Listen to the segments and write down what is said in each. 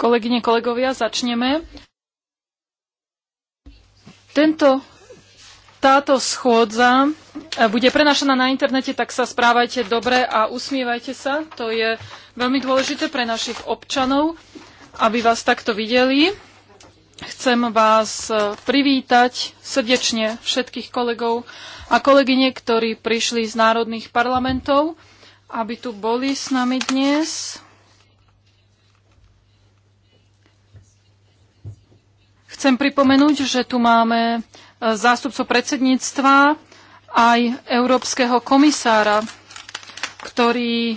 Kolegyne, kolegovia, začneme. Tento, táto schôdza eh, bude prenašaná na internete, tak sa správajte dobre a usmievajte sa. To je veľmi dôležité pre našich občanov, aby vás takto videli. Chcem vás eh, privítať srdečne všetkých kolegov a kolegyne, ktorí prišli z národných parlamentov aby tu boli s nami dnes. Chcem pripomenúť, že tu máme e, zástupcov predsedníctva aj európskeho komisára, ktorý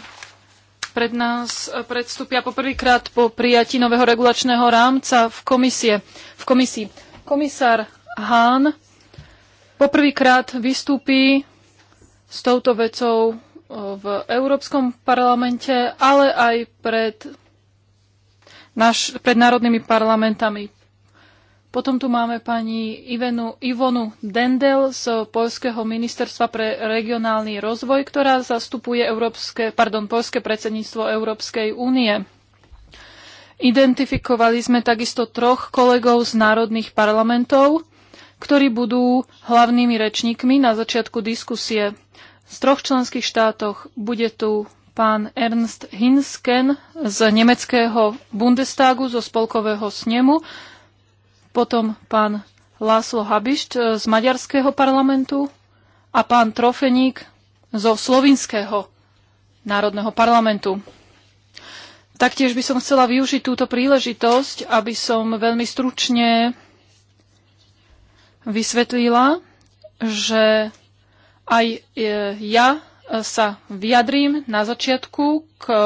pred nás e, predstúpia poprvýkrát po prijatí nového regulačného rámca v, komisie, v komisii. Komisár Hahn poprvýkrát vystúpi s touto vecou v Európskom parlamente, ale aj pred, naš, pred národnými parlamentami. Potom tu máme pani Ivenu, Ivonu Dendel z Polského ministerstva pre regionálny rozvoj, ktorá zastupuje európske, pardon, polské predsedníctvo Európskej únie. Identifikovali sme takisto troch kolegov z národných parlamentov, ktorí budú hlavnými rečníkmi na začiatku diskusie z troch členských štátoch. Bude tu pán Ernst Hinsken z nemeckého Bundestagu, zo spolkového snemu, potom pán Láslo Habišť z maďarského parlamentu a pán Trofeník zo slovinského národného parlamentu. Taktiež by som chcela využiť túto príležitosť, aby som veľmi stručne vysvetlila, že aj e, ja e, sa vyjadrím na začiatku k e,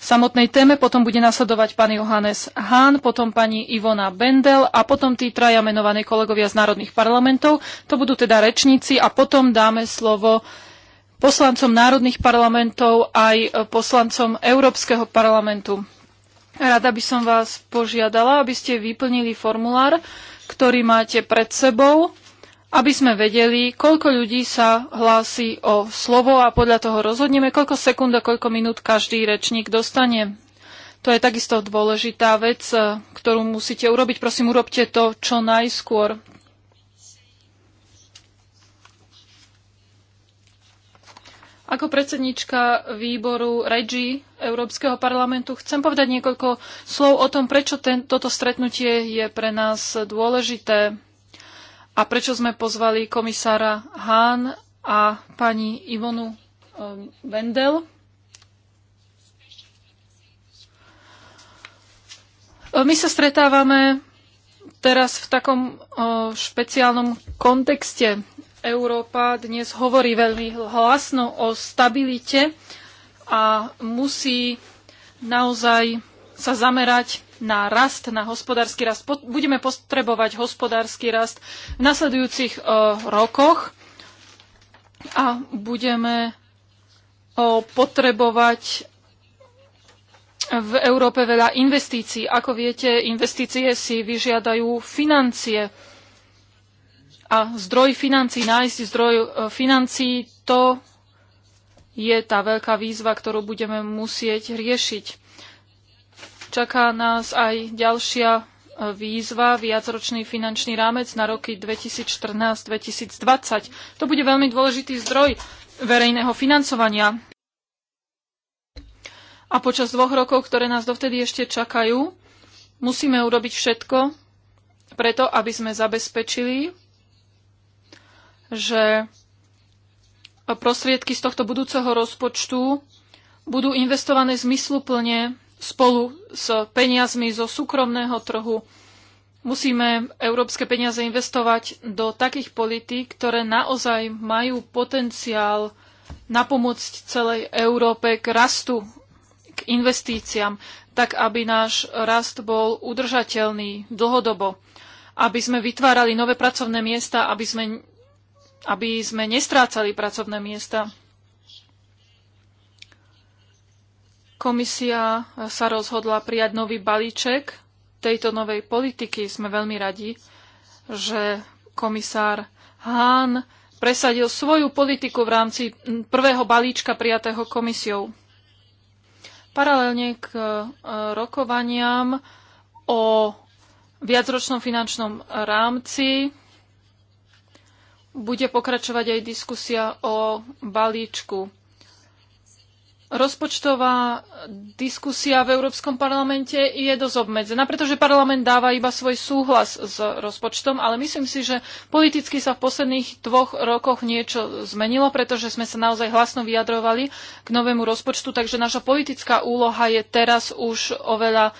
samotnej téme, potom bude nasledovať pán Johannes Hahn, potom pani Ivona Bendel a potom tí traja menovaní kolegovia z národných parlamentov. To budú teda rečníci a potom dáme slovo poslancom národných parlamentov aj poslancom Európskeho parlamentu. Rada by som vás požiadala, aby ste vyplnili formulár, ktorý máte pred sebou aby sme vedeli, koľko ľudí sa hlási o slovo a podľa toho rozhodneme, koľko sekúnd a koľko minút každý rečník dostane. To je takisto dôležitá vec, eh, ktorú musíte urobiť. Prosím, urobte to čo najskôr. Ako predsednička výboru REGI Európskeho parlamentu chcem povedať niekoľko slov o tom, prečo ten, toto stretnutie je pre nás dôležité a prečo sme pozvali komisára Hahn a pani Ivonu um, Wendel. My sa stretávame teraz v takom špeciálnom kontexte. Európa dnes hovorí veľmi hlasno o stabilite a musí naozaj sa zamerať na rast, na hospodársky rast. Budeme potrebovať hospodársky rast v nasledujúcich e, rokoch a budeme e, potrebovať v Európe veľa investícií. Ako viete, investície si vyžiadajú financie. A zdroj financí, nájsť zdroj e, financí, to je tá veľká výzva, ktorú budeme musieť riešiť. Čaká nás aj ďalšia e, výzva, viacročný finančný rámec na roky 2014-2020. To bude veľmi dôležitý zdroj verejného financovania. A počas dvoch rokov, ktoré nás dovtedy ešte čakajú, musíme urobiť všetko preto, aby sme zabezpečili, že prostriedky z tohto budúceho rozpočtu budú investované zmysluplne spolu s peniazmi zo súkromného trhu. Musíme európske peniaze investovať do takých politík, ktoré naozaj majú potenciál napomôcť celej Európe k rastu, k investíciám, tak aby náš rast bol udržateľný dlhodobo, aby sme vytvárali nové pracovné miesta, aby sme, aby sme nestrácali pracovné miesta. Komisia eh, sa rozhodla prijať nový balíček tejto novej politiky. Sme veľmi radi, že komisár Hahn presadil svoju politiku v rámci prvého balíčka prijatého komisiou. Paralelne k eh, rokovaniam o viacročnom finančnom rámci bude pokračovať aj diskusia o balíčku rozpočtová diskusia v Európskom parlamente je dosť obmedzená, pretože parlament dáva iba svoj súhlas s rozpočtom, ale myslím si, že politicky sa v posledných dvoch rokoch niečo zmenilo, pretože sme sa naozaj hlasno vyjadrovali k novému rozpočtu, takže naša politická úloha je teraz už oveľa e,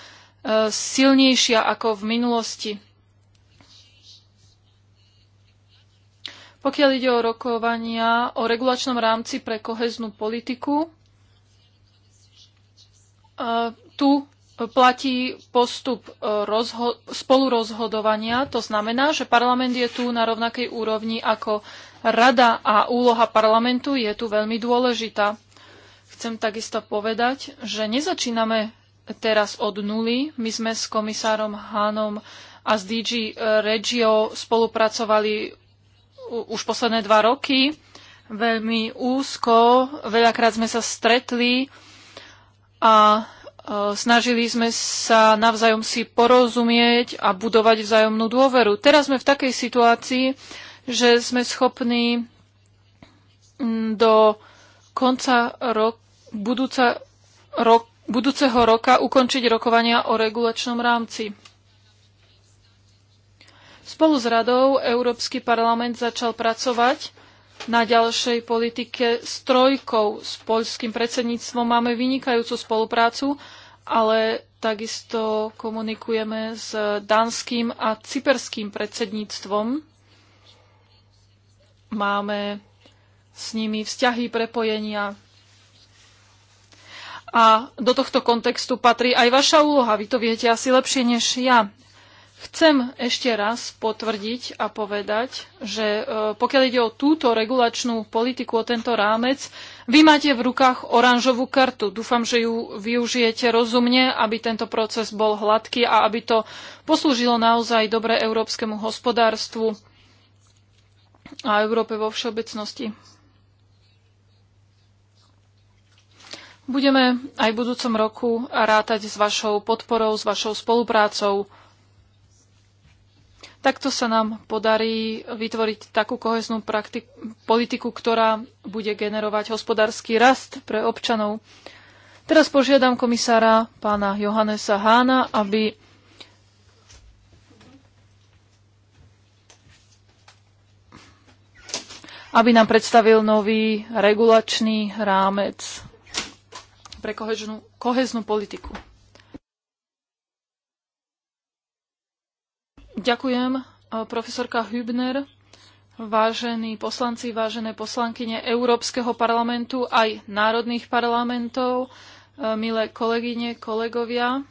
silnejšia ako v minulosti. Pokiaľ ide o rokovania o regulačnom rámci pre koheznú politiku, tu platí postup e, spolurozhodovania. To znamená, že parlament je tu na rovnakej úrovni ako rada a úloha parlamentu je tu veľmi dôležitá. Chcem takisto povedať, že nezačíname teraz od nuly. My sme s komisárom Hánom a s DG Regio spolupracovali už posledné dva roky veľmi úzko. Veľakrát sme sa stretli a e, snažili sme sa navzájom si porozumieť a budovať vzájomnú dôveru. Teraz sme v takej situácii, že sme schopní do konca rok, budúca, rok, budúceho roka ukončiť rokovania o regulačnom rámci. Spolu s radou Európsky parlament začal pracovať na ďalšej politike s trojkou. S poľským predsedníctvom máme vynikajúcu spoluprácu, ale takisto komunikujeme s dánským a cyperským predsedníctvom. Máme s nimi vzťahy prepojenia. A do tohto kontextu patrí aj vaša úloha. Vy to viete asi lepšie než ja. Chcem ešte raz potvrdiť a povedať, že e, pokiaľ ide o túto regulačnú politiku, o tento rámec, vy máte v rukách oranžovú kartu. Dúfam, že ju využijete rozumne, aby tento proces bol hladký a aby to poslúžilo naozaj dobre európskemu hospodárstvu a Európe vo všeobecnosti. Budeme aj v budúcom roku rátať s vašou podporou, s vašou spoluprácou. Takto sa nám podarí vytvoriť takú koheznú praktik- politiku, ktorá bude generovať hospodársky rast pre občanov. Teraz požiadam komisára pána Johannesa Hána, aby aby nám predstavil nový regulačný rámec pre koheznú, koheznú politiku. Ďakujem, eh, profesorka Hübner, vážení poslanci, vážené poslankyne Európskeho parlamentu, aj národných parlamentov, eh, milé kolegyne, kolegovia.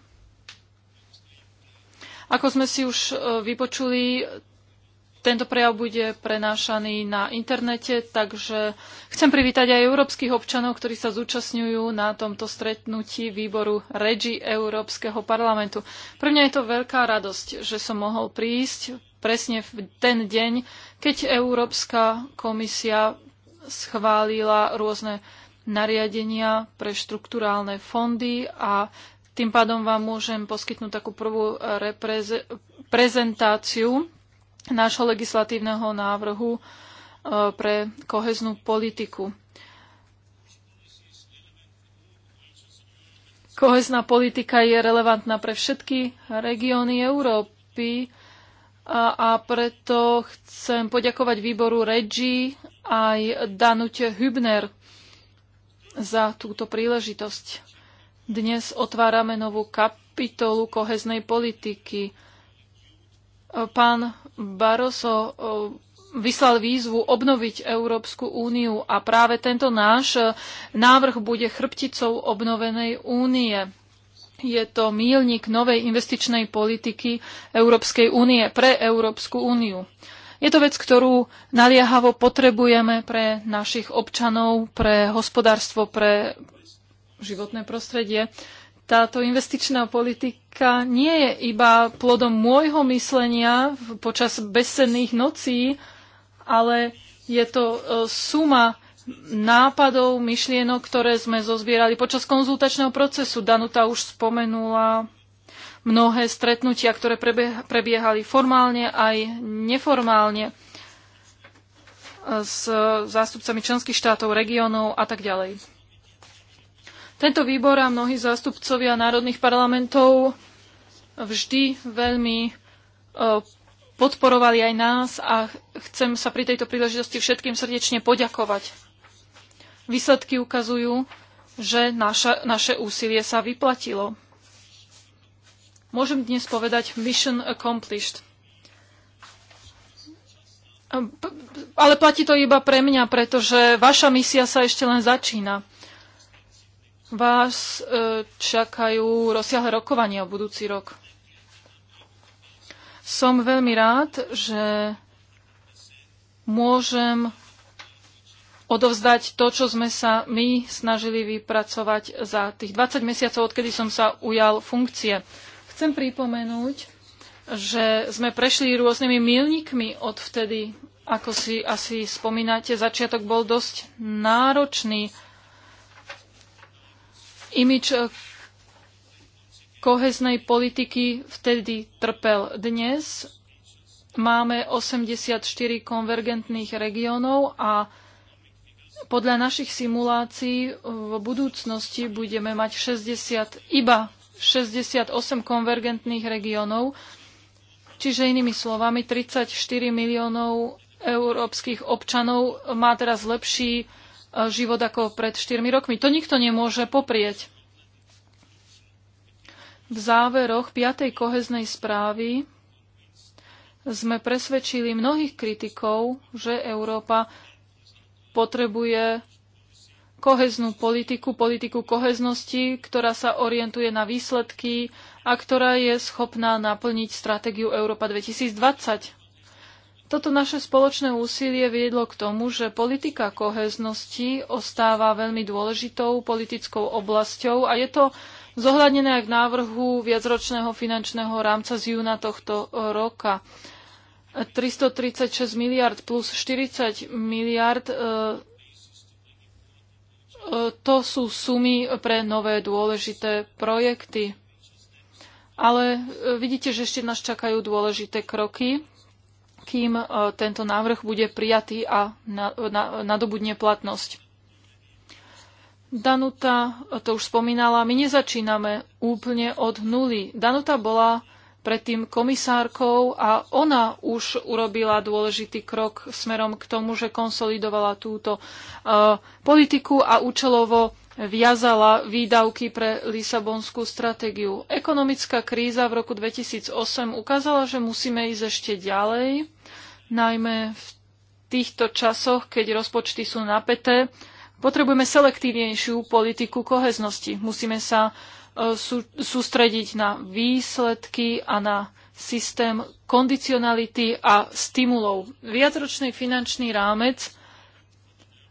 Ako sme si už eh, vypočuli, tento prejav bude prenášaný na internete, takže chcem privítať aj európskych občanov, ktorí sa zúčastňujú na tomto stretnutí výboru REGI Európskeho parlamentu. Pre mňa je to veľká radosť, že som mohol prísť presne v ten deň, keď Európska komisia schválila rôzne nariadenia pre štrukturálne fondy a tým pádom vám môžem poskytnúť takú prvú prezentáciu nášho legislatívneho návrhu e, pre koheznú politiku. Kohezná politika je relevantná pre všetky regióny Európy a, a preto chcem poďakovať výboru Regi aj Danute Hübner za túto príležitosť. Dnes otvárame novú kapitolu koheznej politiky. Pán Barroso vyslal výzvu obnoviť Európsku úniu a práve tento náš e, návrh bude chrbticou obnovenej únie. Je to mílnik novej investičnej politiky Európskej únie pre Európsku úniu. Je to vec, ktorú naliehavo potrebujeme pre našich občanov, pre hospodárstvo, pre životné prostredie táto investičná politika nie je iba plodom môjho myslenia počas besenných nocí, ale je to e, suma nápadov, myšlienok, ktoré sme zozbierali počas konzultačného procesu. Danuta už spomenula mnohé stretnutia, ktoré prebiehali formálne aj neformálne e, s zástupcami členských štátov, regiónov a tak ďalej. Tento výbor a mnohí zástupcovia národných parlamentov vždy veľmi e, podporovali aj nás a chcem sa pri tejto príležitosti všetkým srdečne poďakovať. Výsledky ukazujú, že naša, naše úsilie sa vyplatilo. Môžem dnes povedať mission accomplished. E, ale platí to iba pre mňa, pretože vaša misia sa ešte len začína. Vás e, čakajú rozsiahle rokovania o budúci rok. Som veľmi rád, že môžem odovzdať to, čo sme sa my snažili vypracovať za tých 20 mesiacov, odkedy som sa ujal funkcie. Chcem pripomenúť, že sme prešli rôznymi milníkmi od vtedy, ako si asi spomínate, začiatok bol dosť náročný Imič eh, koheznej politiky vtedy trpel dnes. Máme 84 konvergentných regiónov a podľa našich simulácií eh, v budúcnosti budeme mať 60, iba 68 konvergentných regiónov, čiže inými slovami 34 miliónov európskych občanov má teraz lepší E, život ako pred 4 rokmi. To nikto nemôže poprieť. V záveroch 5. koheznej správy sme presvedčili mnohých kritikov, že Európa potrebuje koheznú politiku, politiku koheznosti, ktorá sa orientuje na výsledky a ktorá je schopná naplniť stratégiu Európa 2020. Toto naše spoločné úsilie viedlo k tomu, že politika koheznosti ostáva veľmi dôležitou politickou oblasťou a je to zohľadnené aj v návrhu viacročného finančného rámca z júna tohto e, roka. 336 miliard plus 40 miliard e, e, to sú sumy pre nové dôležité projekty. Ale vidíte, že ešte nás čakajú dôležité kroky kým e, tento návrh bude prijatý a nadobudne platnosť. Danuta e, to už spomínala, my nezačíname úplne od nuly. Danuta bola predtým komisárkou a ona už urobila dôležitý krok smerom k tomu, že konsolidovala túto uh, politiku a účelovo viazala výdavky pre Lisabonskú stratégiu. Ekonomická kríza v roku 2008 ukázala, že musíme ísť ešte ďalej, najmä v týchto časoch, keď rozpočty sú napäté. Potrebujeme selektívnejšiu politiku koheznosti. Musíme sa e, sústrediť na výsledky a na systém kondicionality a stimulov. Viacročný finančný rámec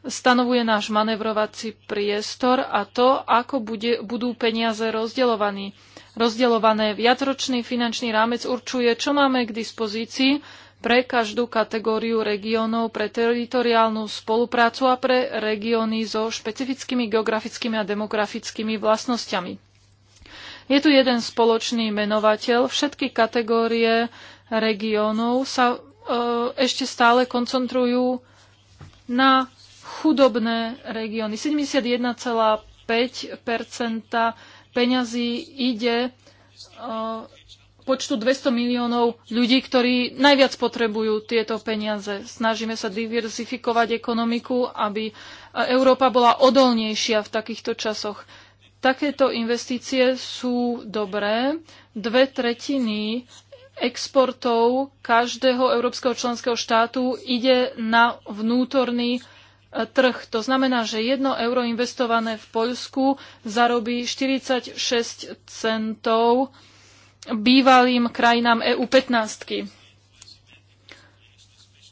stanovuje náš manevrovací priestor a to, ako bude, budú peniaze rozdeľované. rozdeľované. Viacročný finančný rámec určuje, čo máme k dispozícii pre každú kategóriu regiónov, pre teritoriálnu spoluprácu a pre regióny so špecifickými geografickými a demografickými vlastnosťami. Je tu jeden spoločný menovateľ. Všetky kategórie regiónov sa e, ešte stále koncentrujú na chudobné regióny. 71,5 peňazí ide počtu 200 miliónov ľudí, ktorí najviac potrebujú tieto peniaze. Snažíme sa diverzifikovať ekonomiku, aby Európa bola odolnejšia v takýchto časoch. Takéto investície sú dobré. Dve tretiny exportov každého európskeho členského štátu ide na vnútorný trh. To znamená, že 1 euro investované v Poľsku zarobí 46 centov bývalým krajinám EU 15.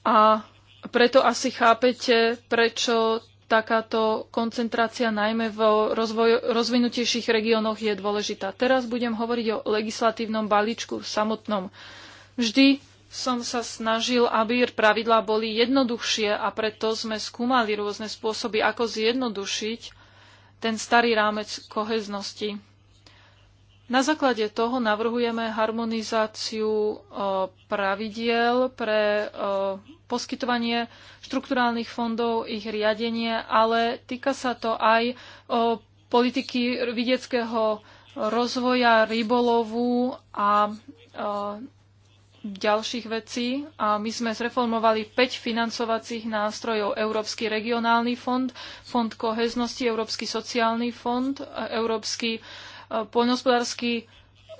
A preto asi chápete, prečo takáto koncentrácia najmä v rozvoj, rozvinutejších regiónoch je dôležitá. Teraz budem hovoriť o legislatívnom balíčku samotnom. Vždy som sa snažil, aby pravidlá boli jednoduchšie a preto sme skúmali rôzne spôsoby, ako zjednodušiť ten starý rámec koheznosti. Na základe toho navrhujeme harmonizáciu e, pravidiel pre e, poskytovanie štrukturálnych fondov, ich riadenie, ale týka sa to aj e, politiky vidieckého rozvoja, rybolovu a ďalších vecí a my sme zreformovali 5 financovacích nástrojov. Európsky regionálny fond, fond koheznosti, Európsky sociálny fond, Európsky e, poľnohospodársky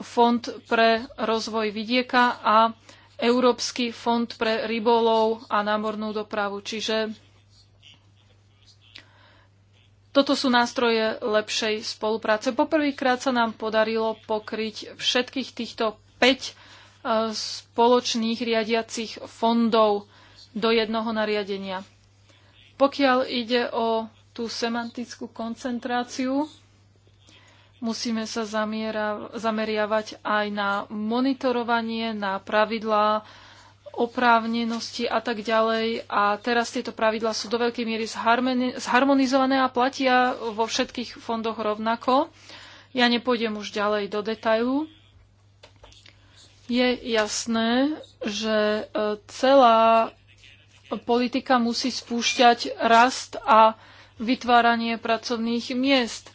fond pre rozvoj vidieka a Európsky fond pre rybolov a námornú dopravu. Čiže toto sú nástroje lepšej spolupráce. Poprvýkrát sa nám podarilo pokryť všetkých týchto 5 E, spoločných riadiacich fondov do jednoho nariadenia. Pokiaľ ide o tú semantickú koncentráciu, musíme sa zamiera, zameriavať aj na monitorovanie, na pravidlá oprávnenosti a tak ďalej. A teraz tieto pravidlá sú do veľkej miery zharmonizované a platia vo všetkých fondoch rovnako. Ja nepôjdem už ďalej do detailu. Je jasné, že e, celá politika musí spúšťať rast a vytváranie pracovných miest.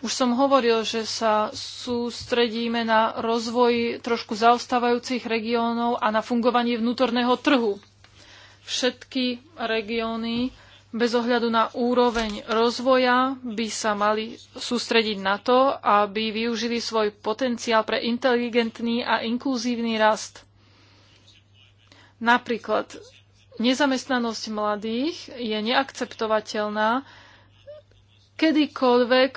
Už som hovoril, že sa sústredíme na rozvoj trošku zaostávajúcich regiónov a na fungovanie vnútorného trhu. Všetky regióny bez ohľadu na úroveň rozvoja by sa mali sústrediť na to, aby využili svoj potenciál pre inteligentný a inkluzívny rast. Napríklad nezamestnanosť mladých je neakceptovateľná kedykoľvek,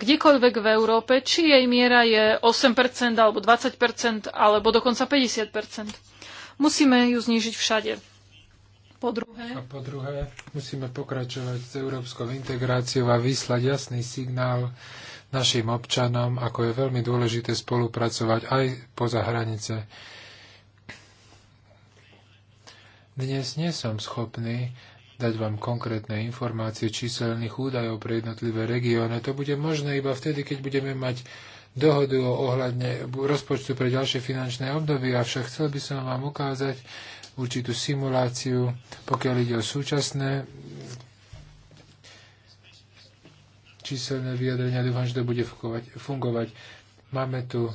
kdekoľvek v Európe, či jej miera je 8% alebo 20% alebo dokonca 50%. Musíme ju znížiť všade. Po druhé, a po druhé, musíme pokračovať s európskou integráciou a vyslať jasný signál našim občanom, ako je veľmi dôležité spolupracovať aj poza hranice. Dnes nie som schopný dať vám konkrétne informácie číselných údajov pre jednotlivé regióny. To bude možné iba vtedy, keď budeme mať dohodu o ohľadne rozpočtu pre ďalšie finančné obdobie, avšak chcel by som vám ukázať určitú simuláciu, pokiaľ ide o súčasné číselné vyjadrenia. Dúfam, že to bude fungovať. Máme tu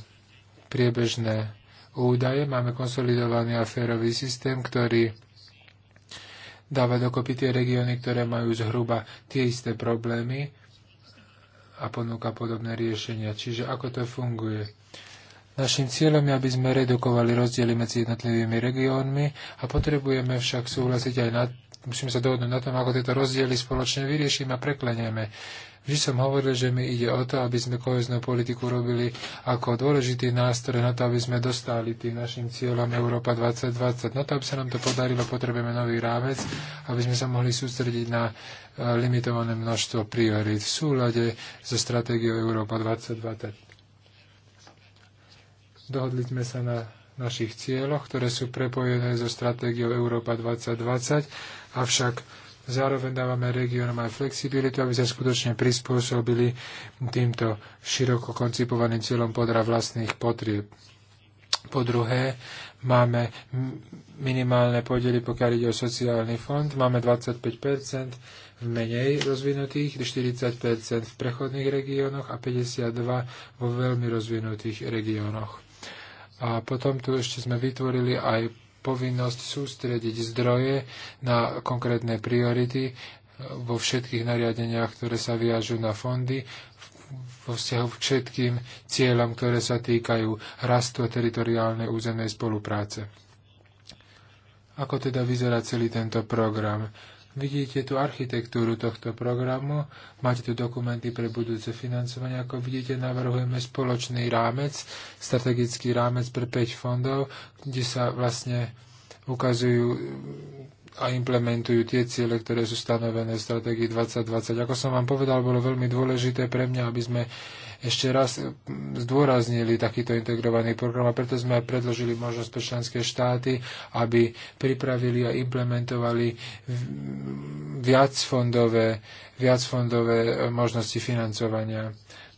priebežné údaje, máme konsolidovaný aférový systém, ktorý dáva dokopy tie regióny, ktoré majú zhruba tie isté problémy a ponúka podobné riešenia. Čiže ako to funguje? Našim cieľom je, aby sme redukovali rozdiely medzi jednotlivými regiónmi a potrebujeme však súhlasiť aj na, musíme sa dohodnúť na tom, ako tieto rozdiely spoločne vyriešime a preklenieme. Vždy som hovoril, že mi ide o to, aby sme koheznú politiku robili ako dôležitý nástroj na to, aby sme dostali tým našim cieľom Európa 2020. Na no to, aby sa nám to podarilo, potrebujeme nový rámec, aby sme sa mohli sústrediť na e, limitované množstvo priorít v súlade so stratégiou Európa 2020. Dohodli sme sa na našich cieľoch, ktoré sú prepojené so stratégiou Európa 2020, avšak Zároveň dávame regiónom aj flexibilitu, aby sa skutočne prispôsobili týmto široko koncipovaným cieľom podľa vlastných potrieb. Po druhé, máme minimálne podiely, pokiaľ ide o sociálny fond. Máme 25 v menej rozvinutých, 40 v prechodných regiónoch a 52 vo veľmi rozvinutých regiónoch. A potom tu ešte sme vytvorili aj povinnosť sústrediť zdroje na konkrétne priority vo všetkých nariadeniach, ktoré sa viažú na fondy, vo vzťahu k všetkým cieľom, ktoré sa týkajú rastu a teritoriálnej územnej spolupráce. Ako teda vyzerá celý tento program? Vidíte tu architektúru tohto programu, máte tu dokumenty pre budúce financovanie. Ako vidíte, navrhujeme spoločný rámec, strategický rámec pre 5 fondov, kde sa vlastne ukazujú a implementujú tie ciele, ktoré sú stanovené v stratégii 2020. Ako som vám povedal, bolo veľmi dôležité pre mňa, aby sme ešte raz zdôraznili takýto integrovaný program a preto sme aj predložili možnosť pre členské štáty, aby pripravili a implementovali viacfondové, viacfondové e, možnosti financovania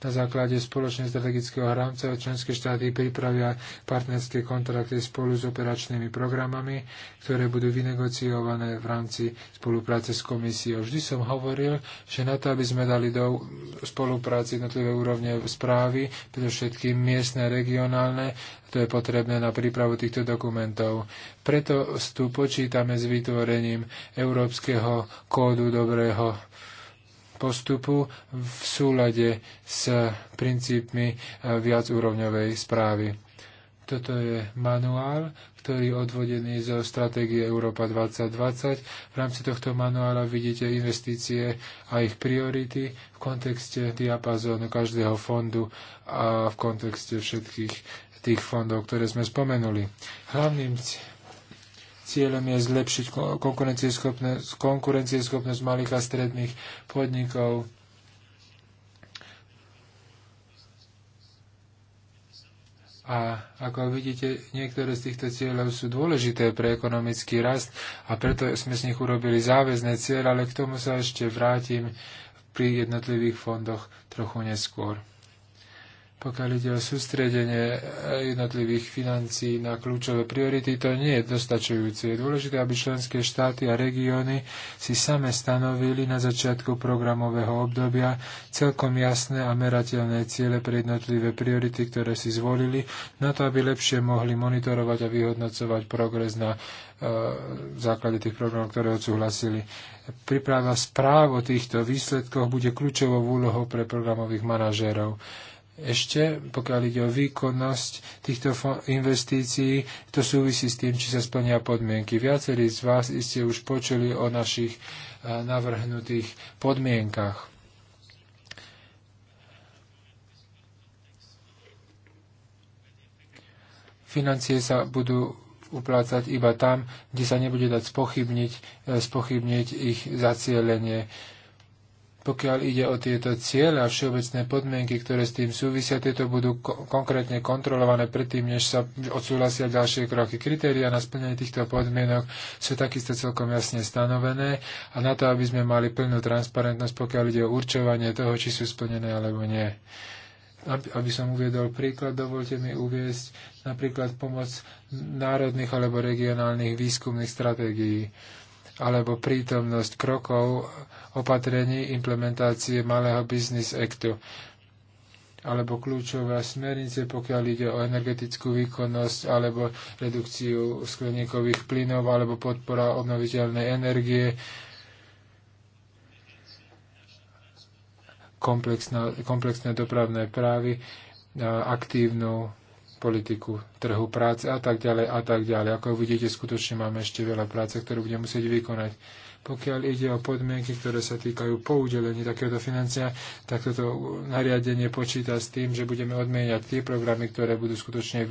na základe spoločného strategického rámca členské štáty pripravia partnerské kontrakty spolu s operačnými programami, ktoré budú vynegociované v rámci spolupráce s komisiou. Vždy som hovoril, že na to, aby sme dali do spolupráci jednotlivé úrovne správy, predovšetkým miestne, regionálne, to je potrebné na prípravu týchto dokumentov. Preto tu počítame s vytvorením Európskeho kódu dobrého postupu v súlade s princípmi e, viacúrovňovej správy. Toto je manuál, ktorý je odvodený zo stratégie Európa 2020. V rámci tohto manuála vidíte investície a ich priority v kontexte diapazónu každého fondu a v kontexte všetkých tých fondov, ktoré sme spomenuli. Hlavným Cieľom je zlepšiť konkurencieschopnosť, konkurencieschopnosť malých a stredných podnikov. A ako vidíte, niektoré z týchto cieľov sú dôležité pre ekonomický rast a preto sme z nich urobili záväzné cieľ, ale k tomu sa ešte vrátim pri jednotlivých fondoch trochu neskôr pokiaľ ide o sústredenie eh, jednotlivých financií na kľúčové priority, to nie je dostačujúce. Je dôležité, aby členské štáty a regióny si same stanovili na začiatku programového obdobia celkom jasné a merateľné ciele pre jednotlivé priority, ktoré si zvolili, na to, aby lepšie mohli monitorovať a vyhodnocovať progres na v eh, základe tých programov, ktoré odsúhlasili. Priprava správ o týchto výsledkoch bude kľúčovou úlohou pre programových manažérov ešte, pokiaľ ide o výkonnosť týchto investícií, to súvisí s tým, či sa splnia podmienky. Viacerí z vás ste už počuli o našich e, navrhnutých podmienkach. Financie sa budú uplácať iba tam, kde sa nebude dať spochybniť, e, spochybniť ich zacielenie. Pokiaľ ide o tieto cieľe a všeobecné podmienky, ktoré s tým súvisia, tieto budú ko- konkrétne kontrolované predtým, než sa odsúhlasia ďalšie kroky. Kritéria na splnenie týchto podmienok sú takisto celkom jasne stanovené a na to, aby sme mali plnú transparentnosť, pokiaľ ide o určovanie toho, či sú splnené alebo nie aby som uviedol príklad, dovolte mi uviesť napríklad pomoc národných alebo regionálnych výskumných stratégií alebo prítomnosť krokov, opatrení implementácie malého business actu alebo kľúčové smernice, pokiaľ ide o energetickú výkonnosť alebo redukciu skleníkových plynov alebo podpora obnoviteľnej energie, komplexné dopravné právy, aktívnu politiku trhu práce a tak ďalej a tak ďalej. Ako vidíte, skutočne máme ešte veľa práce, ktorú budeme musieť vykonať pokiaľ ide o podmienky, ktoré sa týkajú poudelení takéhoto financia, tak toto nariadenie počíta s tým, že budeme odmieniať tie programy, ktoré budú skutočne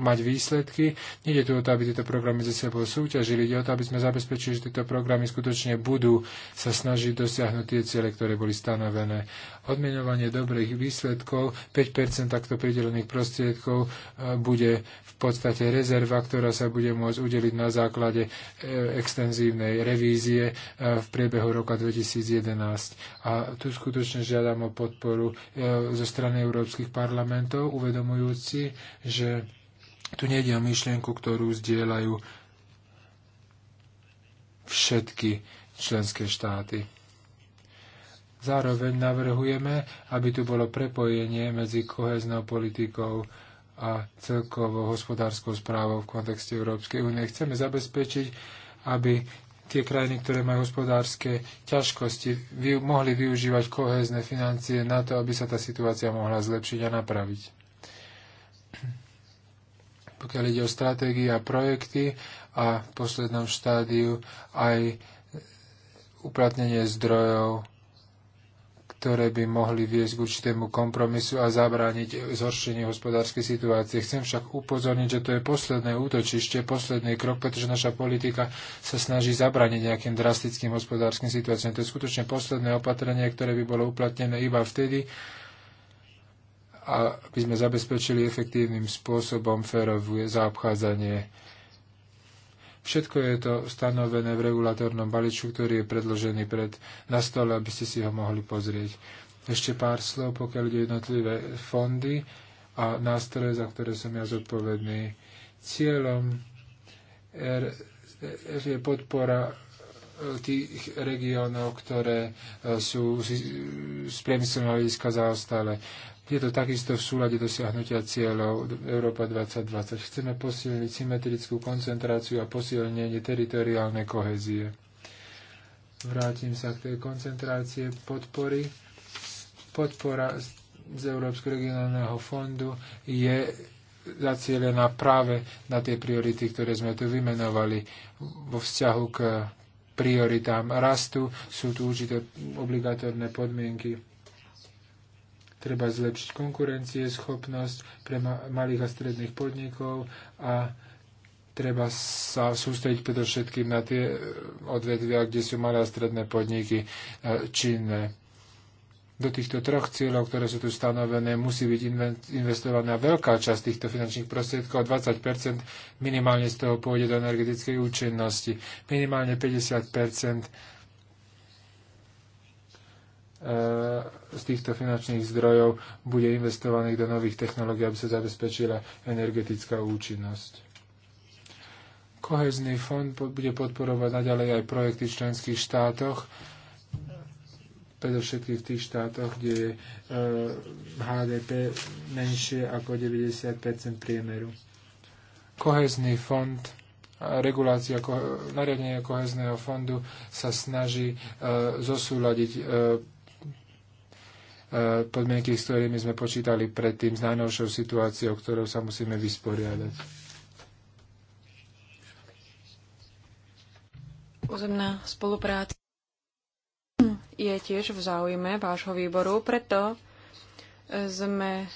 mať výsledky. Nede tu o to, aby tieto programy ze sebou súťažili, ide o to, aby sme zabezpečili, že tieto programy skutočne budú sa snažiť dosiahnuť tie ciele, ktoré boli stanovené. Odmienovanie dobrých výsledkov, 5% takto pridelených prostriedkov e, bude v podstate rezerva, ktorá sa bude môcť udeliť na základe e, extenzívnej revízie Eh, v priebehu roka 2011. A tu skutočne žiadam o podporu eh, zo strany európskych parlamentov, uvedomujúci, že tu nejde o myšlienku, ktorú zdieľajú všetky členské štáty. Zároveň navrhujeme, aby tu bolo prepojenie medzi koheznou politikou a celkovou hospodárskou správou v kontexte Európskej únie. Chceme zabezpečiť, aby tie krajiny, ktoré majú hospodárske ťažkosti, vy, mohli využívať kohézne financie na to, aby sa tá situácia mohla zlepšiť a napraviť. Pokiaľ ide o stratégie a projekty a v poslednom štádiu aj uplatnenie zdrojov ktoré by mohli viesť k určitému kompromisu a zabrániť zhoršenie hospodárskej situácie. Chcem však upozorniť, že to je posledné útočište, posledný krok, pretože naša politika sa snaží zabrániť nejakým drastickým hospodárskym situáciám. To je skutočne posledné opatrenie, ktoré by bolo uplatnené iba vtedy, aby sme zabezpečili efektívnym spôsobom férové zaobchádzanie Všetko je to stanovené v regulatornom baliču, ktorý je predložený pred, na stole, aby ste si ho mohli pozrieť. Ešte pár slov, pokiaľ ide jednotlivé fondy a nástroje, za ktoré som ja zodpovedný. Cieľom je podpora e, tých regiónov, ktoré e, sú z priemyselného hľadiska zaostale. Je to takisto v súlade dosiahnutia cieľov Európa 2020. Chceme posilniť symetrickú koncentráciu a posilnenie teritoriálnej kohezie. Vrátim sa k tej koncentrácie podpory. Podpora z Európskeho regionálneho fondu je zacielená práve na tie priority, ktoré sme tu vymenovali vo vzťahu k prioritám rastu. Sú tu určité obligatórne podmienky Treba zlepšiť schopnosť pre malých a stredných podnikov a treba sa sústrediť predovšetkým na tie eh, odvetvia, kde sú malé a stredné podniky eh, činné. Do týchto troch cieľov, ktoré sú tu stanovené, musí byť investovaná veľká časť týchto finančných prostriedkov, 20 minimálne z toho pôjde do energetickej účinnosti, minimálne 50 z týchto finančných zdrojov bude investovaných do nových technológií, aby sa zabezpečila energetická účinnosť. Kohezný fond bude podporovať naďalej aj projekty v členských štátoch, predovšetkých v tých štátoch, kde je e, HDP menšie ako 90 priemeru. Kohezný fond regulácia nariadenie kohezného fondu sa snaží e, zosúľadiť e, E, podmienky, s ktorými sme počítali predtým, s najnovšou situáciou, ktorou sa musíme vysporiadať. Územná spolupráca je tiež v záujme vášho výboru, preto sme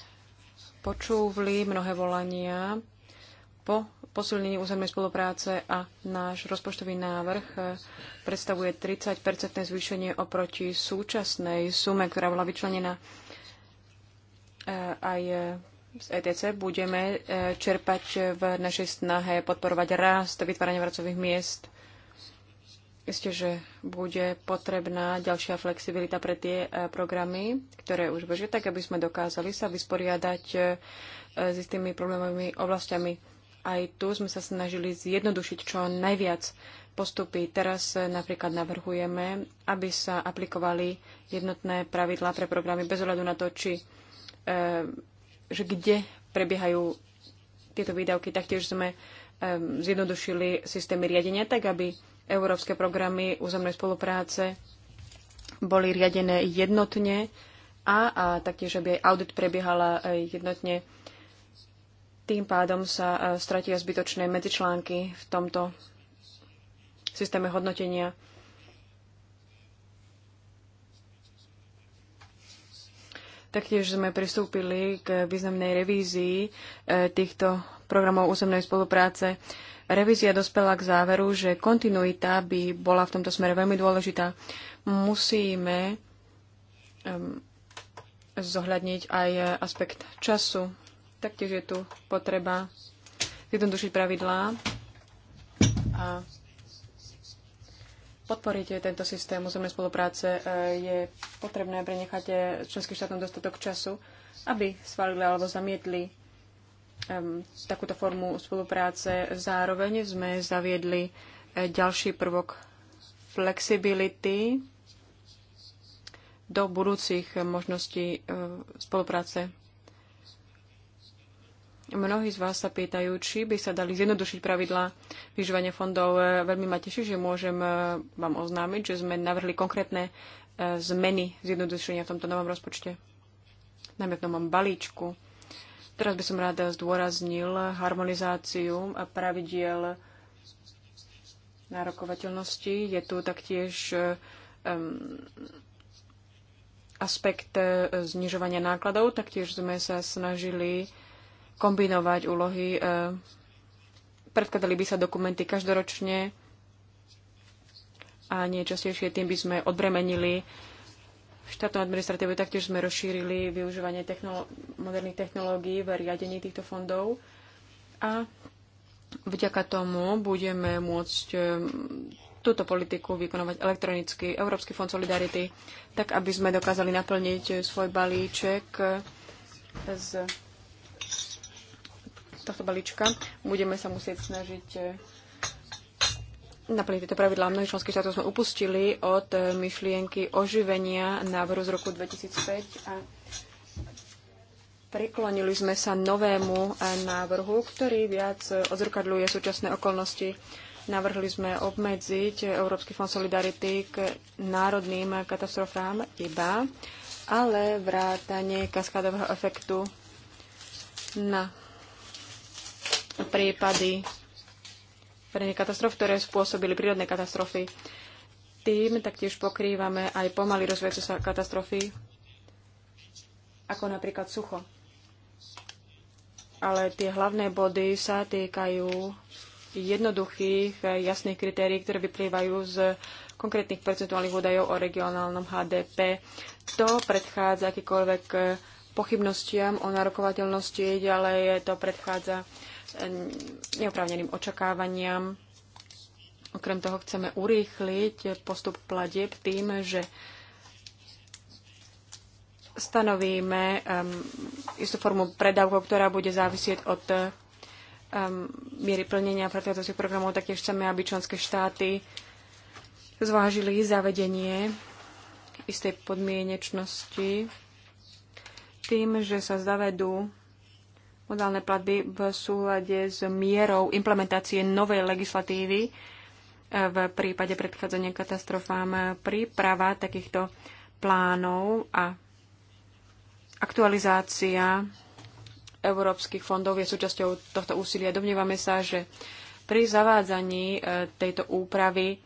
počúvli mnohé volania po posilnení územnej spolupráce a náš rozpočtový návrh eh, predstavuje 30-percentné zvýšenie oproti súčasnej sume, ktorá bola vyčlenená eh, aj eh, z ETC. Budeme čerpať v našej snahe podporovať rast, vytvárania pracových miest. Isté, že bude potrebná ďalšia flexibilita pre tie programy, ktoré už bežia, tak aby sme dokázali sa vysporiadať s istými problémovými oblastiami aj tu sme sa snažili zjednodušiť čo najviac postupy. Teraz eh, napríklad navrhujeme, aby sa aplikovali jednotné pravidlá pre programy bez ohľadu na to, či, eh, že kde prebiehajú tieto výdavky. Taktiež sme eh, zjednodušili systémy riadenia tak, aby európske programy územnej spolupráce boli riadené jednotne a, a taktiež, aby aj audit prebiehala jednotne. Tým pádom sa e, stratia zbytočné medzičlánky v tomto systéme hodnotenia. Taktiež sme pristúpili k významnej revízii e, týchto programov územnej spolupráce. Revízia dospela k záveru, že kontinuita by bola v tomto smere veľmi dôležitá. Musíme zohľadniť aj aspekt času, Taktiež je tu potreba zjednodušiť pravidlá a podporiť tento systém územnej spolupráce. E, je potrebné prenechať členským štátom dostatok času, aby svalili alebo zamietli um, takúto formu spolupráce. Zároveň sme zaviedli e, ďalší prvok flexibility do budúcich možností e, spolupráce Mnohí z vás sa pýtajú, či by sa dali zjednodušiť pravidla vyžívania fondov. E, veľmi ma teší, že môžem e, vám oznámiť, že sme navrhli konkrétne e, zmeny zjednodušenia v tomto novom rozpočte, najmä v novom balíčku. Teraz by som ráda zdôraznil harmonizáciu a pravidiel nárokovateľnosti. Je tu taktiež um, aspekt znižovania nákladov. Taktiež sme sa snažili kombinovať úlohy. E, predkladali by sa dokumenty každoročne a nie tým by sme odbremenili štátnu administratívu. Taktiež sme rozšírili využívanie technolo- moderných technológií v riadení týchto fondov a vďaka tomu budeme môcť e, túto politiku vykonovať elektronicky. Európsky fond solidarity, tak aby sme dokázali naplniť e, svoj balíček z tohto balíčka. Budeme sa musieť snažiť eh, naplniť tieto pravidlá. Mnohí členské štáty sme upustili od eh, myšlienky oživenia návrhu z roku 2005 a priklonili sme sa novému eh, návrhu, ktorý viac odzrkadľuje súčasné okolnosti. Navrhli sme obmedziť Európsky fond solidarity k národným katastrofám iba, ale vrátanie kaskádového efektu na prípady verejných katastrof, ktoré spôsobili prírodné katastrofy. Tým taktiež pokrývame aj pomaly rozvíjajúce sa katastrofy, ako napríklad sucho. Ale tie hlavné body sa týkajú jednoduchých, jasných kritérií, ktoré vyplývajú z konkrétnych percentuálnych údajov o regionálnom HDP. To predchádza akýkoľvek pochybnostiam o narokovateľnosti, ďalej to predchádza neoprávneným očakávaniam. Okrem toho chceme urýchliť postup platieb tým, že stanovíme um, istú formu predávkov, ktorá bude závisieť od um, miery plnenia predchádzajúcich programov. Taktiež chceme, aby členské štáty zvážili zavedenie istej podmienečnosti tým, že sa zavedú modálne platby v súlade s mierou implementácie novej legislatívy e, v prípade predchádzania katastrofám. Príprava takýchto plánov a aktualizácia európskych fondov je súčasťou tohto úsilia. Domnievame sa, že pri zavádzaní e, tejto úpravy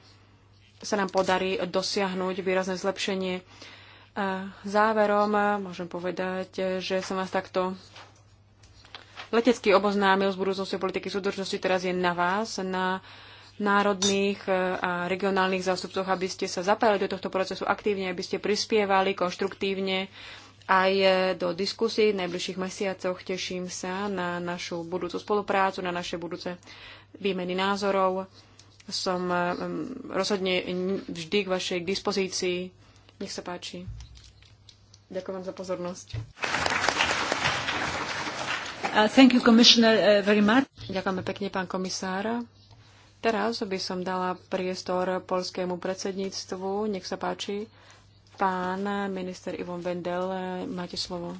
sa nám podarí dosiahnuť výrazné zlepšenie. E, záverom môžem povedať, že som vás takto letecky oboznámil s budúcnosťou politiky súdržnosti. Teraz je na vás, na národných e, a regionálnych zástupcoch, aby ste sa zapájali do tohto procesu aktívne, aby ste prispievali konštruktívne aj e, do diskusí v najbližších mesiacoch. Teším sa na našu budúcu spoluprácu, na naše budúce výmeny názorov. Som e, rozhodne vždy k vašej k dispozícii. Nech sa páči. Ďakujem za pozornosť. Uh, you, uh, Ďakujeme pekne, pán komisár. Teraz by som dala priestor polskému predsedníctvu. Nech sa páči. Pán minister Ivon Vendel, máte slovo.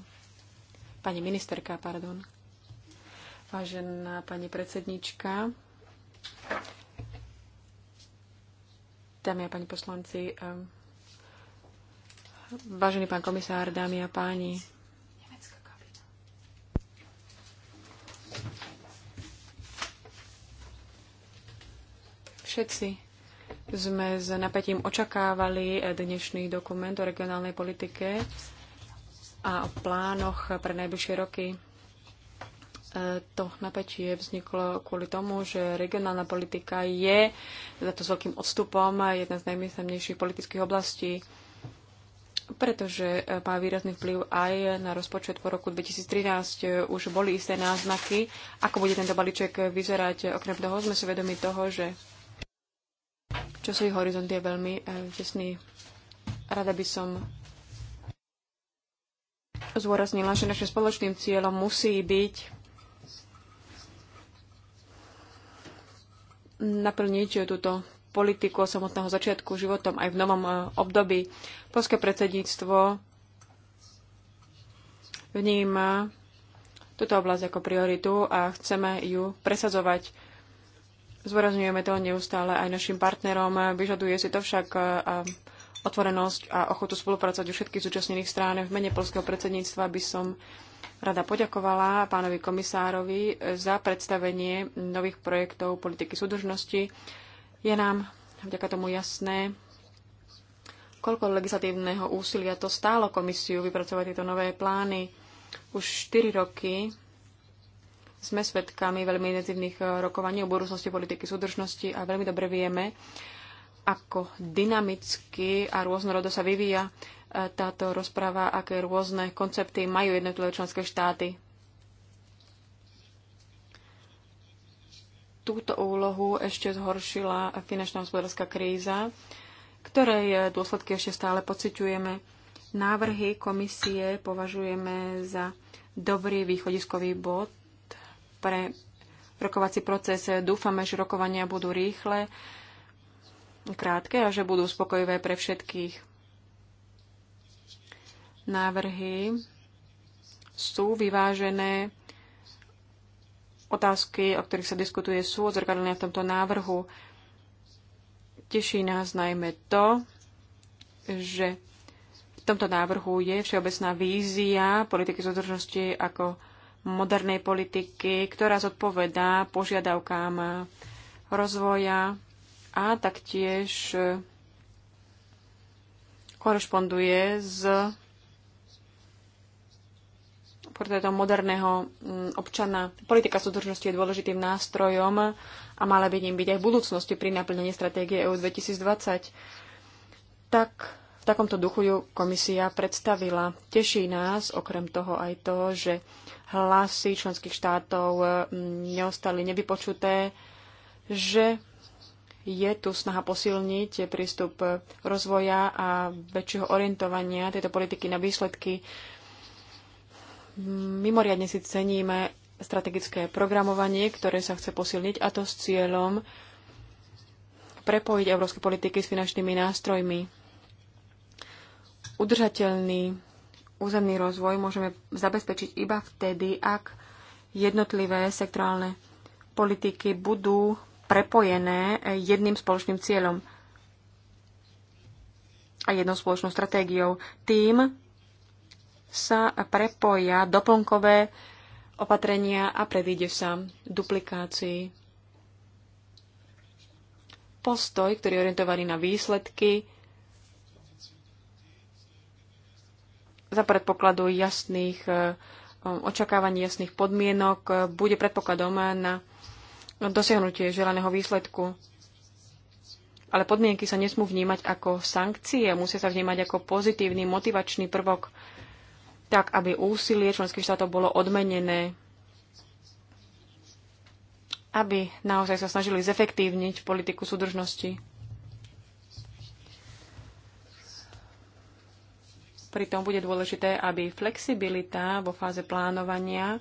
Pani ministerka, pardon. Vážená pani predsednička, dámy a pani poslanci, um, vážený pán komisár, dámy a páni, Všetci sme s napätím očakávali dnešný dokument o regionálnej politike a o plánoch pre najbližšie roky. E, to napätie vzniklo kvôli tomu, že regionálna politika je, za to s veľkým odstupom, jedna z najmyslnejších politických oblastí pretože e, má výrazný vplyv aj na rozpočet po roku 2013. E, už boli isté náznaky, ako bude tento balíček vyzerať. Okrem toho sme si vedomi toho, že časový horizont je veľmi eh, tesný. Rada by som zôraznila, že našim spoločným cieľom musí byť naplniť túto politiku od samotného začiatku životom aj v novom eh, období. Polské predsedníctvo vníma túto oblasť ako prioritu a chceme ju presadzovať. Zvorazňujeme to neustále aj našim partnerom. Vyžaduje si to však e, otvorenosť a ochotu spolupracovať u všetkých zúčastnených strán. V mene polského predsedníctva by som rada poďakovala pánovi komisárovi e, za predstavenie nových projektov politiky súdržnosti. Je nám vďaka tomu jasné, koľko legislatívneho úsilia to stálo komisiu vypracovať tieto nové plány. Už 4 roky sme svedkami veľmi intenzívnych eh, rokovaní o budúcnosti politiky súdržnosti a veľmi dobre vieme, ako dynamicky a rôznorodo sa vyvíja eh, táto rozpráva, aké rôzne koncepty majú jednotlivé členské štáty. Túto úlohu ešte zhoršila finančná hospodárska kríza, ktorej eh, dôsledky ešte stále pociťujeme. Návrhy komisie považujeme za dobrý východiskový bod pre rokovací proces. Dúfame, že rokovania budú rýchle, krátke a že budú spokojivé pre všetkých. Návrhy sú vyvážené. Otázky, o ktorých sa diskutuje, sú odzrkadlené v tomto návrhu. Teší nás najmä to, že v tomto návrhu je všeobecná vízia politiky súdržnosti ako modernej politiky, ktorá zodpovedá požiadavkám rozvoja a taktiež eh, korešponduje s portrétom moderného mm, občana. Politika súdržnosti je dôležitým nástrojom a mala by ním byť aj v budúcnosti pri naplnení stratégie EU 2020. Tak v takomto duchu ju komisia predstavila. Teší nás okrem toho aj to, že hlasy členských štátov mm, neostali nevypočuté, že je tu snaha posilniť prístup rozvoja a väčšieho orientovania tejto politiky na výsledky. Mimoriadne si ceníme strategické programovanie, ktoré sa chce posilniť a to s cieľom prepojiť európske politiky s finančnými nástrojmi Udržateľný územný rozvoj môžeme zabezpečiť iba vtedy, ak jednotlivé sektorálne politiky budú prepojené jedným spoločným cieľom a jednou spoločnou stratégiou. Tým sa prepoja doplnkové opatrenia a predíde sa duplikácii. Postoj, ktorý je orientovaný na výsledky, za predpokladu jasných e, očakávaní, jasných podmienok e, bude predpokladom na dosiahnutie želaného výsledku. Ale podmienky sa nesmú vnímať ako sankcie, musia sa vnímať ako pozitívny motivačný prvok, tak aby úsilie členských štátov bolo odmenené, aby naozaj sa snažili zefektívniť politiku súdržnosti. Pritom bude dôležité, aby flexibilita vo fáze plánovania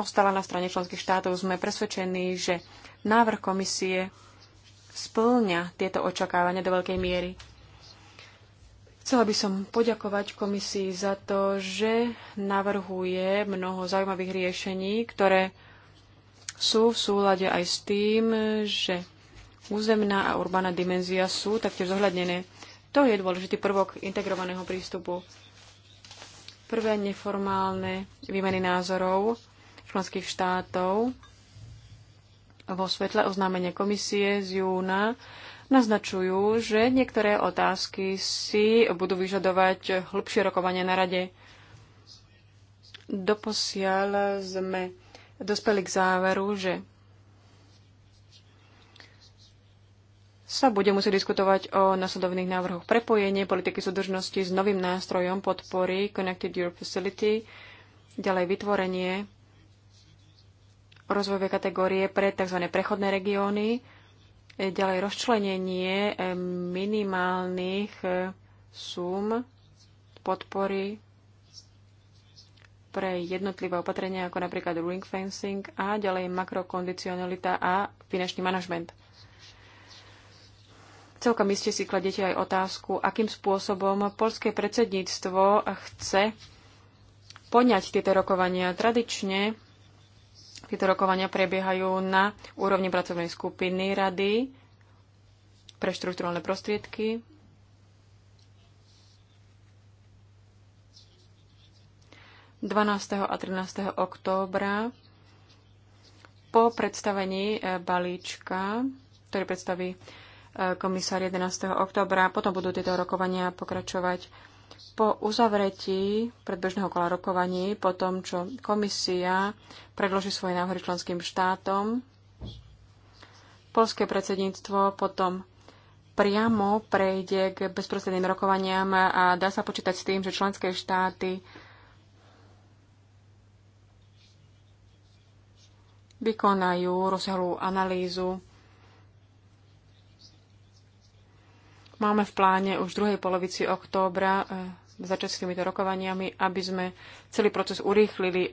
ostala na strane členských štátov. Sme presvedčení, že návrh komisie splňa tieto očakávania do veľkej miery. Chcela by som poďakovať komisii za to, že navrhuje mnoho zaujímavých riešení, ktoré sú v súlade aj s tým, že územná a urbaná dimenzia sú taktiež zohľadnené. To je dôležitý prvok integrovaného prístupu. Prvé neformálne výmeny názorov členských štátov vo svetle oznámenia komisie z júna naznačujú, že niektoré otázky si budú vyžadovať hlbšie rokovanie na rade. Doposiaľ sme dospeli k záveru, že sa bude musieť diskutovať o nasledovných návrhoch prepojenie politiky súdržnosti s novým nástrojom podpory Connected Europe Facility, ďalej vytvorenie rozvojové kategórie pre tzv. prechodné regióny, e, ďalej rozčlenenie e, minimálnych e, súm podpory pre jednotlivé opatrenia, ako napríklad ring fencing a ďalej makrokondicionalita a finančný manažment. Celkom iste si kladete aj otázku, akým spôsobom polské predsedníctvo chce poňať tieto rokovania. Tradične tieto rokovania prebiehajú na úrovni pracovnej skupiny rady pre štruktúrálne prostriedky. a 13. októbra po predstavení balíčka, ktorý predstaví komisár 11. oktobra. Potom budú tieto rokovania pokračovať po uzavretí predbežného kola rokovaní, po tom, čo komisia predloží svoje návrhy členským štátom, polské predsedníctvo potom priamo prejde k bezprostredným rokovaniam a dá sa počítať s tým, že členské štáty vykonajú rozsiahlú analýzu Máme v pláne už v druhej polovici októbra e, začať s týmito rokovaniami, aby sme celý proces urýchlili. E,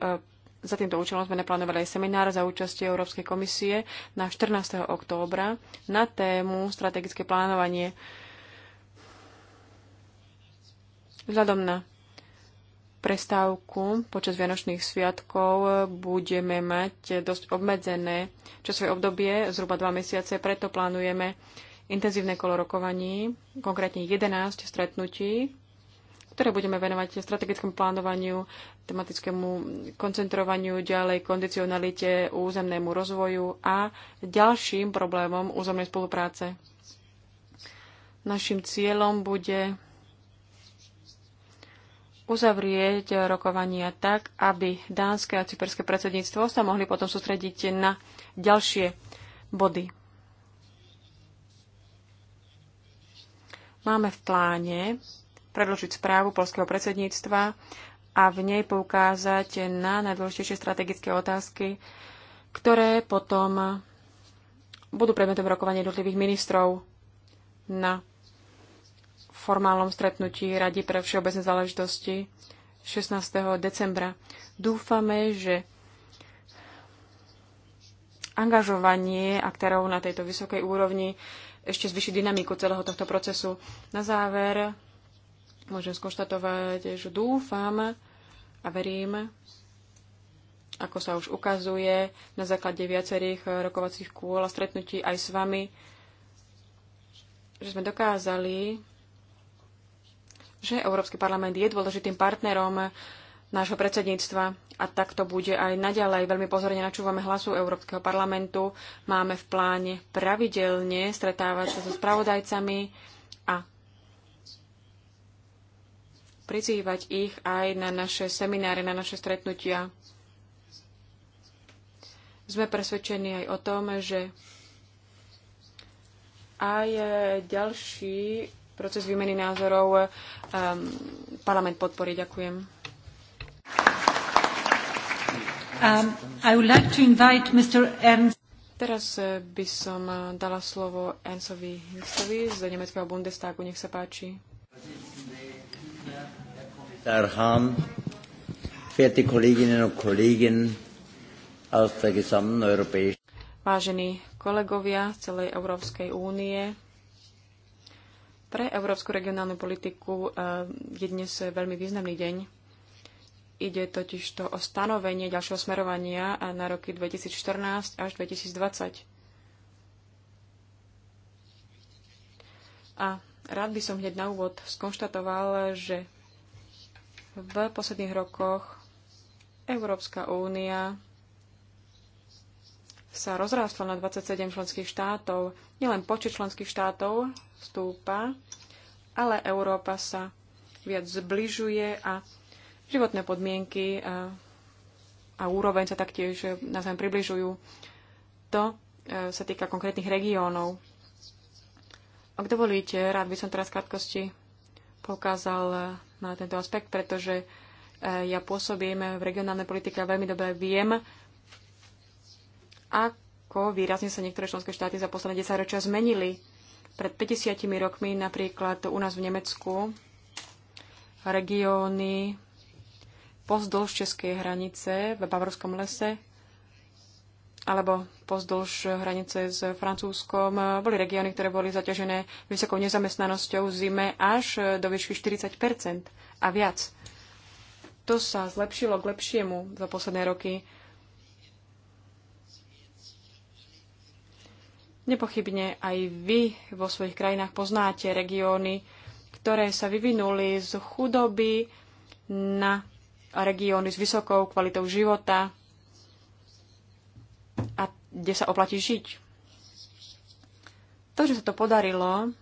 za týmto účelom sme naplánovali aj seminár za účasti Európskej komisie na 14. októbra na tému strategické plánovanie. Vzhľadom na prestávku počas Vianočných sviatkov budeme mať dosť obmedzené časové obdobie, zhruba dva mesiace, preto plánujeme intenzívne kolo rokovaní, konkrétne 11 stretnutí, ktoré budeme venovať strategickému plánovaniu, tematickému koncentrovaniu, ďalej kondicionalite, územnému rozvoju a ďalším problémom územnej spolupráce. Našim cieľom bude uzavrieť rokovania tak, aby dánske a cyperské predsedníctvo sa mohli potom sústrediť na ďalšie body. Máme v pláne predložiť správu polského predsedníctva a v nej poukázať na najdôležitejšie strategické otázky, ktoré potom budú predmetom rokovania jednotlivých ministrov na formálnom stretnutí Rady pre všeobecné záležitosti 16. decembra. Dúfame, že angažovanie aktérov na tejto vysokej úrovni ešte zvyšiť dynamiku celého tohto procesu. Na záver môžem skonštatovať, že dúfam a verím, ako sa už ukazuje na základe viacerých rokovacích kôl a stretnutí aj s vami, že sme dokázali, že Európsky parlament je dôležitým partnerom nášho predsedníctva a tak to bude aj naďalej. Veľmi pozorne načúvame hlasu Európskeho parlamentu. Máme v pláne pravidelne stretávať sa so spravodajcami a prizývať ich aj na naše semináre, na naše stretnutia. Sme presvedčení aj o tom, že aj ďalší proces výmeny názorov um, parlament podporí. Ďakujem. Um, I would like to invite Mr. Ernst. Teraz eh, by som eh, dala slovo Ernstovi Hinstovi z nemeckého Bundestagu. Nech sa páči. verehrte Kolleginnen und Kollegen aus der gesamten europäischen Vážení kolegovia z celej Európskej únie, pre európsku regionálnu politiku eh, je dnes veľmi významný deň. Ide totižto o stanovenie ďalšieho smerovania na roky 2014 až 2020. A rád by som hneď na úvod skonštatoval, že v posledných rokoch Európska únia sa rozrástla na 27 členských štátov. Nielen počet členských štátov stúpa, ale Európa sa viac zbližuje a Životné podmienky a, e, a úroveň sa taktiež e, na zem približujú. To e, sa týka konkrétnych regiónov. Ak dovolíte, rád by som teraz v krátkosti poukázal na tento aspekt, pretože ja pôsobím v regionálnej politike a veľmi dobre viem, ako výrazne sa niektoré členské štáty za posledné 10 ročia zmenili. Pred 50 rokmi napríklad u nás v Nemecku regióny pozdĺž českej hranice v Bavorskom lese alebo pozdĺž hranice s Francúzskom. Boli regióny, ktoré boli zaťažené vysokou nezamestnanosťou v zime až do výšky 40 a viac. To sa zlepšilo k lepšiemu za posledné roky. Nepochybne aj vy vo svojich krajinách poznáte regióny, ktoré sa vyvinuli z chudoby na a regióny s vysokou kvalitou života a kde sa oplatí žiť. To, že sa to podarilo,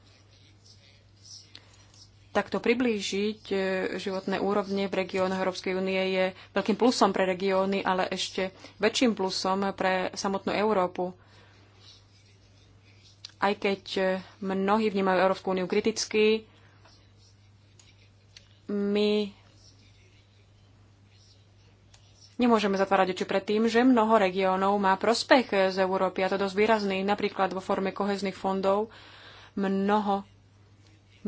takto priblížiť e, životné úrovne v regiónoch Európskej únie je veľkým plusom pre regióny, ale ešte väčším plusom pre samotnú Európu. Aj keď e, mnohí vnímajú Európsku úniu kriticky, my Nemôžeme zatvárať oči pred tým, že mnoho regiónov má prospech z Európy, a to dosť výrazný, napríklad vo forme kohezných fondov. Mnoho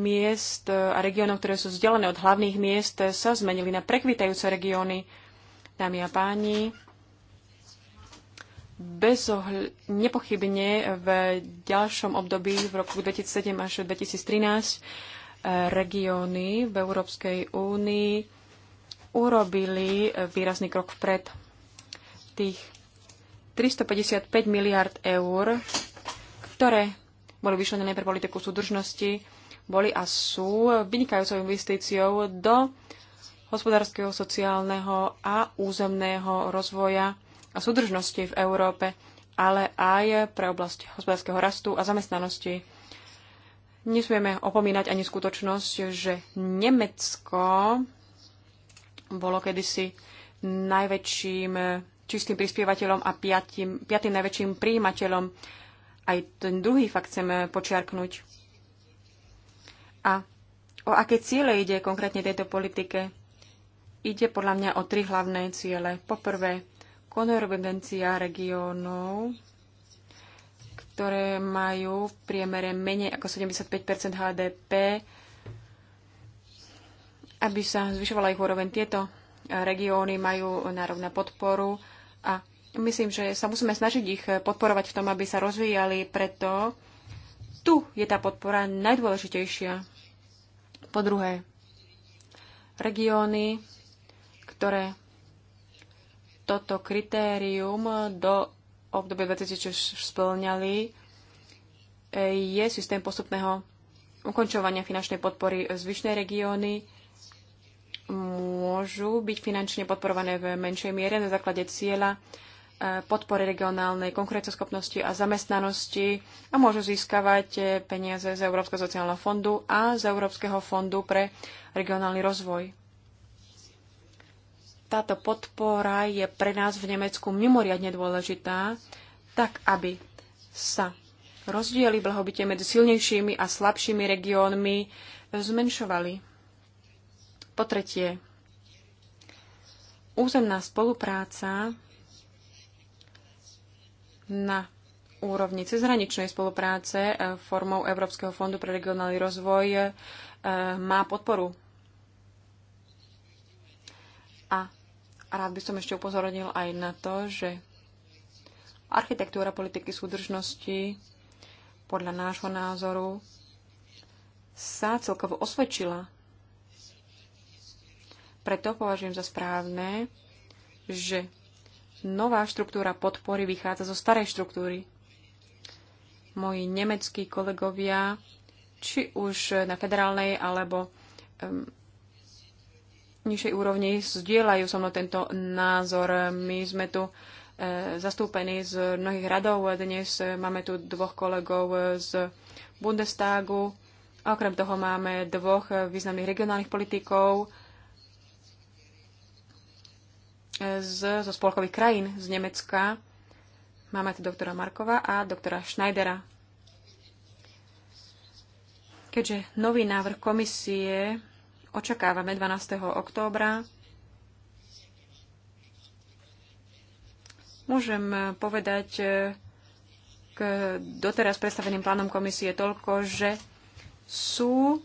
miest a regiónov, ktoré sú vzdialené od hlavných miest, sa zmenili na prekvitajúce regióny. Dámy a páni, bez nepochybne v ďalšom období v roku 2007 až 2013 regióny v Európskej únii urobili e, výrazný krok vpred. Tých 355 miliard eur, ktoré boli vyšlenené pre politiku súdržnosti, boli a sú vynikajúcou investíciou do hospodárskeho, sociálneho a územného rozvoja a súdržnosti v Európe, ale aj pre oblasť hospodárskeho rastu a zamestnanosti. Nesmieme opomínať ani skutočnosť, že Nemecko bolo kedysi najväčším eh, čistým prispievateľom a piatým, piatým najväčším príjimateľom. Aj ten druhý fakt chcem eh, počiarknúť. A o aké ciele ide konkrétne tejto politike? Ide podľa mňa o tri hlavné ciele. Poprvé, konvergencia regiónov, ktoré majú v priemere menej ako 75 HDP aby sa zvyšovala ich úroveň. Tieto e, regióny majú národnú podporu a myslím, že sa musíme snažiť ich e, podporovať v tom, aby sa rozvíjali, preto tu je tá podpora najdôležitejšia. Po druhé, regióny, ktoré toto kritérium do obdobia 2006 splňali, e, je systém postupného ukončovania finančnej podpory zvyšnej regióny môžu byť finančne podporované v menšej miere na základe cieľa e, podpory regionálnej konkurenceschopnosti a zamestnanosti a môžu získavať e, peniaze z Európskeho sociálneho fondu a z Európskeho fondu pre regionálny rozvoj. Táto podpora je pre nás v Nemecku mimoriadne dôležitá, tak aby sa rozdiely blahobytie medzi silnejšími a slabšími regiónmi zmenšovali. Po tretie, územná spolupráca na úrovni cezhraničnej spolupráce e, formou Európskeho fondu pre regionálny rozvoj e, má podporu. A rád by som ešte upozornil aj na to, že architektúra politiky súdržnosti podľa nášho názoru sa celkovo osvedčila preto považujem za správne, že nová štruktúra podpory vychádza zo starej štruktúry. Moji nemeckí kolegovia, či už na federálnej alebo um, nižšej úrovni, zdieľajú so mnou tento názor. My sme tu e, zastúpení z mnohých radov. Dnes máme tu dvoch kolegov z Bundestagu. A okrem toho máme dvoch významných regionálnych politikov z, zo spolkových krajín z Nemecka. Máme tu doktora Markova a doktora Schneidera. Keďže nový návrh komisie očakávame 12. októbra, môžem povedať eh, k doteraz predstaveným plánom komisie toľko, že sú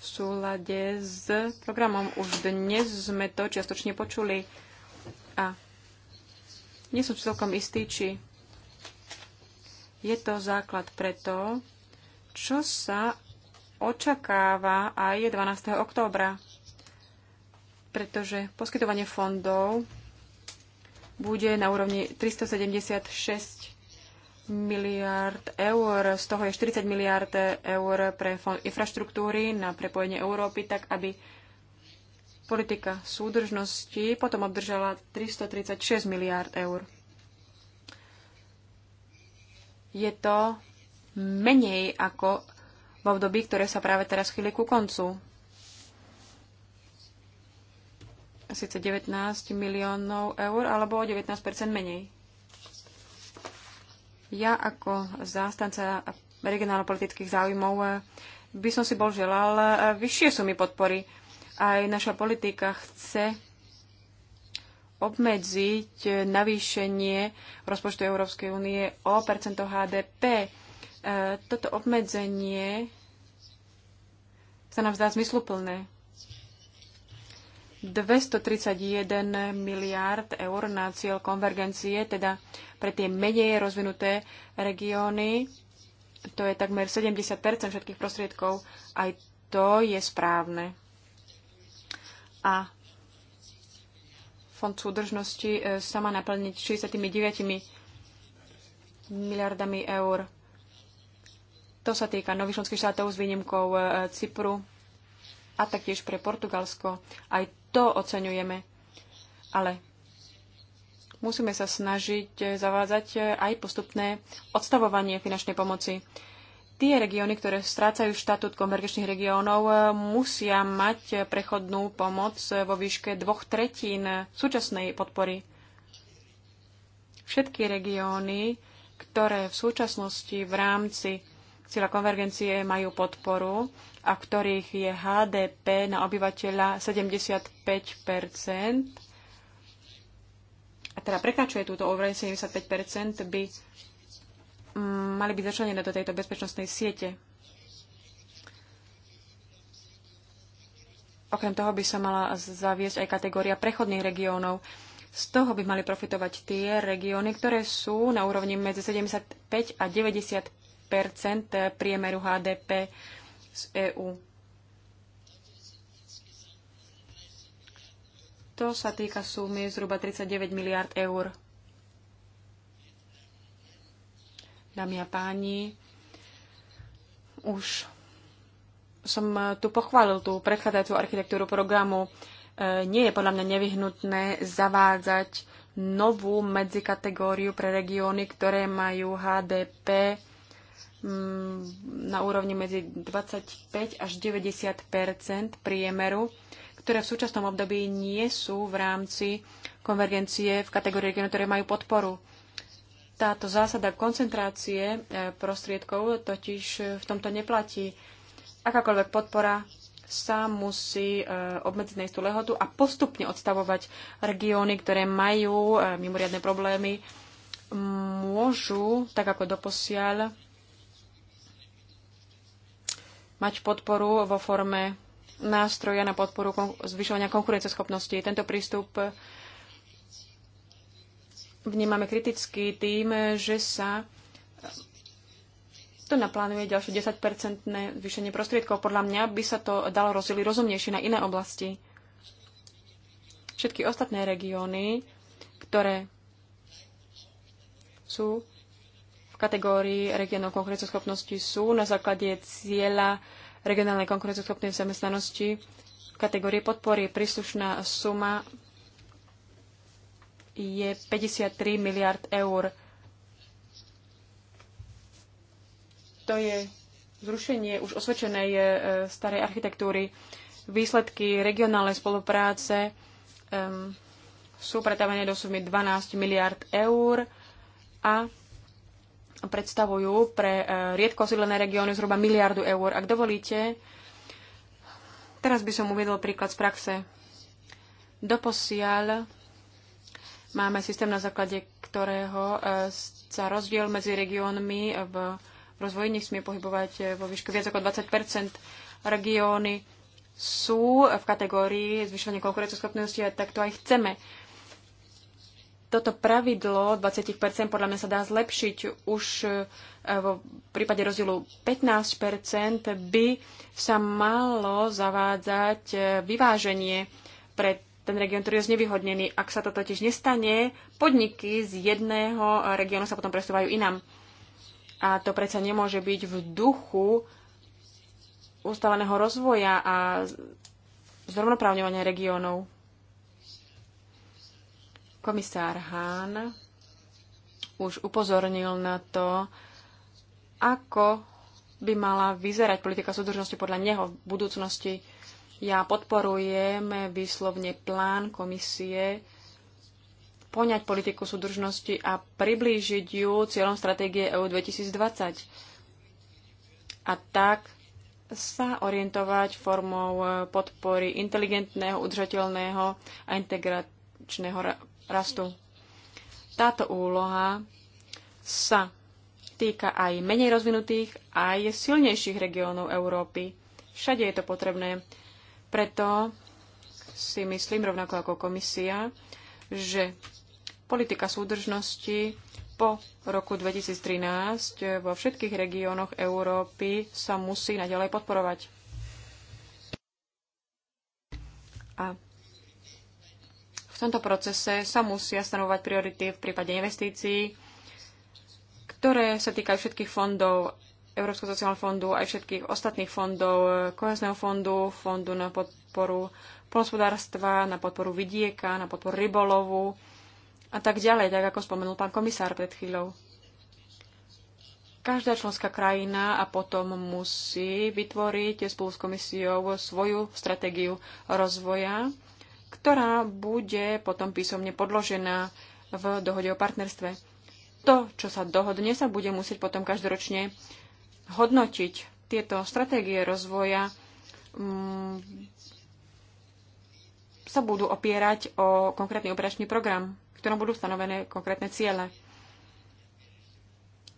v súlade s programom. Už dnes sme to čiastočne počuli. A nie som celkom istý, či je to základ preto, čo sa očakáva aj 12. októbra, pretože poskytovanie fondov bude na úrovni 376 miliard eur, z toho je 40 miliard eur pre fond infraštruktúry na prepojenie Európy, tak aby politika súdržnosti potom obdržala 336 miliárd eur. Je to menej ako v období, ktoré sa práve teraz chýli ku koncu. Sice 19 miliónov eur, alebo o 19 menej. Ja ako zástanca regionálno-politických záujmov by som si bol želal vyššie sumy podpory aj naša politika chce obmedziť navýšenie rozpočtu Európskej únie o percento HDP. E, toto obmedzenie sa nám zdá zmysluplné. 231 miliárd eur na cieľ konvergencie, teda pre tie menej rozvinuté regióny. To je takmer 70 všetkých prostriedkov. Aj to je správne a Fond súdržnosti e, sa má naplniť 69 miliardami eur. To sa týka nových členských štátov s výnimkou e, Cypru a taktiež pre Portugalsko. Aj to oceňujeme. Ale musíme sa snažiť e, zavádzať aj postupné odstavovanie finančnej pomoci tie regióny, ktoré strácajú štatút konvergenčných regiónov, e, musia mať prechodnú pomoc e, vo výške dvoch tretín súčasnej podpory. Všetky regióny, ktoré v súčasnosti v rámci cieľa konvergencie majú podporu a ktorých je HDP na obyvateľa 75 a teda prekračuje túto úroveň 75 by mali byť začlenené do tejto bezpečnostnej siete. Okrem toho by sa mala zaviesť aj kategória prechodných regiónov. Z toho by mali profitovať tie regióny, ktoré sú na úrovni medzi 75 a 90 priemeru HDP z EÚ. To sa týka sumy zhruba 39 miliard eur. Dámy a páni, už som eh, tu pochválil tú prechádzajúcu architektúru programu. Eh, nie je podľa mňa nevyhnutné zavádzať novú medzikategóriu pre regióny, ktoré majú HDP mm, na úrovni medzi 25 až 90 priemeru, ktoré v súčasnom období nie sú v rámci konvergencie v kategórii regionov, ktoré majú podporu. Táto zásada koncentrácie e, prostriedkov totiž v tomto neplatí. Akákoľvek podpora sa musí e, obmedziť na istú lehotu a postupne odstavovať regióny, ktoré majú e, mimoriadne problémy, môžu, tak ako doposiaľ, mať podporu vo forme nástroja na podporu zvyšovania konkurenceschopnosti. Tento prístup vnímame kriticky tým, že sa to naplánuje ďalšie 10-percentné zvýšenie prostriedkov. Podľa mňa by sa to dalo rozdeliť rozumnejšie na iné oblasti. Všetky ostatné regióny, ktoré sú v kategórii regionov konkurenceschopnosti, sú na základe cieľa regionálnej konkurenceschopnej zamestnanosti v kategórii podpory príslušná suma je 53 miliard eur. To je zrušenie už osvedčenej e, starej architektúry. Výsledky regionálnej spolupráce um, sú pretavené do sumy 12 miliard eur a predstavujú pre e, riedko osídlené regióny zhruba miliardu eur. Ak dovolíte, teraz by som uviedol príklad z praxe. Doposiaľ Máme systém, na základe ktorého e, sa rozdiel medzi regiónmi v rozvoji nesmie pohybovať e, vo výške viac ako 20 Regióny sú v kategórii zvyšovania konkurenceschopnosti a tak to aj chceme. Toto pravidlo 20 podľa mňa sa dá zlepšiť. Už e, v prípade rozdielu 15 by sa malo zavádzať vyváženie pre ten región, ktorý je znevýhodnený. Ak sa to totiž nestane, podniky z jedného regiónu sa potom presúvajú inám. A to predsa nemôže byť v duchu ustávaného rozvoja a zrovnoprávňovania regiónov. Komisár Hahn už upozornil na to, ako by mala vyzerať politika súdržnosti podľa neho v budúcnosti ja podporujem výslovne plán komisie poňať politiku súdržnosti a priblížiť ju cieľom stratégie EU 2020. A tak sa orientovať formou podpory inteligentného, udržateľného a integračného rastu. Táto úloha sa týka aj menej rozvinutých, aj silnejších regiónov Európy. Všade je to potrebné. Preto si myslím, rovnako ako komisia, že politika súdržnosti po roku 2013 vo všetkých regiónoch Európy sa musí naďalej podporovať. A v tomto procese sa musia stanovať priority v prípade investícií, ktoré sa týkajú všetkých fondov Európskeho sociálneho fondu, aj všetkých ostatných fondov, e, kohezného fondu, fondu na podporu polospodárstva, na podporu vidieka, na podporu rybolovu a tak ďalej, tak ako spomenul pán komisár pred chvíľou. Každá členská krajina a potom musí vytvoriť spolu s komisiou svoju stratégiu rozvoja, ktorá bude potom písomne podložená v dohode o partnerstve. To, čo sa dohodne, sa bude musieť potom každoročne hodnotiť tieto stratégie rozvoja, mm, sa budú opierať o konkrétny operačný program, v ktorom budú stanovené konkrétne ciele.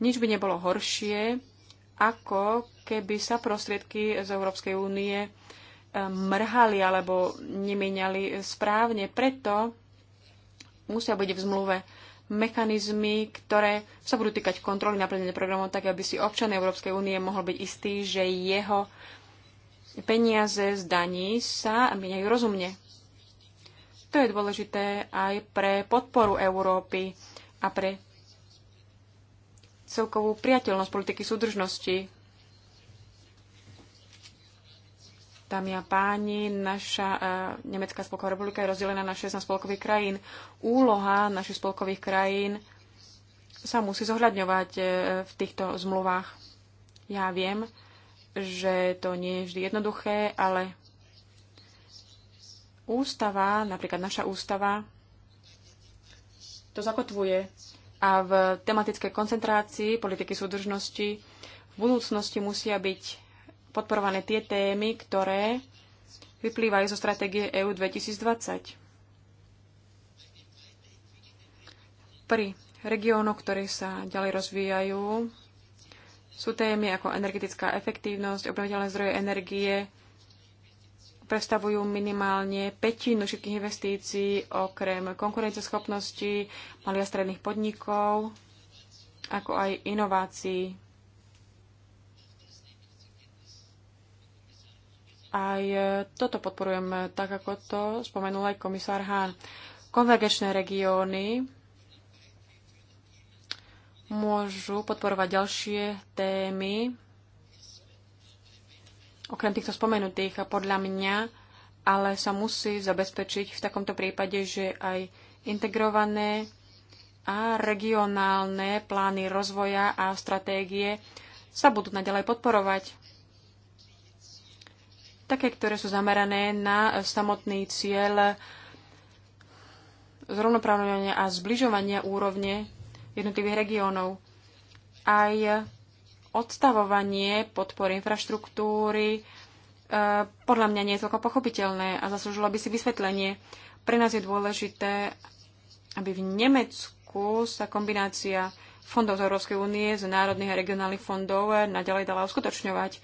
Nič by nebolo horšie, ako keby sa prostriedky z Európskej únie eh, mrhali alebo nemieniali správne. Preto musia byť v zmluve mechanizmy, ktoré sa budú týkať kontroly naplnenia programov, tak aby si občan Európskej únie mohol byť istý, že jeho peniaze z daní sa míňajú rozumne. To je dôležité aj pre podporu Európy a pre celkovú priateľnosť politiky súdržnosti Dámy a páni, naša e, Nemecká spolková republika je rozdelená na 16 spolkových krajín. Úloha našich spolkových krajín sa musí zohľadňovať e, v týchto zmluvách. Ja viem, že to nie je vždy jednoduché, ale ústava, napríklad naša ústava, to zakotvuje a v tematickej koncentrácii politiky súdržnosti v budúcnosti musia byť podporované tie témy, ktoré vyplývajú zo stratégie EU 2020. Pri regiónoch, ktoré sa ďalej rozvíjajú, sú témy ako energetická efektívnosť, obnoviteľné zdroje energie, predstavujú minimálne petinu všetkých investícií, okrem konkurenceschopnosti malých a stredných podnikov, ako aj inovácií. Aj e, toto podporujem, e, tak ako to spomenul aj komisár Hahn. Konvergečné regióny môžu podporovať ďalšie témy, okrem týchto spomenutých, podľa mňa, ale sa musí zabezpečiť v takomto prípade, že aj integrované a regionálne plány rozvoja a stratégie sa budú naďalej podporovať také, ktoré sú zamerané na samotný cieľ zrovnoprávňovania a zbližovania úrovne jednotlivých regiónov. Aj odstavovanie podpory infraštruktúry e, podľa mňa nie je celkom pochopiteľné a zaslúžilo by si vysvetlenie. Pre nás je dôležité, aby v Nemecku sa kombinácia fondov z Európskej únie, z národných a regionálnych fondov e, naďalej dala uskutočňovať.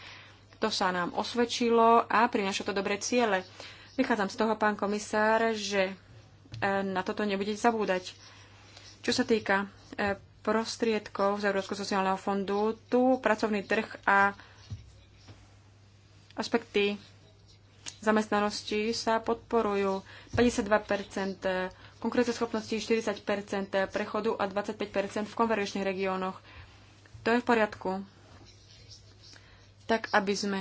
To sa nám osvedčilo a prináša to dobré ciele. Vychádzam z toho, pán komisár, že e, na toto nebudete zabúdať. Čo sa týka e, prostriedkov z Európskeho sociálneho fondu, tu pracovný trh a aspekty zamestnanosti sa podporujú 52 schopnosti, 40 prechodu a 25 v konverečných regiónoch. To je v poriadku tak aby sme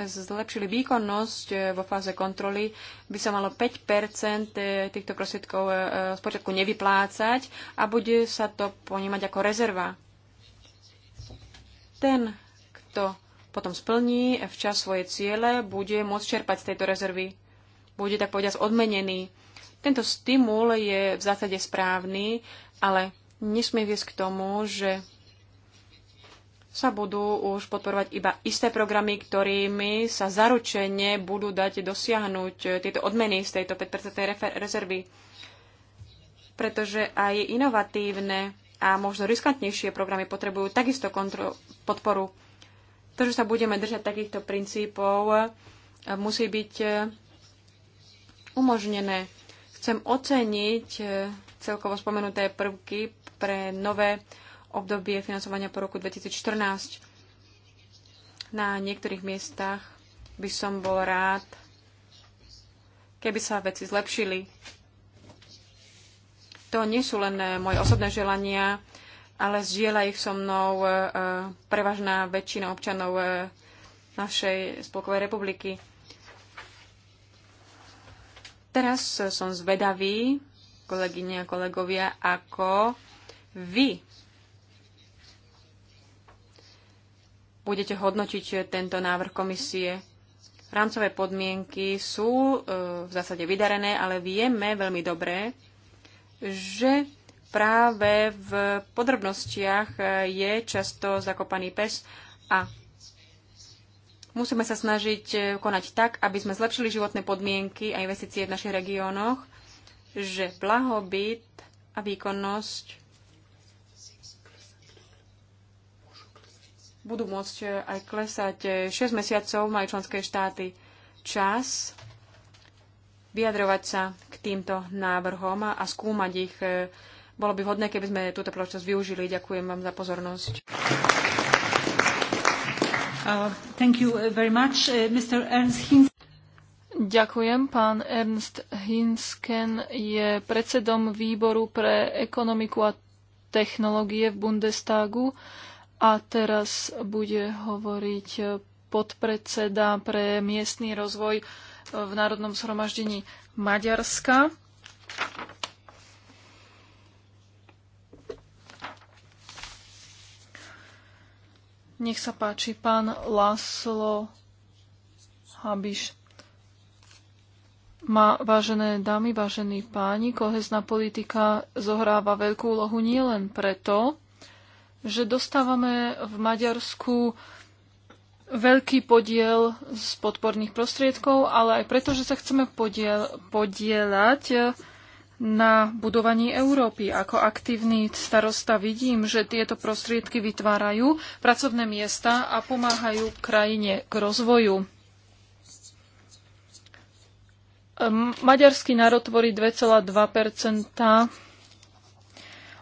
zlepšili výkonnosť eh, vo fáze kontroly, by sa malo 5 eh, týchto prostriedkov spočiatku eh, nevyplácať a bude sa to ponímať ako rezerva. Ten, kto potom splní včas svoje ciele, bude môcť čerpať z tejto rezervy. Bude tak povediať odmenený. Tento stimul je v zásade správny, ale nesmie viesť k tomu, že sa budú už podporovať iba isté programy, ktorými sa zaručene budú dať dosiahnuť tieto odmeny z tejto 5% rezervy. Pretože aj inovatívne a možno riskantnejšie programy potrebujú takisto kontro- podporu. To, že sa budeme držať takýchto princípov, e, musí byť e, umožnené. Chcem oceniť e, celkovo spomenuté prvky pre nové obdobie financovania po roku 2014. Na niektorých miestach by som bol rád, keby sa veci zlepšili. To nie sú len eh, moje osobné želania, ale zdieľa ich so mnou eh, eh, prevažná väčšina občanov našej Spolkovej republiky. Teraz som zvedavý, kolegyne a kolegovia, ako vy budete hodnotiť eh, tento návrh komisie? Rámcové podmienky sú eh, v zásade vydarené, ale vieme veľmi dobre, že práve v podrobnostiach eh, je často zakopaný pes a musíme sa snažiť konať tak, aby sme zlepšili životné podmienky a investície v našich regiónoch, že blahobyt a výkonnosť budú môcť e, aj klesať. 6 e, mesiacov majú členské štáty čas vyjadrovať sa k týmto návrhom a skúmať ich. E, bolo by hodné, keby sme túto príležitosť využili. Ďakujem vám za pozornosť. Uh, uh much, uh, Ďakujem. Pán Ernst Hinsken je predsedom výboru pre ekonomiku a technológie v Bundestagu. A teraz bude hovoriť podpredseda pre miestny rozvoj v Národnom zhromaždení Maďarska. Nech sa páči, pán Laslo Habiš. Má, vážené dámy, vážení páni, kohezná politika zohráva veľkú úlohu nielen preto, že dostávame v Maďarsku veľký podiel z podporných prostriedkov, ale aj preto, že sa chceme podiel, podielať na budovaní Európy. Ako aktívny starosta vidím, že tieto prostriedky vytvárajú pracovné miesta a pomáhajú krajine k rozvoju. Ehm, maďarský národ tvorí 2,2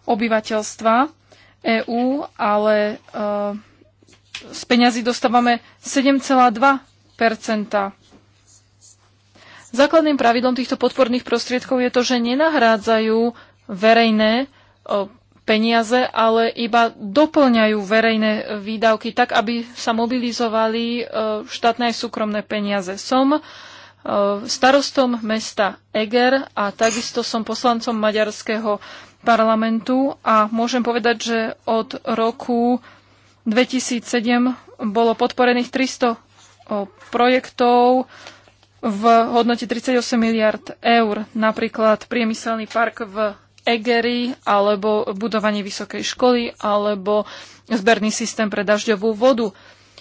obyvateľstva EÚ, ale uh, z peňazí dostávame 7,2 Základným pravidlom týchto podporných prostriedkov je to, že nenahrádzajú verejné uh, peniaze, ale iba doplňajú verejné e, výdavky tak, aby sa mobilizovali uh, štátne aj súkromné peniaze. Som starostom mesta Eger a takisto som poslancom maďarského parlamentu a môžem povedať, že od roku 2007 bolo podporených 300 projektov v hodnote 38 miliard eur, napríklad priemyselný park v Egery, alebo budovanie vysokej školy, alebo zberný systém pre dažďovú vodu.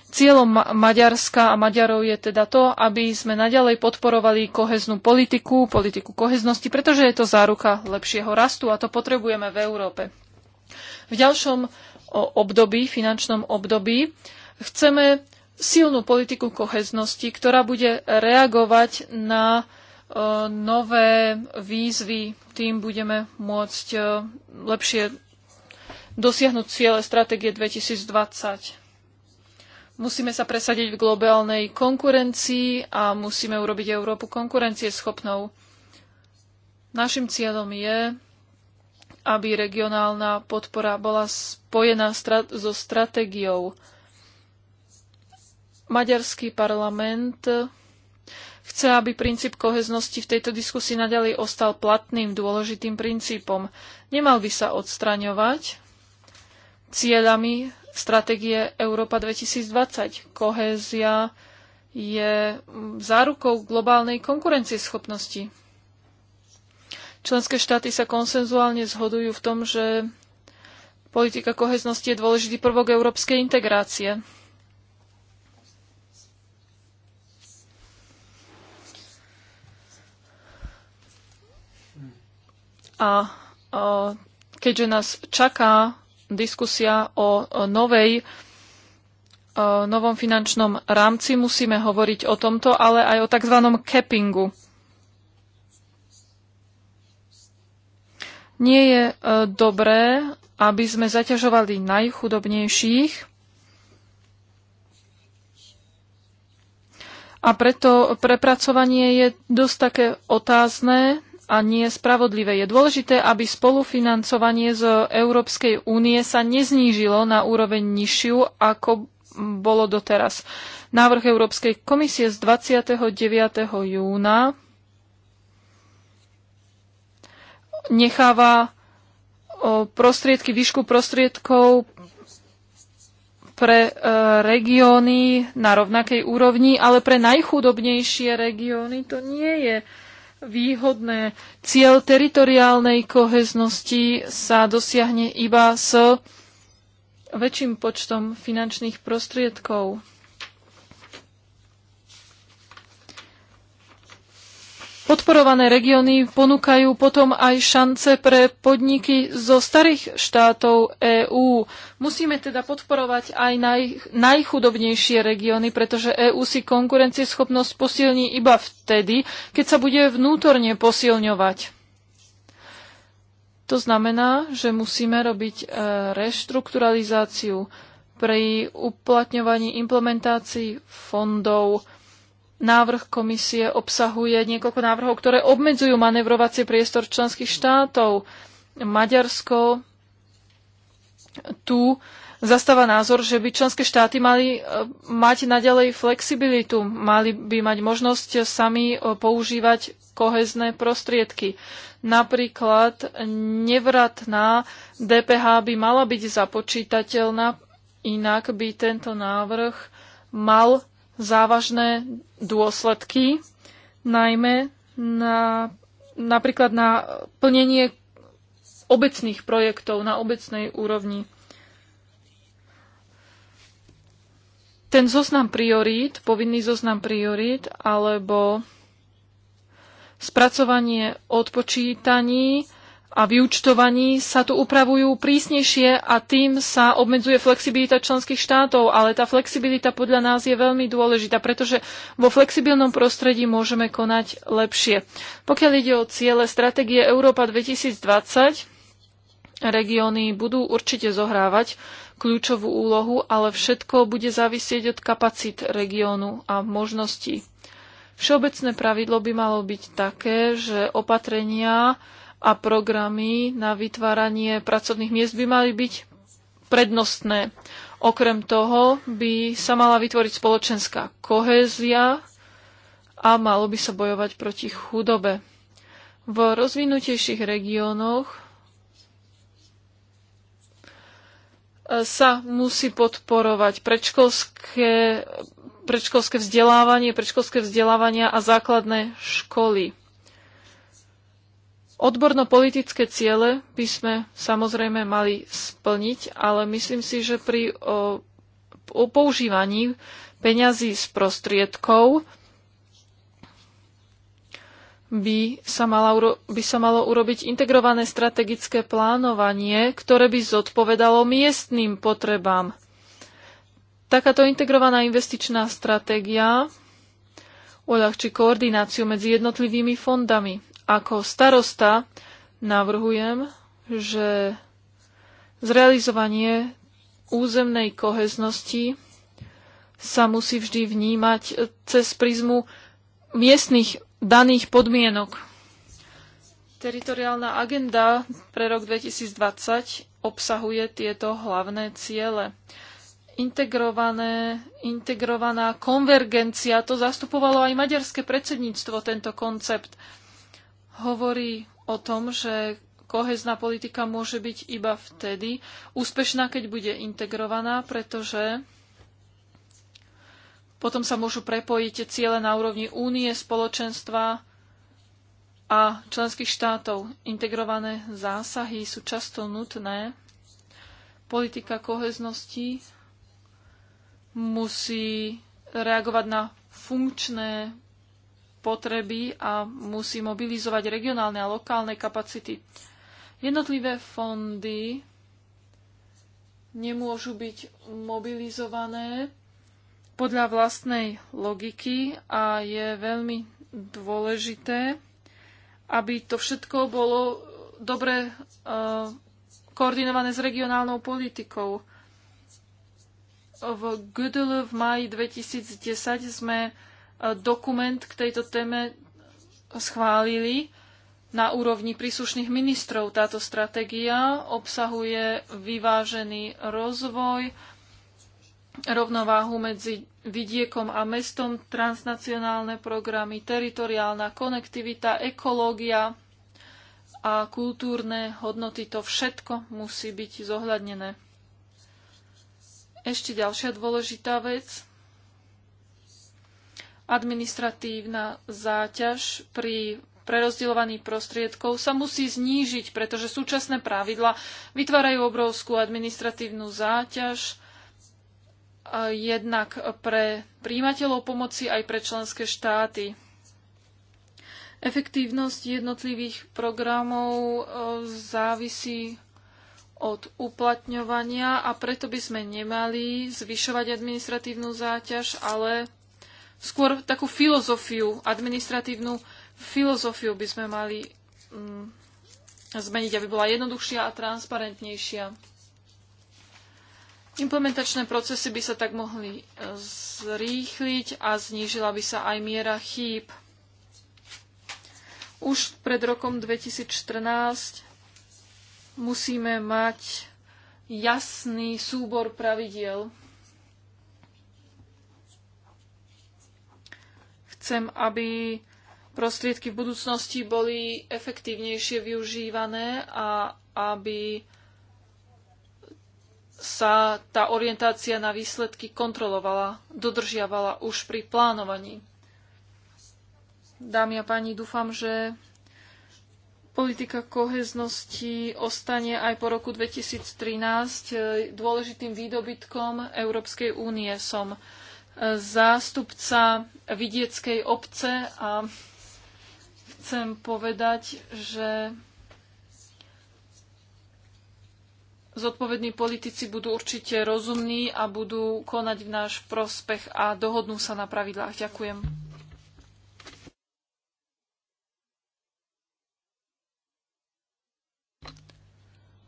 Cieľom Ma Maďarska a Maďarov je teda to, aby sme naďalej podporovali koheznú politiku, politiku koheznosti, pretože je to záruka lepšieho rastu a to potrebujeme v Európe. V ďalšom období, finančnom období, chceme silnú politiku koheznosti, ktorá bude reagovať na e, nové výzvy, tým budeme môcť e, lepšie dosiahnuť ciele stratégie 2020. Musíme sa presadiť v globálnej konkurencii a musíme urobiť Európu konkurencieschopnou. Našim cieľom je, aby regionálna podpora bola spojená strat so stratégiou. Maďarský parlament chce, aby princíp koheznosti v tejto diskusii naďalej ostal platným dôležitým princípom. Nemal by sa odstraňovať cieľami stratégie Európa 2020. Kohézia je zárukou globálnej konkurencieschopnosti. Členské štáty sa konsenzuálne zhodujú v tom, že politika koheznosti je dôležitý prvok európskej integrácie. A, a keďže nás čaká diskusia o novej novom finančnom rámci musíme hovoriť o tomto, ale aj o tzv. cappingu. Nie je e, dobré, aby sme zaťažovali najchudobnejších a preto prepracovanie je dosť také otázne, a nie spravodlivé. Je dôležité, aby spolufinancovanie z Európskej únie sa neznížilo na úroveň nižšiu, ako bolo doteraz. Návrh Európskej komisie z 29. júna necháva prostriedky, výšku prostriedkov pre e, regióny na rovnakej úrovni, ale pre najchudobnejšie regióny to nie je výhodné. Cieľ teritoriálnej koheznosti sa dosiahne iba s väčším počtom finančných prostriedkov. Podporované regióny ponúkajú potom aj šance pre podniky zo starých štátov EÚ. Musíme teda podporovať aj naj, najchudobnejšie regióny, pretože EÚ si konkurencieschopnosť posilní iba vtedy, keď sa bude vnútorne posilňovať. To znamená, že musíme robiť e, reštrukturalizáciu pri uplatňovaní implementácií fondov Návrh komisie obsahuje niekoľko návrhov, ktoré obmedzujú manevrovací priestor členských štátov. Maďarsko tu zastáva názor, že by členské štáty mali e, mať naďalej flexibilitu, mali by mať možnosť sami e, používať kohezné prostriedky. Napríklad nevratná DPH by mala byť započítateľná, inak by tento návrh mal závažné dôsledky, najmä na, napríklad na plnenie obecných projektov na obecnej úrovni. Ten zoznam priorít, povinný zoznam priorít, alebo spracovanie odpočítaní a vyučtovaní sa tu upravujú prísnejšie a tým sa obmedzuje flexibilita členských štátov, ale tá flexibilita podľa nás je veľmi dôležitá, pretože vo flexibilnom prostredí môžeme konať lepšie. Pokiaľ ide o ciele stratégie Európa 2020, regióny budú určite zohrávať kľúčovú úlohu, ale všetko bude závisieť od kapacít regiónu a možností. Všeobecné pravidlo by malo byť také, že opatrenia, a programy na vytváranie pracovných miest by mali byť prednostné. Okrem toho by sa mala vytvoriť spoločenská kohézia a malo by sa bojovať proti chudobe. V rozvinutejších regiónoch e, sa musí podporovať predškolské, predškolské vzdelávanie, predškolské vzdelávania a základné školy. Odborno-politické ciele by sme samozrejme mali splniť, ale myslím si, že pri o, o používaní peňazí z prostriedkov by sa, mala, by sa malo urobiť integrované strategické plánovanie, ktoré by zodpovedalo miestnym potrebám. Takáto integrovaná investičná stratégia uľahčí koordináciu medzi jednotlivými fondami. Ako starosta navrhujem, že zrealizovanie územnej koheznosti sa musí vždy vnímať cez prizmu miestnych daných podmienok. Teritoriálna agenda pre rok 2020 obsahuje tieto hlavné ciele. Integrované, integrovaná konvergencia, to zastupovalo aj maďarské predsedníctvo, tento koncept hovorí o tom, že kohezná politika môže byť iba vtedy úspešná, keď bude integrovaná, pretože potom sa môžu prepojiť ciele na úrovni únie, spoločenstva a členských štátov. Integrované zásahy sú často nutné. Politika koheznosti musí reagovať na funkčné potreby a musí mobilizovať regionálne a lokálne kapacity. Jednotlivé fondy nemôžu byť mobilizované podľa vlastnej logiky a je veľmi dôležité, aby to všetko bolo dobre uh, koordinované s regionálnou politikou. V GDL v maji 2010 sme dokument k tejto téme schválili na úrovni príslušných ministrov. Táto stratégia obsahuje vyvážený rozvoj, rovnováhu medzi vidiekom a mestom, transnacionálne programy, teritoriálna konektivita, ekológia a kultúrne hodnoty. To všetko musí byť zohľadnené. Ešte ďalšia dôležitá vec administratívna záťaž pri prerozdeľovaní prostriedkov sa musí znížiť, pretože súčasné pravidla vytvárajú obrovskú administratívnu záťaž e, jednak pre príjimateľov pomoci aj pre členské štáty. Efektívnosť jednotlivých programov e, závisí od uplatňovania a preto by sme nemali zvyšovať administratívnu záťaž, ale skôr takú filozofiu, administratívnu filozofiu by sme mali mm, zmeniť, aby bola jednoduchšia a transparentnejšia. Implementačné procesy by sa tak mohli e, zrýchliť a znížila by sa aj miera chýb. Už pred rokom 2014 musíme mať jasný súbor pravidiel chcem, aby prostriedky v budúcnosti boli efektívnejšie využívané a aby sa tá orientácia na výsledky kontrolovala, dodržiavala už pri plánovaní. Dámy a páni, dúfam, že politika koheznosti ostane aj po roku 2013 e, dôležitým výdobytkom Európskej únie. Som zástupca vidieckej obce a chcem povedať, že zodpovední politici budú určite rozumní a budú konať v náš prospech a dohodnú sa na pravidlách. Ďakujem.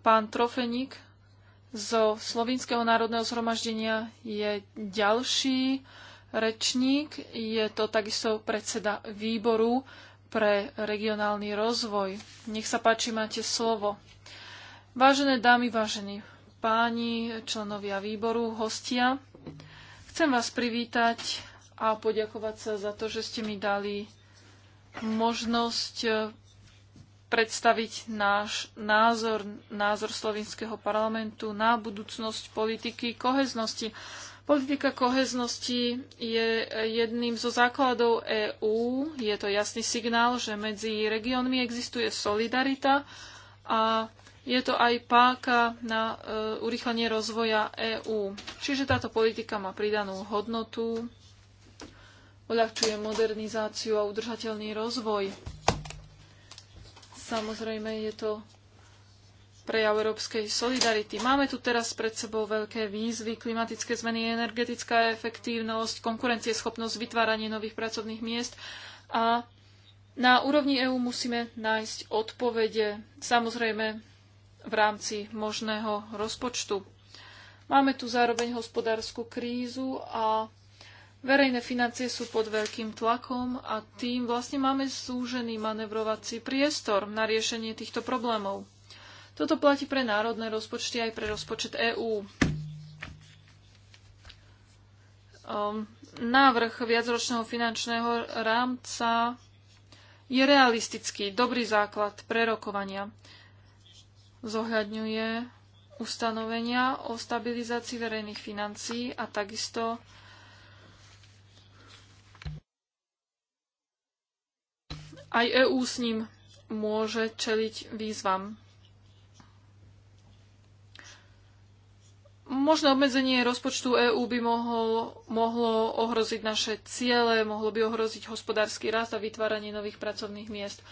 Pán Trofeník zo Slovinského národného zhromaždenia je ďalší rečník. Je to takisto predseda výboru pre regionálny rozvoj. Nech sa páči, máte slovo. Vážené dámy, vážení páni, členovia výboru, hostia, chcem vás privítať a poďakovať sa za to, že ste mi dali možnosť predstaviť náš názor, názor slovinského parlamentu na budúcnosť politiky koheznosti. Politika koheznosti je jedným zo základov EÚ. Je to jasný signál, že medzi regiónmi existuje solidarita a je to aj páka na e, urýchlenie rozvoja EÚ. Čiže táto politika má pridanú hodnotu, uľahčuje modernizáciu a udržateľný rozvoj Samozrejme je to prejav európskej solidarity. Máme tu teraz pred sebou veľké výzvy, klimatické zmeny, energetická efektívnosť, konkurencieschopnosť, vytváranie nových pracovných miest a na úrovni EÚ musíme nájsť odpovede, samozrejme v rámci možného rozpočtu. Máme tu zároveň hospodárskú krízu a Verejné financie sú pod veľkým tlakom a tým vlastne máme súžený manevrovací priestor na riešenie týchto problémov. Toto platí pre národné rozpočty aj pre rozpočet EÚ. Um, ehm, návrh viacročného finančného rámca je realistický, dobrý základ pre rokovania. Zohľadňuje ustanovenia o stabilizácii verejných financií a takisto Aj EÚ s ním môže čeliť výzvam. Možné obmedzenie rozpočtu EÚ by mohol, mohlo ohroziť naše ciele, mohlo by ohroziť hospodársky rast a vytváranie nových pracovných miest.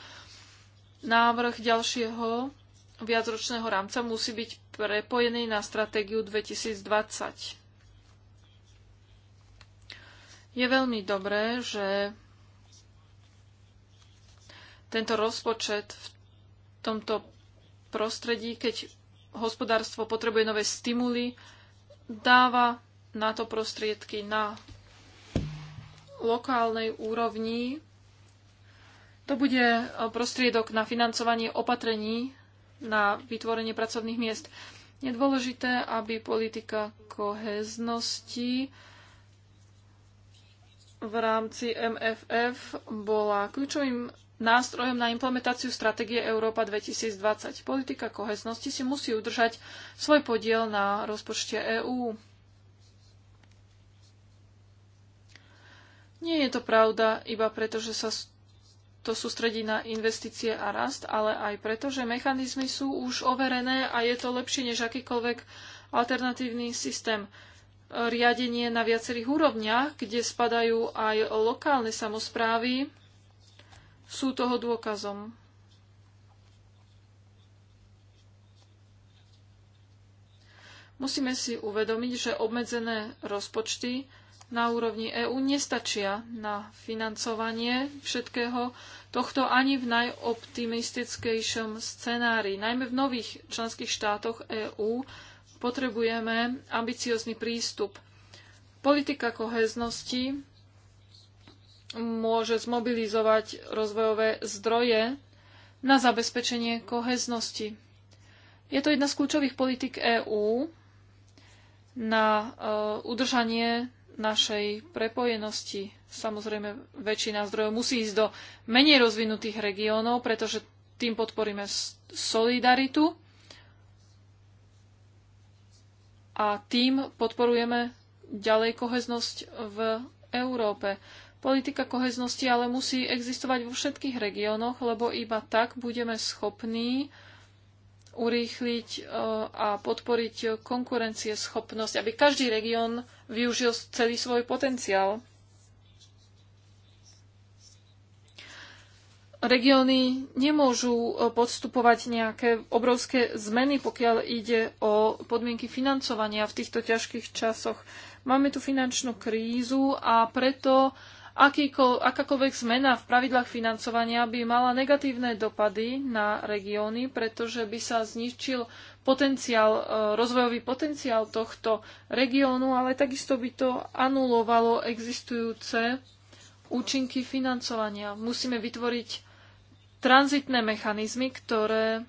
Návrh ďalšieho viacročného rámca musí byť prepojený na stratégiu 2020. Je veľmi dobré, že tento rozpočet v tomto prostredí, keď hospodárstvo potrebuje nové stimuly, dáva na to prostriedky na lokálnej úrovni. To bude eh, prostriedok na financovanie opatrení na vytvorenie pracovných miest. Je dôležité, aby politika koheznosti v rámci MFF bola kľúčovým nástrojom na implementáciu stratégie Európa 2020. Politika koheznosti si musí udržať svoj podiel na rozpočte EÚ. Nie je to pravda iba preto, že sa to sústredí na investície a rast, ale aj preto, že mechanizmy sú už overené a je to lepšie než akýkoľvek alternatívny systém riadenie na viacerých úrovniach, kde spadajú aj lokálne samozprávy, sú toho dôkazom. Musíme si uvedomiť, že obmedzené rozpočty na úrovni EÚ nestačia na financovanie všetkého tohto ani v najoptimistickejšom scenári. Najmä v nových členských štátoch EÚ Potrebujeme ambiciózny prístup. Politika koheznosti môže zmobilizovať rozvojové zdroje na zabezpečenie koheznosti. Je to jedna z kľúčových politik EÚ na e, udržanie našej prepojenosti. Samozrejme, väčšina zdrojov musí ísť do menej rozvinutých regiónov, pretože tým podporíme solidaritu a tým podporujeme ďalej koheznosť v Európe. Politika koheznosti ale musí existovať vo všetkých regiónoch, lebo iba tak budeme schopní urýchliť e, a podporiť konkurencieschopnosť, aby každý región využil celý svoj potenciál. regióny nemôžu e, podstupovať nejaké obrovské zmeny, pokiaľ ide o podmienky financovania v týchto ťažkých časoch. Máme tu finančnú krízu a preto akákoľvek zmena v pravidlách financovania by mala negatívne dopady na regióny, pretože by sa zničil potenciál, e, rozvojový potenciál tohto regiónu, ale takisto by to anulovalo existujúce účinky financovania. Musíme vytvoriť tranzitné mechanizmy, ktoré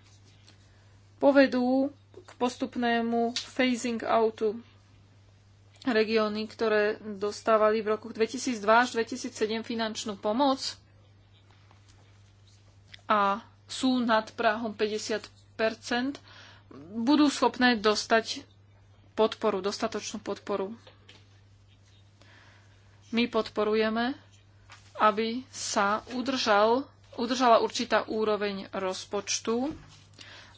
povedú k postupnému phasing outu regióny, ktoré dostávali v roku 2002 až 2007 finančnú pomoc a sú nad Prahom 50 budú schopné dostať podporu, dostatočnú podporu. My podporujeme, aby sa udržal udržala určitá úroveň rozpočtu,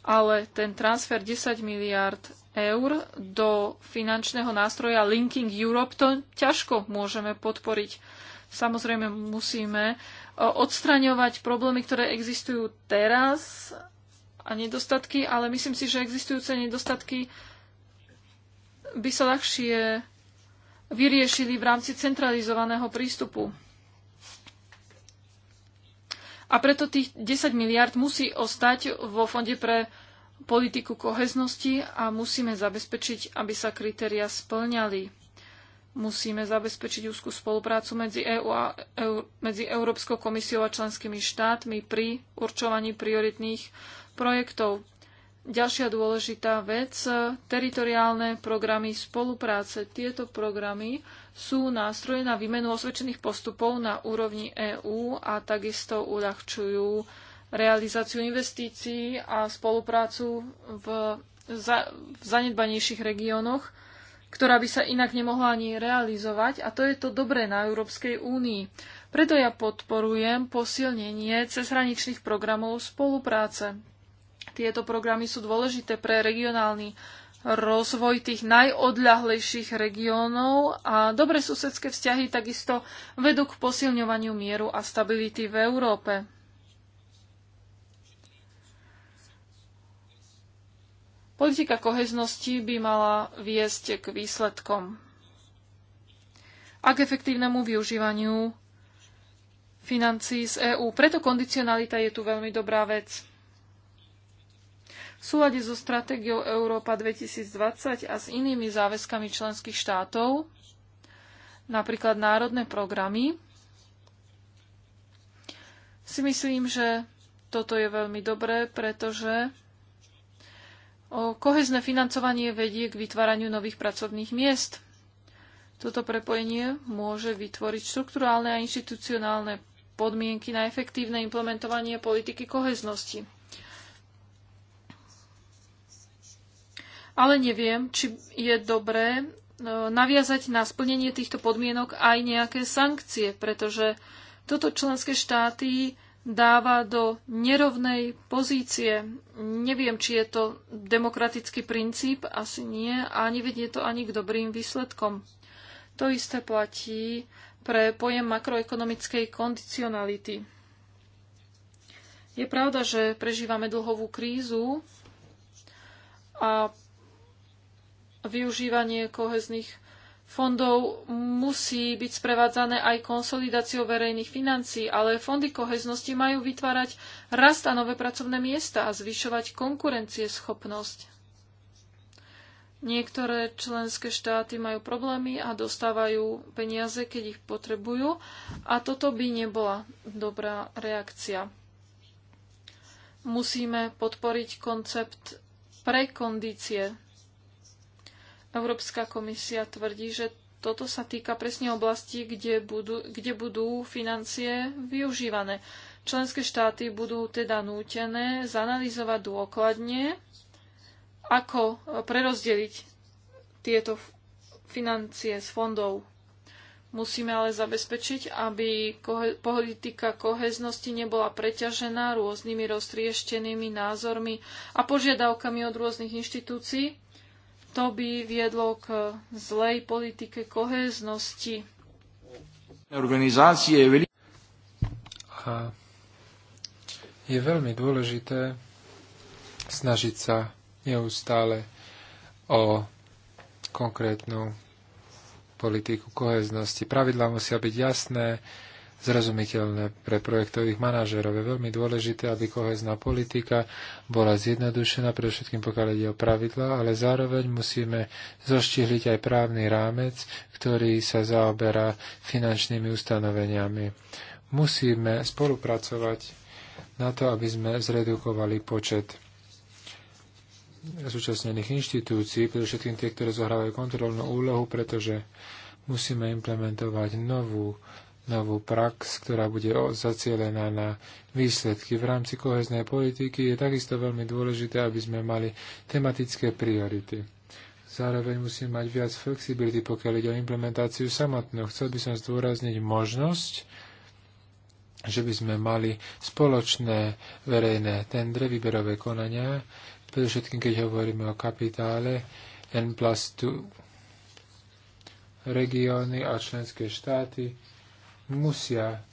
ale ten transfer 10 miliard eur do finančného nástroja Linking Europe to ťažko môžeme podporiť. Samozrejme musíme e, odstraňovať problémy, ktoré existujú teraz a nedostatky, ale myslím si, že existujúce nedostatky by sa ľahšie vyriešili v rámci centralizovaného prístupu. A preto tých 10 miliard musí ostať vo Fonde pre politiku koheznosti a musíme zabezpečiť, aby sa kritéria splňali. Musíme zabezpečiť úzkú spoluprácu medzi, EU a, EU, medzi Európskou komisiou a členskými štátmi pri určovaní prioritných projektov. Ďalšia dôležitá vec, e, teritoriálne programy spolupráce. Tieto programy sú nástroje na výmenu osvedčených postupov na úrovni EÚ a takisto uľahčujú realizáciu investícií a spoluprácu v, za, v zanedbanejších regiónoch, ktorá by sa inak nemohla ani realizovať. A to je to dobré na Európskej únii. Preto ja podporujem posilnenie cezhraničných programov spolupráce. Tieto programy sú dôležité pre regionálny rozvoj tých najodľahlejších regiónov a dobre susedské vzťahy takisto vedú k posilňovaniu mieru a stability v Európe. Politika koheznosti by mala viesť k výsledkom a k efektívnemu využívaniu financií z EÚ. Preto kondicionalita je tu veľmi dobrá vec v súlade so stratégiou Európa 2020 a s inými záväzkami členských štátov, napríklad národné programy, si myslím, že toto je veľmi dobré, pretože kohezné financovanie vedie k vytváraniu nových pracovných miest. Toto prepojenie môže vytvoriť štruktúrálne a inštitucionálne podmienky na efektívne implementovanie politiky koheznosti. ale neviem, či je dobré e, naviazať na splnenie týchto podmienok aj nejaké sankcie, pretože toto členské štáty dáva do nerovnej pozície. Neviem, či je to demokratický princíp, asi nie, a nevedie to ani k dobrým výsledkom. To isté platí pre pojem makroekonomickej kondicionality. Je pravda, že prežívame dlhovú krízu a využívanie kohezných fondov musí byť sprevádzané aj konsolidáciou verejných financií, ale fondy koheznosti majú vytvárať rast a nové pracovné miesta a zvyšovať konkurencieschopnosť. Niektoré členské štáty majú problémy a dostávajú peniaze, keď ich potrebujú a toto by nebola dobrá reakcia. Musíme podporiť koncept prekondície Európska komisia tvrdí, že toto sa týka presne oblasti, kde budú, kde budú financie využívané. Členské štáty budú teda nútené zanalizovať dôkladne, ako prerozdeliť tieto financie z fondov. Musíme ale zabezpečiť, aby politika koheznosti nebola preťažená rôznymi roztrieštenými názormi a požiadavkami od rôznych inštitúcií, to by viedlo k zlej politike kohéznosti. Organizácie a je veľmi dôležité snažiť sa neustále o konkrétnu politiku koheznosti. Pravidlá musia byť jasné, zrozumiteľné pre projektových manažerov. Je veľmi dôležité, aby kohezná politika bola zjednodušená, pre všetkým pokiaľ ide o pravidla, ale zároveň musíme zoštihliť aj právny rámec, ktorý sa zaoberá finančnými ustanoveniami. Musíme spolupracovať na to, aby sme zredukovali počet zúčastnených inštitúcií, predovšetkým tie, ktoré zohrávajú kontrolnú úlohu, pretože musíme implementovať novú novú prax, ktorá bude zacielená na výsledky. V rámci koheznej politiky je takisto veľmi dôležité, aby sme mali tematické priority. Zároveň musíme mať viac flexibility, pokiaľ ide o implementáciu samotnú. Chcel by som zdôrazniť možnosť, že by sme mali spoločné verejné tendre, výberové konania, predovšetkým keď hovoríme o kapitále N plus 2, regióny a členské štáty musia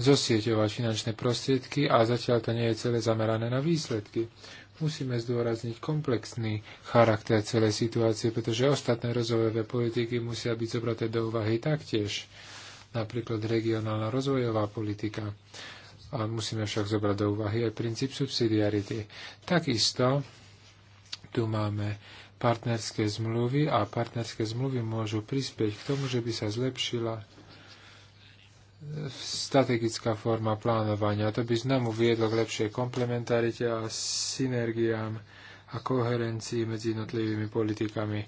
zosieťovať finančné prostriedky a zatiaľ to nie je celé zamerané na výsledky. Musíme zdôrazniť komplexný charakter celej situácie, pretože ostatné rozvojové politiky musia byť zobraté do úvahy taktiež, napríklad regionálna rozvojová politika. A musíme však zobrať do úvahy aj princíp subsidiarity. Takisto tu máme partnerské zmluvy a partnerské zmluvy môžu prispieť k tomu, že by sa zlepšila strategická forma plánovania. To by znovu viedlo k lepšej komplementarite a synergiám a koherencii medzi jednotlivými politikami.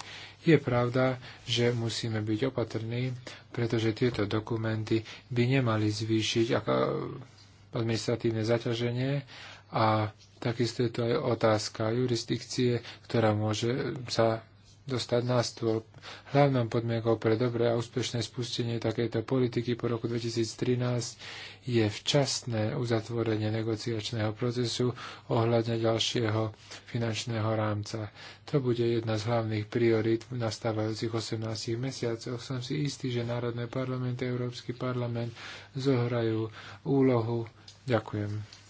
Je pravda, že musíme byť opatrní, pretože tieto dokumenty by nemali zvýšiť administratívne zaťaženie a takisto je to aj otázka jurisdikcie, ktorá môže sa dostať na stôl. Hlavnou podmienkou pre dobré a úspešné spustenie takejto politiky po roku 2013 je včasné uzatvorenie negociačného procesu ohľadne ďalšieho finančného rámca. To bude jedna z hlavných priorít v nastávajúcich 18 mesiacoch. Som si istý, že Národné parlamenty a Európsky parlament zohrajú úlohu. Ďakujem.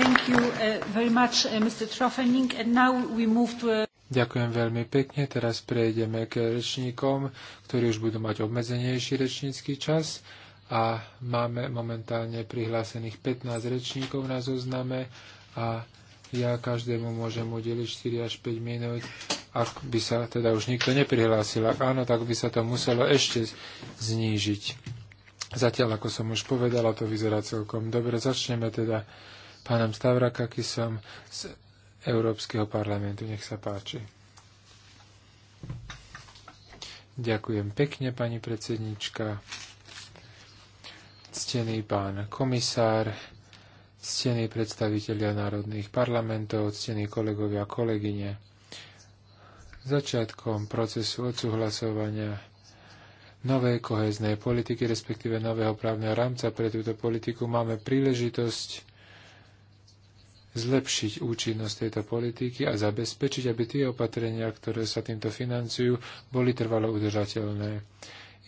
Thank you uh, very much, uh, Mr. Trofening. And now we move to... Ďakujem veľmi pekne. Teraz prejdeme k rečníkom, ktorí už budú mať obmedzenejší rečnícky čas. A máme momentálne prihlásených 15 rečníkov na zozname a ja každému môžem udeliť 4 až 5 minút, ak by sa teda už nikto neprihlásil. Ak áno, tak by sa to muselo ešte znížiť. Zatiaľ, ako som už povedala, to vyzerá celkom dobre. Začneme teda pánom Stavrakakisom z Európskeho parlamentu. Nech sa páči. Ďakujem pekne, pani predsednička. Ctený pán komisár, ctení predstavitelia národných parlamentov, ctení kolegovia a kolegyne. Začiatkom procesu odsúhlasovania novej koheznej politiky, respektíve nového právneho rámca pre túto politiku, máme príležitosť zlepšiť účinnosť tejto politiky a zabezpečiť, aby tie opatrenia, ktoré sa týmto financujú, boli trvalo udržateľné.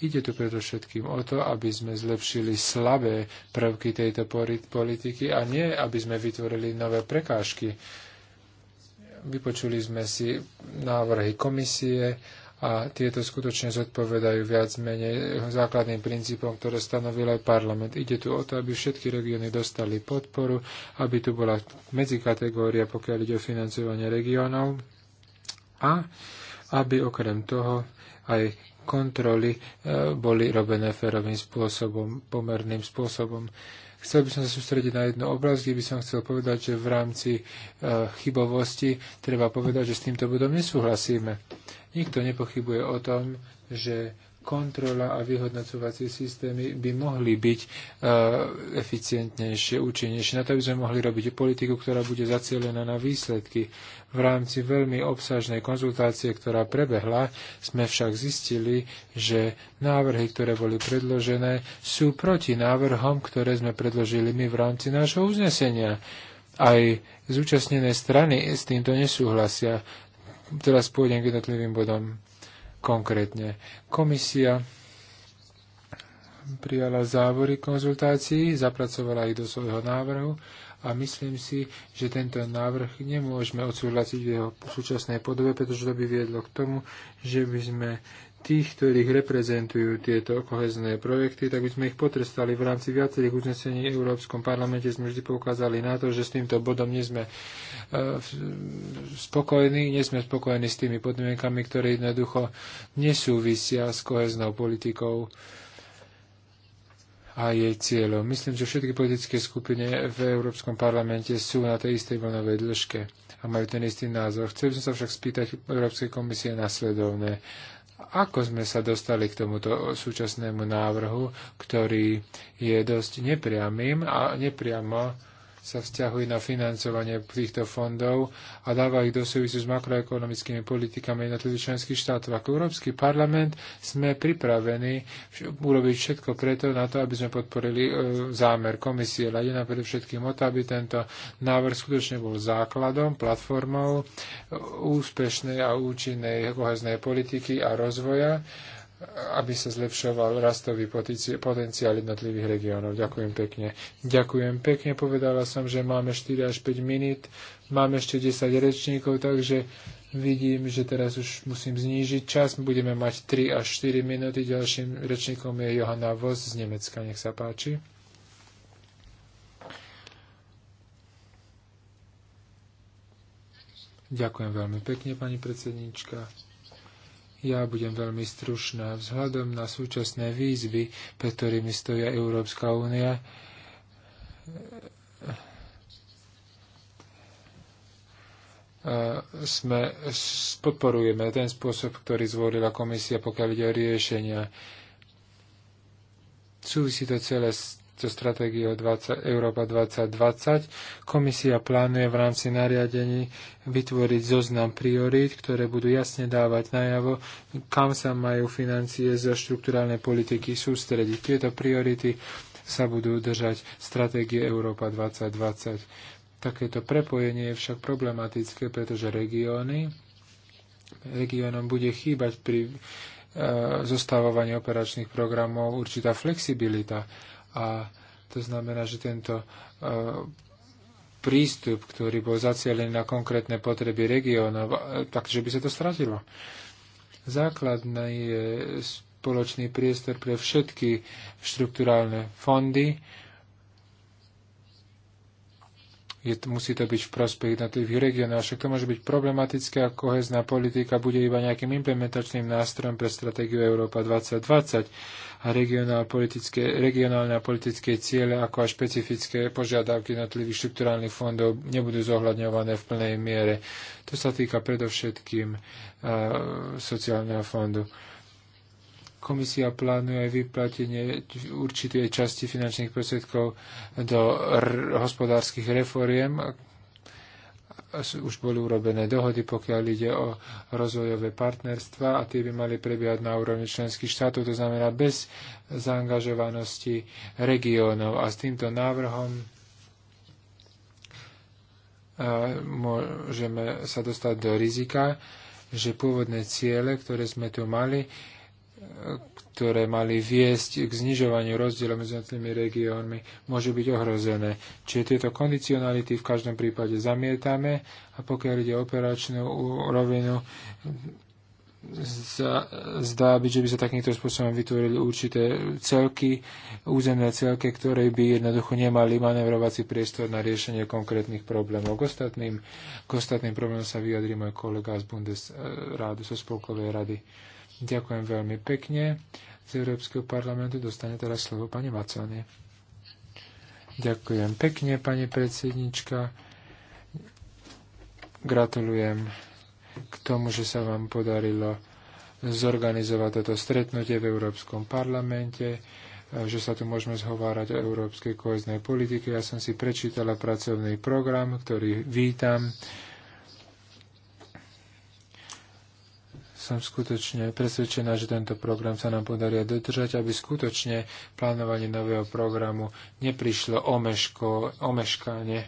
Ide tu predovšetkým o to, aby sme zlepšili slabé prvky tejto politiky a nie, aby sme vytvorili nové prekážky. Vypočuli sme si návrhy komisie a tieto skutočne zodpovedajú viac menej základným princípom, ktoré stanovil aj parlament. Ide tu o to, aby všetky regióny dostali podporu, aby tu bola medzikategória, pokiaľ ide o financovanie regiónov a aby okrem toho aj kontroly eh, boli robené férovým spôsobom, pomerným spôsobom. Chcel by som sa sústrediť na jednu oblasť, kde by som chcel povedať, že v rámci e, chybovosti treba povedať, že s týmto bodom nesúhlasíme. Nikto nepochybuje o tom, že kontrola a vyhodnocovacie systémy by mohli byť uh, eficientnejšie, účinnejšie. Na to by sme mohli robiť politiku, ktorá bude zacielená na výsledky. V rámci veľmi obsažnej konzultácie, ktorá prebehla, sme však zistili, že návrhy, ktoré boli predložené, sú proti návrhom, ktoré sme predložili my v rámci nášho uznesenia. Aj zúčastnené strany s týmto nesúhlasia. Teraz pôjdem k jednotlivým bodom konkrétne. Komisia prijala závory konzultácií, zapracovala ich do svojho návrhu a myslím si, že tento návrh nemôžeme odsúhlasiť v jeho súčasnej podobe, pretože to by viedlo k tomu, že by sme tých, ktorých reprezentujú tieto kohezné projekty, tak by sme ich potrestali. V rámci viacerých uznesení v Európskom parlamente sme vždy poukázali na to, že s týmto bodom nie sme e, spokojní, nie sme spokojní s tými podmienkami, ktoré jednoducho nesúvisia s koheznou politikou a jej cieľom. Myslím, že všetky politické skupiny v Európskom parlamente sú na tej istej vlnovej dĺžke a majú ten istý názor. Chcel by som sa však spýtať Európskej komisie nasledovné ako sme sa dostali k tomuto súčasnému návrhu, ktorý je dosť nepriamým a nepriamo sa vzťahujú na financovanie týchto fondov a dáva ich do súvisu s makroekonomickými politikami jednotlivých členských štátov. Ako Európsky parlament sme pripravení urobiť všetko preto na to, aby sme podporili e, zámer komisie. Lade na predovšetkým o to, aby tento návrh skutočne bol základom, platformou e, úspešnej a účinnej koheznej politiky a rozvoja aby sa zlepšoval rastový potenciál jednotlivých regiónov. Ďakujem pekne. Ďakujem pekne. Povedala som, že máme 4 až 5 minút. Máme ešte 10 rečníkov, takže vidím, že teraz už musím znížiť čas. Budeme mať 3 až 4 minúty. Ďalším rečníkom je Johanna Vos z Nemecka. Nech sa páči. Ďakujem veľmi pekne, pani predsednička. Ja budem veľmi stručná. Vzhľadom na súčasné výzvy, pre ktorými stoja Európska únia, e, sme, podporujeme ten spôsob, ktorý zvolila komisia, pokiaľ ide o riešenia. Súvisí to celé s so stratégiou 20, Európa 2020. Komisia plánuje v rámci nariadení vytvoriť zoznam priorít, ktoré budú jasne dávať najavo, kam sa majú financie zo štruktúrálnej politiky sústrediť. Tieto priority sa budú držať stratégie Európa 2020. Takéto prepojenie je však problematické, pretože regióny, regiónom bude chýbať pri e, zostávovaní operačných programov určitá flexibilita a to znamená, že tento e, prístup, ktorý bol zacielený na konkrétne potreby regiónov, e, takže by sa to stratilo. Základný je spoločný priestor pre všetky štruktúrálne fondy. Je, musí to byť v prospech na tých regiónov, však to môže byť problematické a kohezná politika bude iba nejakým implementačným nástrojom pre stratégiu Európa 2020 a regionálne a politické ciele, ako aj špecifické požiadavky jednotlivých štruktúrálnych fondov nebudú zohľadňované v plnej miere. To sa týka predovšetkým e, sociálneho fondu. Komisia plánuje aj vyplatenie určitej časti finančných prostriedkov do hospodárskych refóriem, už boli urobené dohody, pokiaľ ide o rozvojové partnerstva a tie by mali prebiehať na úrovni členských štátov, to znamená bez zaangažovanosti regiónov. A s týmto návrhom môžeme sa dostať do rizika, že pôvodné ciele, ktoré sme tu mali, ktoré mali viesť k znižovaniu rozdielov medzi jednotlivými regiónmi, môžu byť ohrozené. Čiže tieto kondicionality v každom prípade zamietame a pokiaľ ide o operačnú rovinu, zdá byť, že by sa takýmto spôsobom vytvorili určité celky, územné celky, ktoré by jednoducho nemali manevrovací priestor na riešenie konkrétnych problémov. K ostatným, k ostatným problémom sa vyjadrí môj kolega z Bundesrádu, zo so Spolkovej rady. Ďakujem veľmi pekne. Z Európskeho parlamentu dostane teraz slovo pani Macony. Ďakujem pekne, pani predsednička. Gratulujem k tomu, že sa vám podarilo zorganizovať toto stretnutie v Európskom parlamente, že sa tu môžeme zhovárať o európskej koheznej politike. Ja som si prečítala pracovný program, ktorý vítam. som skutočne presvedčená, že tento program sa nám podarí dodržať, aby skutočne plánovanie nového programu neprišlo omeško, omeškanie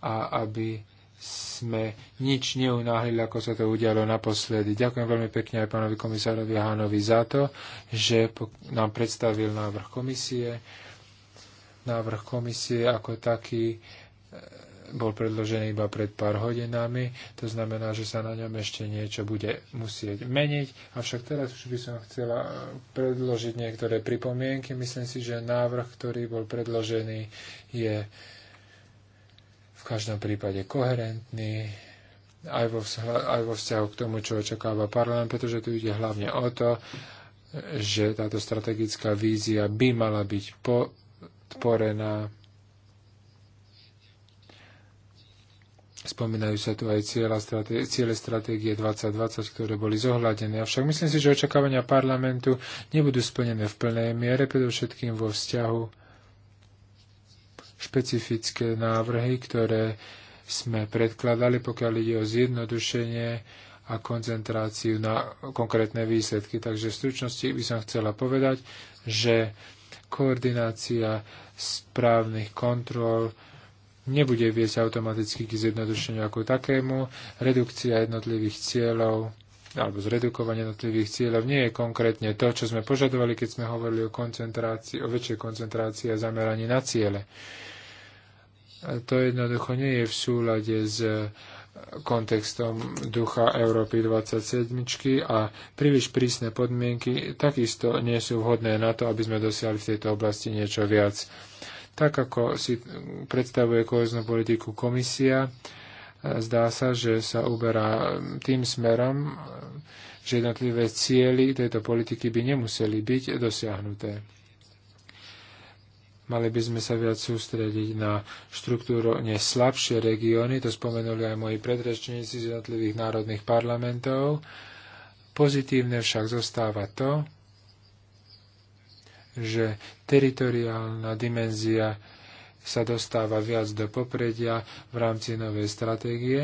a aby sme nič neunáhlili, ako sa to udialo naposledy. Ďakujem veľmi pekne aj pánovi komisárovi Hánovi za to, že nám predstavil návrh komisie. Návrh komisie ako taký bol predložený iba pred pár hodinami, to znamená, že sa na ňom ešte niečo bude musieť meniť. Avšak teraz už by som chcela predložiť niektoré pripomienky. Myslím si, že návrh, ktorý bol predložený, je v každom prípade koherentný aj vo, aj vo vzťahu k tomu, čo očakáva parlament, pretože tu ide hlavne o to, že táto strategická vízia by mala byť podporená Spomínajú sa tu aj ciele stratégie 2020, ktoré boli zohľadené. Avšak myslím si, že očakávania parlamentu nebudú splnené v plnej miere, predovšetkým vo vzťahu špecifické návrhy, ktoré sme predkladali, pokiaľ ide o zjednodušenie a koncentráciu na konkrétne výsledky. Takže v stručnosti by som chcela povedať, že koordinácia správnych kontrol nebude viesť automaticky k zjednodušeniu ako takému. Redukcia jednotlivých cieľov alebo zredukovanie jednotlivých cieľov nie je konkrétne to, čo sme požadovali, keď sme hovorili o, koncentrácii, o väčšej koncentrácii a zameraní na ciele. To jednoducho nie je v súlade s e, kontextom ducha Európy 27 a príliš prísne podmienky takisto nie sú vhodné na to, aby sme dosiahli v tejto oblasti niečo viac. Tak ako si predstavuje koheznú politiku komisia, zdá sa, že sa uberá tým smerom, že jednotlivé cieľy tejto politiky by nemuseli byť dosiahnuté. Mali by sme sa viac sústrediť na štruktúru slabšie regióny, to spomenuli aj moji predrečníci z jednotlivých národných parlamentov. Pozitívne však zostáva to, že teritoriálna dimenzia sa dostáva viac do popredia v rámci novej stratégie,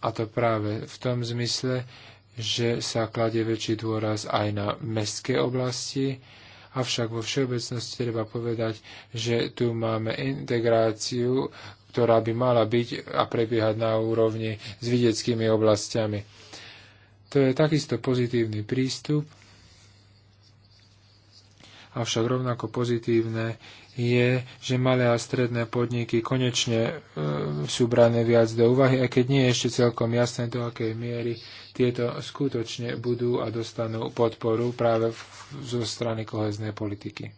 a to práve v tom zmysle, že sa kladie väčší dôraz aj na mestské oblasti, avšak vo všeobecnosti treba povedať, že tu máme integráciu, ktorá by mala byť a prebiehať na úrovni s vidieckými oblastiami. To je takisto pozitívny prístup, avšak rovnako pozitívne je, že malé a stredné podniky konečne e, sú brané viac do úvahy, aj keď nie je ešte celkom jasné, do akej miery tieto skutočne budú a dostanú podporu práve v, zo strany koheznej politiky.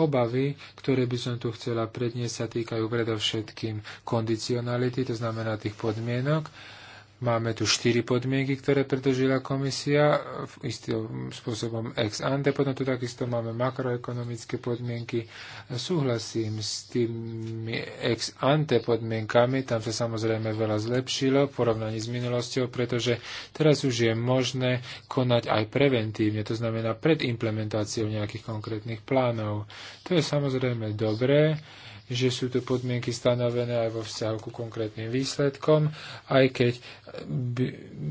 Obavy, ktoré by som tu chcela predniesť, sa týkajú predovšetkým kondicionality, to znamená tých podmienok, Máme tu štyri podmienky, ktoré predložila komisia istým spôsobom ex ante, potom tu takisto máme makroekonomické podmienky. Súhlasím s tými ex ante podmienkami, tam sa samozrejme veľa zlepšilo v porovnaní s minulosťou, pretože teraz už je možné konať aj preventívne, to znamená pred implementáciou nejakých konkrétnych plánov. To je samozrejme dobré že sú tu podmienky stanovené aj vo vzťahu ku konkrétnym výsledkom, aj keď by,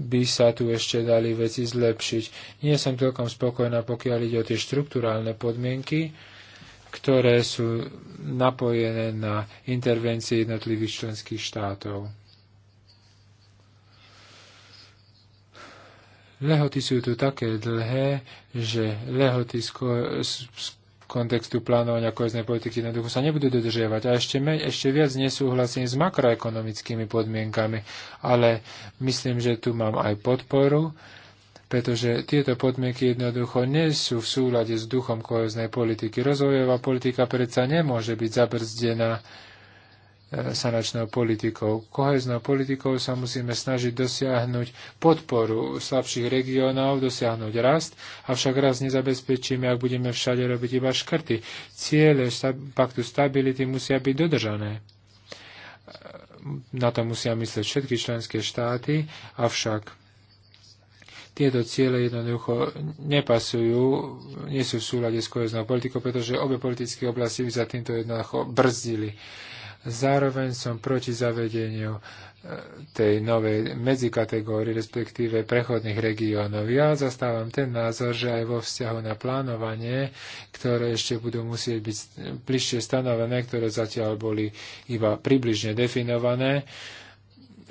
by sa tu ešte dali veci zlepšiť. Nie som celkom spokojná, pokiaľ ide o tie štruktúrálne podmienky, ktoré sú napojené na intervencie jednotlivých členských štátov. Lehoty sú tu také dlhé, že lehoty kontextu plánovania kohezné politiky jednoducho sa nebudú dodržiavať. A ešte, me, ešte viac nesúhlasím s makroekonomickými podmienkami, ale myslím, že tu mám aj podporu, pretože tieto podmienky jednoducho nie sú v súlade s duchom koheznej politiky. Rozvojová politika predsa nemôže byť zabrzdená sanačnou politikou. Koheznou politikou sa musíme snažiť dosiahnuť podporu slabších regiónov, dosiahnuť rast, avšak rast nezabezpečíme, ak budeme všade robiť iba škrty. Ciele paktu stability musia byť dodržané. Na to musia myslieť všetky členské štáty, avšak tieto ciele jednoducho nepasujú, nie sú v súlade s koheznou politikou, pretože obe politické oblasti by za týmto jednoducho brzdili. Zároveň som proti zavedeniu e, tej novej medzikategórii, respektíve prechodných regiónov. Ja zastávam ten názor, že aj vo vzťahu na plánovanie, ktoré ešte budú musieť byť bližšie stanovené, ktoré zatiaľ boli iba približne definované,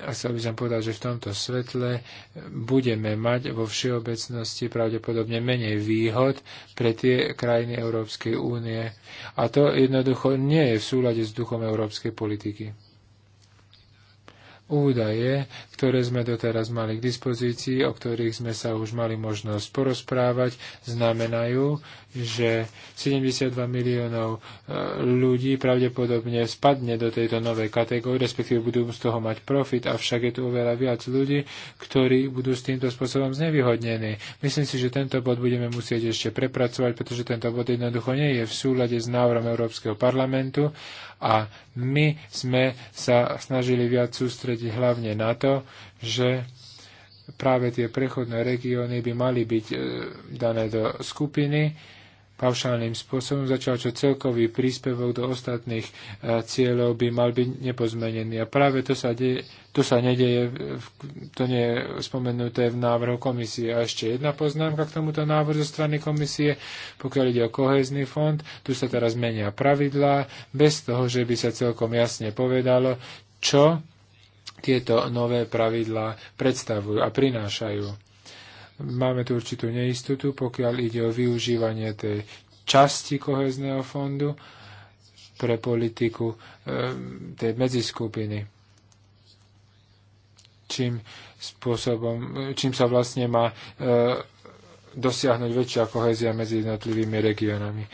a chcel by som povedať, že v tomto svetle budeme mať vo všeobecnosti pravdepodobne menej výhod pre tie krajiny Európskej únie. A to jednoducho nie je v súlade s duchom európskej politiky. Údaje, ktoré sme doteraz mali k dispozícii, o ktorých sme sa už mali možnosť porozprávať, znamenajú, že 72 miliónov e, ľudí pravdepodobne spadne do tejto novej kategórie, respektíve budú z toho mať profit, avšak je tu oveľa viac ľudí, ktorí budú s týmto spôsobom znevýhodnení. Myslím si, že tento bod budeme musieť ešte prepracovať, pretože tento bod jednoducho nie je v súlade s návrom Európskeho parlamentu a my sme sa snažili viac sústrediť hlavne na to, že práve tie prechodné regióny by mali byť e, dané do skupiny paušálnym spôsobom, začal čo celkový príspevok do ostatných e, cieľov by mal byť nepozmenený. A práve to sa, deje, to sa nedeje, to nie je spomenuté v návrhu komisie. A ešte jedna poznámka k tomuto návrhu zo strany komisie, pokiaľ ide o kohezný fond, tu sa teraz menia pravidlá, bez toho, že by sa celkom jasne povedalo, čo tieto nové pravidlá predstavujú a prinášajú. Máme tu určitú neistotu, pokiaľ ide o využívanie tej časti kohezného fondu pre politiku e, tej medziskupiny. Čím, spôsobom, čím sa vlastne má e, dosiahnuť väčšia kohezia medzi jednotlivými regiónami.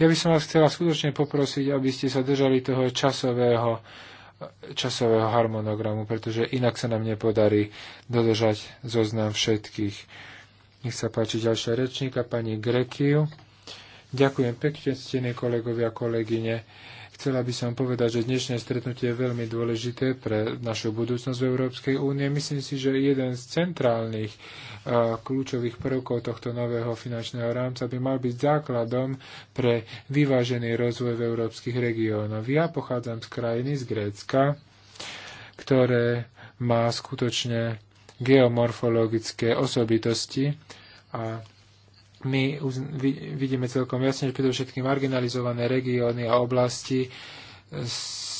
Ja by som vás chcela skutočne poprosiť, aby ste sa držali toho časového časového harmonogramu, pretože inak sa nám nepodarí dodržať zoznam všetkých. Nech sa páči ďalšia rečníka, pani Grekiu. Ďakujem pekne, ctení kolegovia a kolegyne. Chcela by som povedať, že dnešné stretnutie je veľmi dôležité pre našu budúcnosť v Európskej únie. Myslím si, že jeden z centrálnych a, kľúčových prvkov tohto nového finančného rámca by mal byť základom pre vyvážený rozvoj v európskych regiónoch. Ja pochádzam z krajiny, z Grécka, ktoré má skutočne geomorfologické osobitosti a my vidíme celkom jasne, že predovšetkým marginalizované regióny a oblasti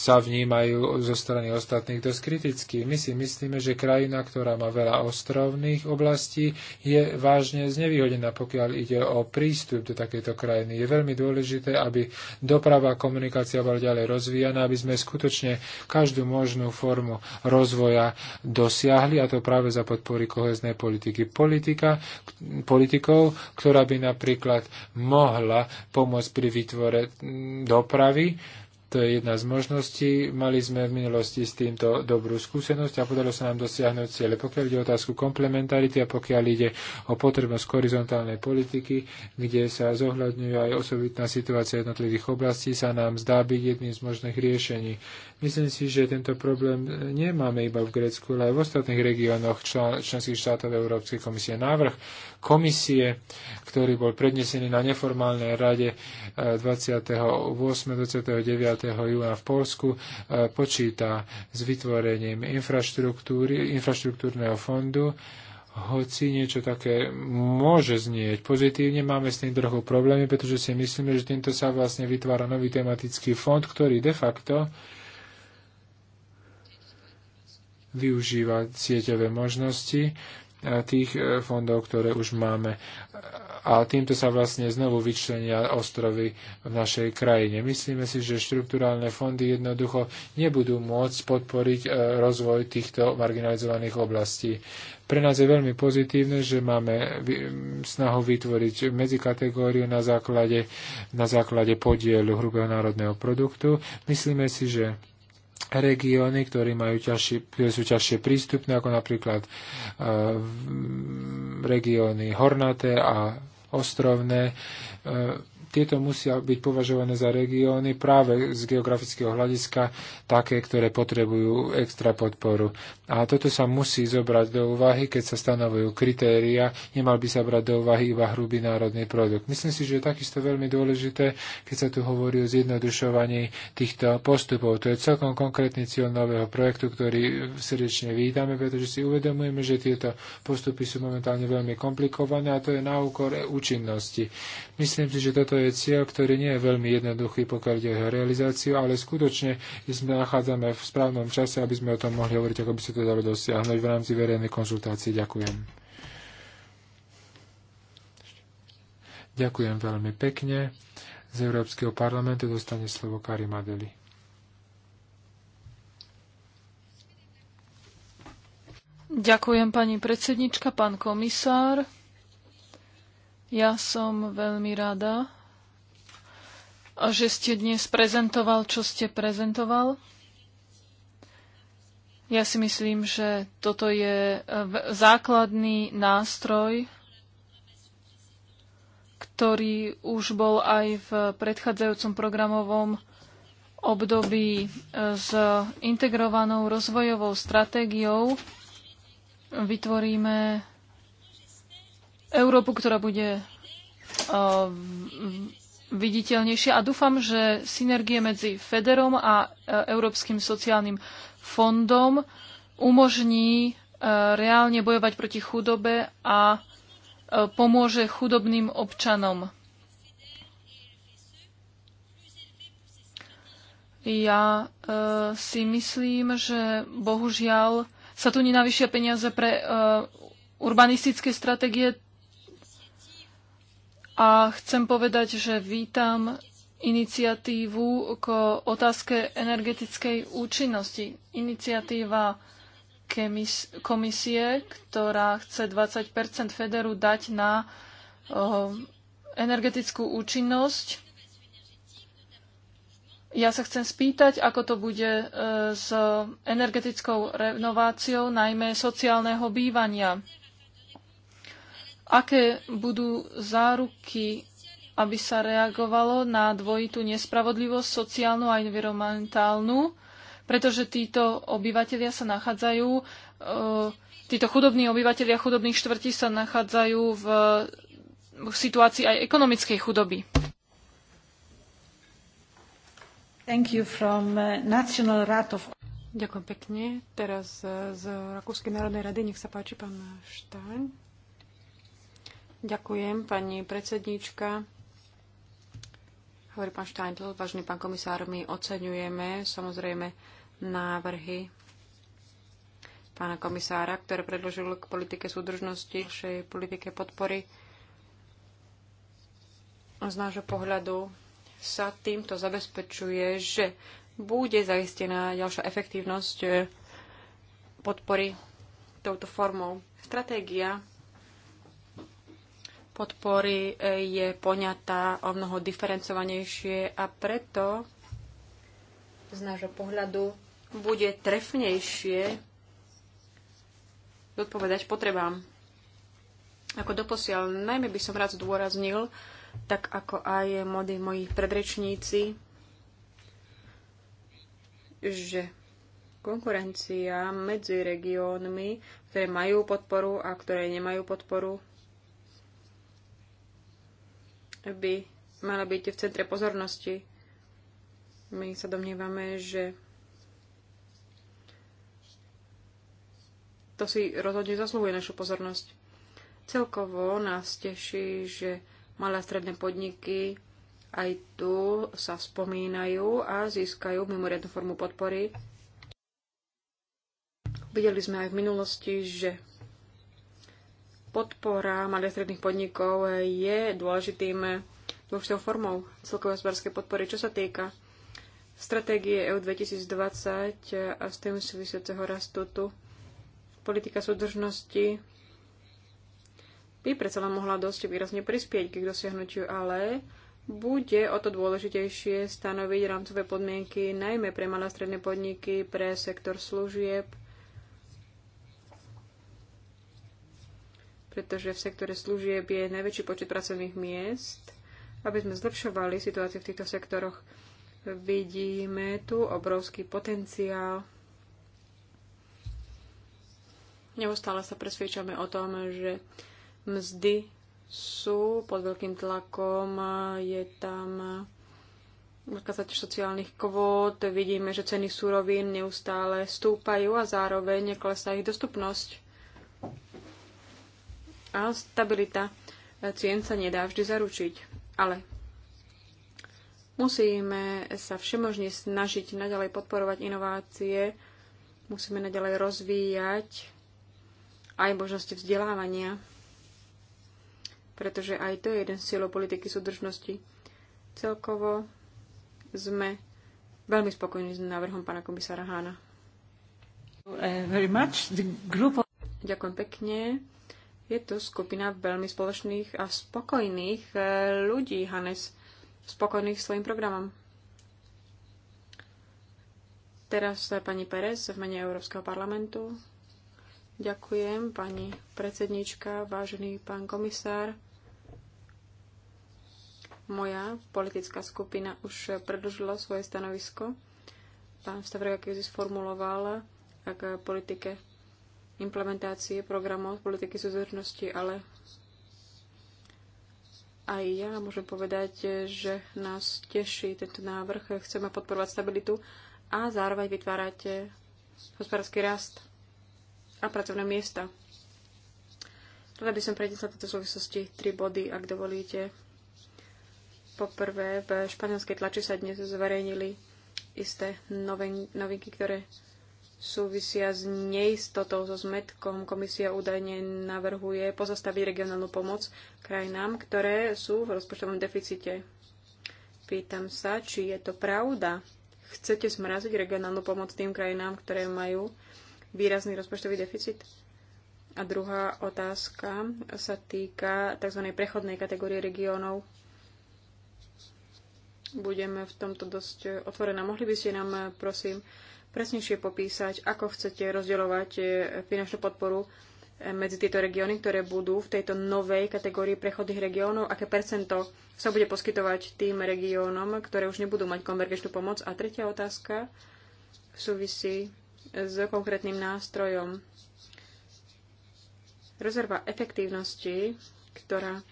sa vnímajú zo strany ostatných dosť kriticky. My si myslíme, že krajina, ktorá má veľa ostrovných oblastí, je vážne znevýhodená, pokiaľ ide o prístup do takéto krajiny. Je veľmi dôležité, aby doprava a komunikácia bola ďalej rozvíjana, aby sme skutočne každú možnú formu rozvoja dosiahli, a to práve za podpory koheznej politiky. Politika, politikov, ktorá by napríklad mohla pomôcť pri výtvore dopravy, to je jedna z možností. Mali sme v minulosti s týmto dobrú skúsenosť a podarilo sa nám dosiahnuť cieľe. Pokiaľ ide o otázku komplementarity a pokiaľ ide o potrebnosť horizontálnej politiky, kde sa zohľadňuje aj osobitná situácia jednotlivých oblastí, sa nám zdá byť jedným z možných riešení. Myslím si, že tento problém nemáme iba v Grécku, ale aj v ostatných regiónoch člen, členských štátov Európskej komisie. Návrh komisie, ktorý bol prednesený na neformálnej rade 28. Eh, 29 júna v Polsku e, počíta s vytvorením infraštruktúry, infraštruktúrneho fondu, hoci niečo také môže znieť pozitívne, máme s tým trochu problémy, pretože si myslíme, že týmto sa vlastne vytvára nový tematický fond, ktorý de facto využíva sieťové možnosti e, tých e, fondov, ktoré už máme a týmto sa vlastne znovu vyčlenia ostrovy v našej krajine. Myslíme si, že štruktúrálne fondy jednoducho nebudú môcť podporiť e, rozvoj týchto marginalizovaných oblastí. Pre nás je veľmi pozitívne, že máme snahu vytvoriť medzikategóriu na základe, na základe podielu hrubého národného produktu. Myslíme si, že regióny, ktoré, majú ťažšie, ktoré sú ťažšie prístupné, ako napríklad e, regióny hornaté a ostrovné e, tieto musia byť považované za regióny práve z geografického hľadiska také, ktoré potrebujú extra podporu. A toto sa musí zobrať do úvahy, keď sa stanovujú kritéria. Nemal by sa brať do úvahy iba hrubý národný produkt. Myslím si, že je takisto veľmi dôležité, keď sa tu hovorí o zjednodušovaní týchto postupov. To je celkom konkrétny cieľ nového projektu, ktorý srdečne vítame, pretože si uvedomujeme, že tieto postupy sú momentálne veľmi komplikované a to je na úkor účinnosti. Myslím si, že toto je cieľ, ktorý nie je veľmi jednoduchý, pokiaľ ide o realizáciu, ale skutočne sme nachádzame v správnom čase, aby sme o tom mohli hovoriť, ako by sa to dalo dosiahnuť v rámci verejnej konzultácie. Ďakujem. Ďakujem veľmi pekne. Z Európskeho parlamentu dostane slovo Karim Adeli. Ďakujem pani predsednička, pán komisár. Ja som veľmi rada, že ste dnes prezentoval, čo ste prezentoval. Ja si myslím, že toto je e, základný nástroj, ktorý už bol aj v predchádzajúcom programovom období e, s integrovanou rozvojovou stratégiou. Vytvoríme Európu, ktorá bude e, viditeľnejšie a dúfam, že synergie medzi Federom a e, Európskym sociálnym fondom umožní e, reálne bojovať proti chudobe a e, pomôže chudobným občanom. Ja si myslím, že bohužiaľ sa tu nenavyšia peniaze pre urbanistické stratégie a chcem povedať, že vítam iniciatívu k otázke energetickej účinnosti. Iniciatíva komisie, ktorá chce 20 Federu dať na uh, energetickú účinnosť. Ja sa chcem spýtať, ako to bude uh, s energetickou renováciou, najmä sociálneho bývania aké budú záruky, aby sa reagovalo na dvojitú nespravodlivosť sociálnu a environmentálnu, pretože títo obyvatelia sa nachádzajú, e, títo chudobní obyvatelia chudobných štvrtí sa nachádzajú v, v situácii aj ekonomickej chudoby. From, e, Rat of... Ďakujem pekne. Teraz e, z Rakúskej národnej rady, nech sa páči, pán Štáň. Ďakujem, pani predsedníčka. Hovorí pán Štajndl, vážený pán komisár, my oceňujeme samozrejme návrhy pána komisára, ktoré predložil k politike súdržnosti, k politike podpory. Z nášho pohľadu sa týmto zabezpečuje, že bude zaistená ďalšia efektívnosť podpory touto formou. Stratégia podpory e, je poňatá o mnoho diferencovanejšie a preto z nášho pohľadu bude trefnejšie zodpovedať potrebám. Ako doposiaľ, najmä by som rád zdôraznil, tak ako aj mody moji predrečníci, že konkurencia medzi regiónmi, ktoré majú podporu a ktoré nemajú podporu, by mala byť v centre pozornosti. My sa domnievame, že to si rozhodne zaslúhuje našu pozornosť. Celkovo nás teší, že malé a stredné podniky aj tu sa spomínajú a získajú mimoriadnu formu podpory. Videli sme aj v minulosti, že podpora malých stredných podnikov je dôležitým dôležitou formou celkovej hospodárskej podpory. Čo sa týka stratégie EU 2020 a s tým súvisiaceho rastu tu politika súdržnosti by predsa len mohla dosť výrazne prispieť k dosiahnutiu, ale bude o to dôležitejšie stanoviť rámcové podmienky najmä pre malé stredné podniky, pre sektor služieb, pretože v sektore služieb je najväčší počet pracovných miest. Aby sme zlepšovali situáciu v týchto sektoroch, vidíme tu obrovský potenciál. Neustále sa presvedčame o tom, že mzdy sú pod veľkým tlakom, je tam kazateľ sociálnych kvót, vidíme, že ceny súrovín neustále stúpajú a zároveň klesá ich dostupnosť. A stabilita e, cien sa nedá vždy zaručiť. Ale musíme sa všemožne snažiť naďalej podporovať inovácie, musíme naďalej rozvíjať aj možnosti vzdelávania, pretože aj to je jeden z cieľov politiky súdržnosti. Celkovo sme veľmi spokojní s návrhom pána komisára Hána. Ďakujem pekne. Je to skupina veľmi spoločných a spokojných e, ľudí, Hannes, spokojných svojim programom. Teraz e, pani Perez v mene Európskeho parlamentu. Ďakujem, pani predsednička, vážený pán komisár. Moja politická skupina už predlžila svoje stanovisko. Pán Stavrojakis sformuloval k politike implementácie programov politiky súdržnosti, ale aj ja môžem povedať, že nás teší tento návrh. Chceme podporovať stabilitu a zároveň vytvárať hospodársky rast a pracovné miesta. Rada by som prednesla v tejto súvislosti tri body, ak dovolíte. Poprvé, v španielskej tlači sa dnes zverejnili isté novinky, ktoré súvisia s neistotou, so zmetkom. Komisia údajne navrhuje pozastaviť regionálnu pomoc krajinám, ktoré sú v rozpočtovom deficite. Pýtam sa, či je to pravda. Chcete zmraziť regionálnu pomoc tým krajinám, ktoré majú výrazný rozpočtový deficit? A druhá otázka sa týka tzv. prechodnej kategórie regiónov. Budeme v tomto dosť otvorená. Mohli by ste nám, prosím, presnejšie popísať, ako chcete rozdeľovať e, finančnú podporu e, medzi tieto regióny, ktoré budú v tejto novej kategórii prechodných regiónov, aké percento sa bude poskytovať tým regiónom, ktoré už nebudú mať konvergenčnú pomoc. A tretia otázka súvisí s konkrétnym nástrojom. Rezerva efektívnosti, ktorá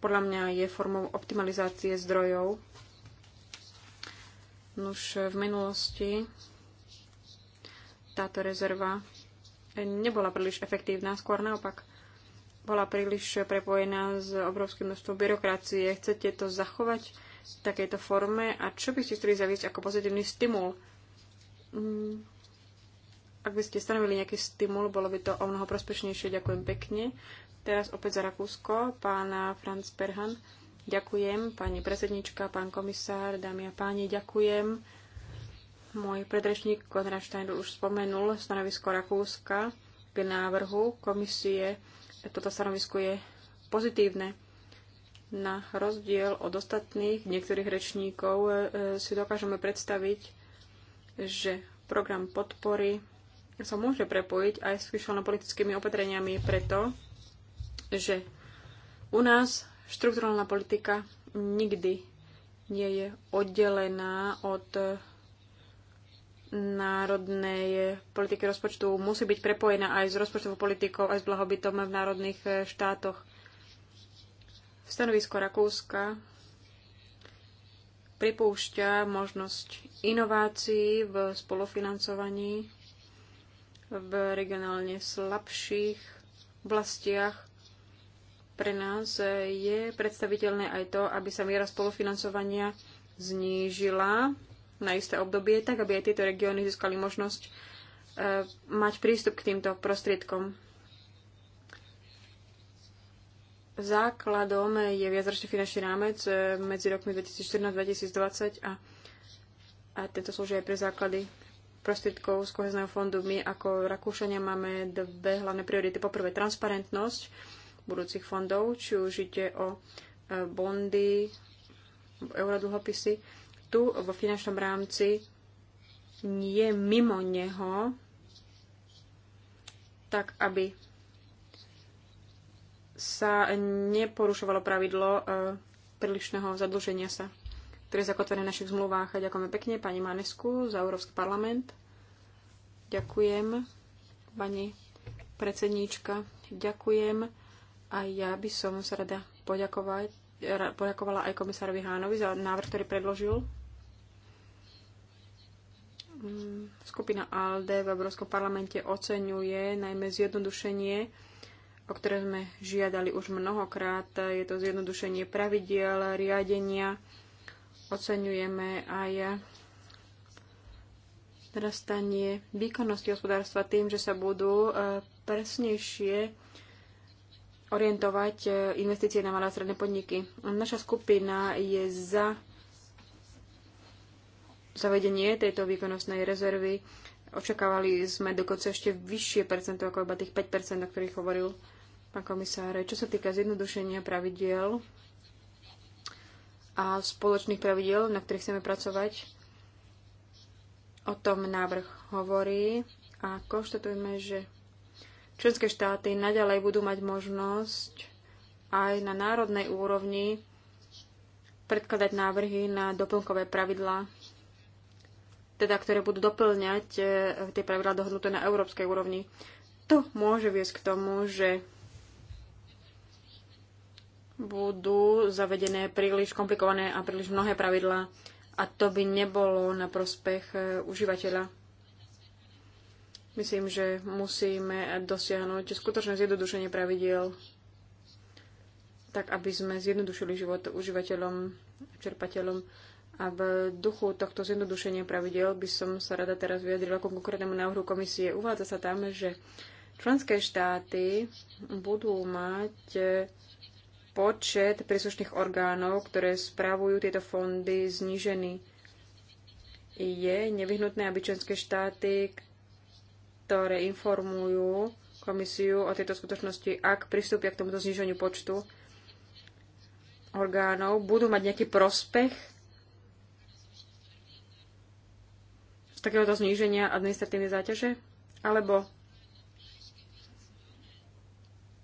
podľa mňa je formou optimalizácie zdrojov. Už v minulosti táto rezerva nebola príliš efektívna, skôr naopak bola príliš prepojená s obrovským množstvom byrokracie. Chcete to zachovať v takejto forme a čo by ste chceli zaviesť ako pozitívny stimul? Mm. Ak by ste stanovili nejaký stimul, bolo by to o mnoho prospešnejšie. Ďakujem pekne. Teraz opäť za Rakúsko, pána Franz Perhan. Ďakujem, pani predsednička, pán komisár, dámy a páni, ďakujem môj predrečník Konrad Steindl už spomenul stanovisko Rakúska k návrhu komisie. Toto stanovisko je pozitívne. Na rozdiel od ostatných niektorých rečníkov e, si dokážeme predstaviť, že program podpory sa môže prepojiť aj s fiskálno-politickými opatreniami preto, že u nás štruktúrna politika nikdy nie je oddelená od národnej politiky rozpočtu musí byť prepojená aj s rozpočtovou politikou, aj s blahobytom v národných eh, štátoch. V stanovisko Rakúska pripúšťa možnosť inovácií v spolufinancovaní v regionálne slabších oblastiach. Pre nás eh, je predstaviteľné aj to, aby sa miera spolufinancovania znížila na isté obdobie, tak aby aj tieto regióny získali možnosť e, mať prístup k týmto prostriedkom. Základom je viacročný finančný rámec e, medzi rokmi 2014-2020 a, a tento slúži aj pre základy prostriedkov z kohezného fondu. My ako Rakúšania máme dve hlavné priority. Poprvé transparentnosť budúcich fondov, či už ide o e, bondy, eurodlhopisy tu vo finančnom rámci nie mimo neho, tak aby sa neporušovalo pravidlo e, prílišného zadlženia sa, ktoré je zakotvené v našich zmluvách. A ďakujeme pekne pani Manesku za Európsky parlament. Ďakujem, pani predsedníčka. Ďakujem. A ja by som sa rada poďakovať poďakovala aj komisárovi Hánovi za návrh, ktorý predložil. Mm, skupina ALDE v Európskom parlamente oceňuje najmä zjednodušenie, o ktoré sme žiadali už mnohokrát. Je to zjednodušenie pravidiel, riadenia. Oceňujeme aj narastanie výkonnosti hospodárstva tým, že sa budú e, presnejšie orientovať e, investície na malé a stredné podniky. Naša skupina je za zavedenie tejto výkonnostnej rezervy. Očakávali sme dokonca ešte vyššie percento ako iba tých 5%, o ktorých hovoril pán komisár. Čo sa týka zjednodušenia pravidiel a spoločných pravidiel, na ktorých chceme pracovať, o tom návrh hovorí a konštatujeme, že Členské štáty naďalej budú mať možnosť aj na národnej úrovni predkladať návrhy na doplnkové pravidlá, teda ktoré budú doplňať e, tie pravidlá dohodnuté na európskej úrovni. To môže viesť k tomu, že budú zavedené príliš komplikované a príliš mnohé pravidlá a to by nebolo na prospech e, užívateľa. Myslím, že musíme dosiahnuť skutočné zjednodušenie pravidiel, tak aby sme zjednodušili život užívateľom, čerpateľom. A v duchu tohto zjednodušenia pravidel by som sa rada teraz vyjadrila ku konkrétnemu návrhu komisie. Uvádza sa tam, že členské štáty budú mať počet príslušných orgánov, ktoré spravujú tieto fondy, znížený. Je nevyhnutné, aby členské štáty, ktoré informujú komisiu o tejto skutočnosti, ak pristúpia k tomuto zniženiu počtu orgánov, budú mať nejaký prospech z takéhoto zníženia administratívnej záťaže? Alebo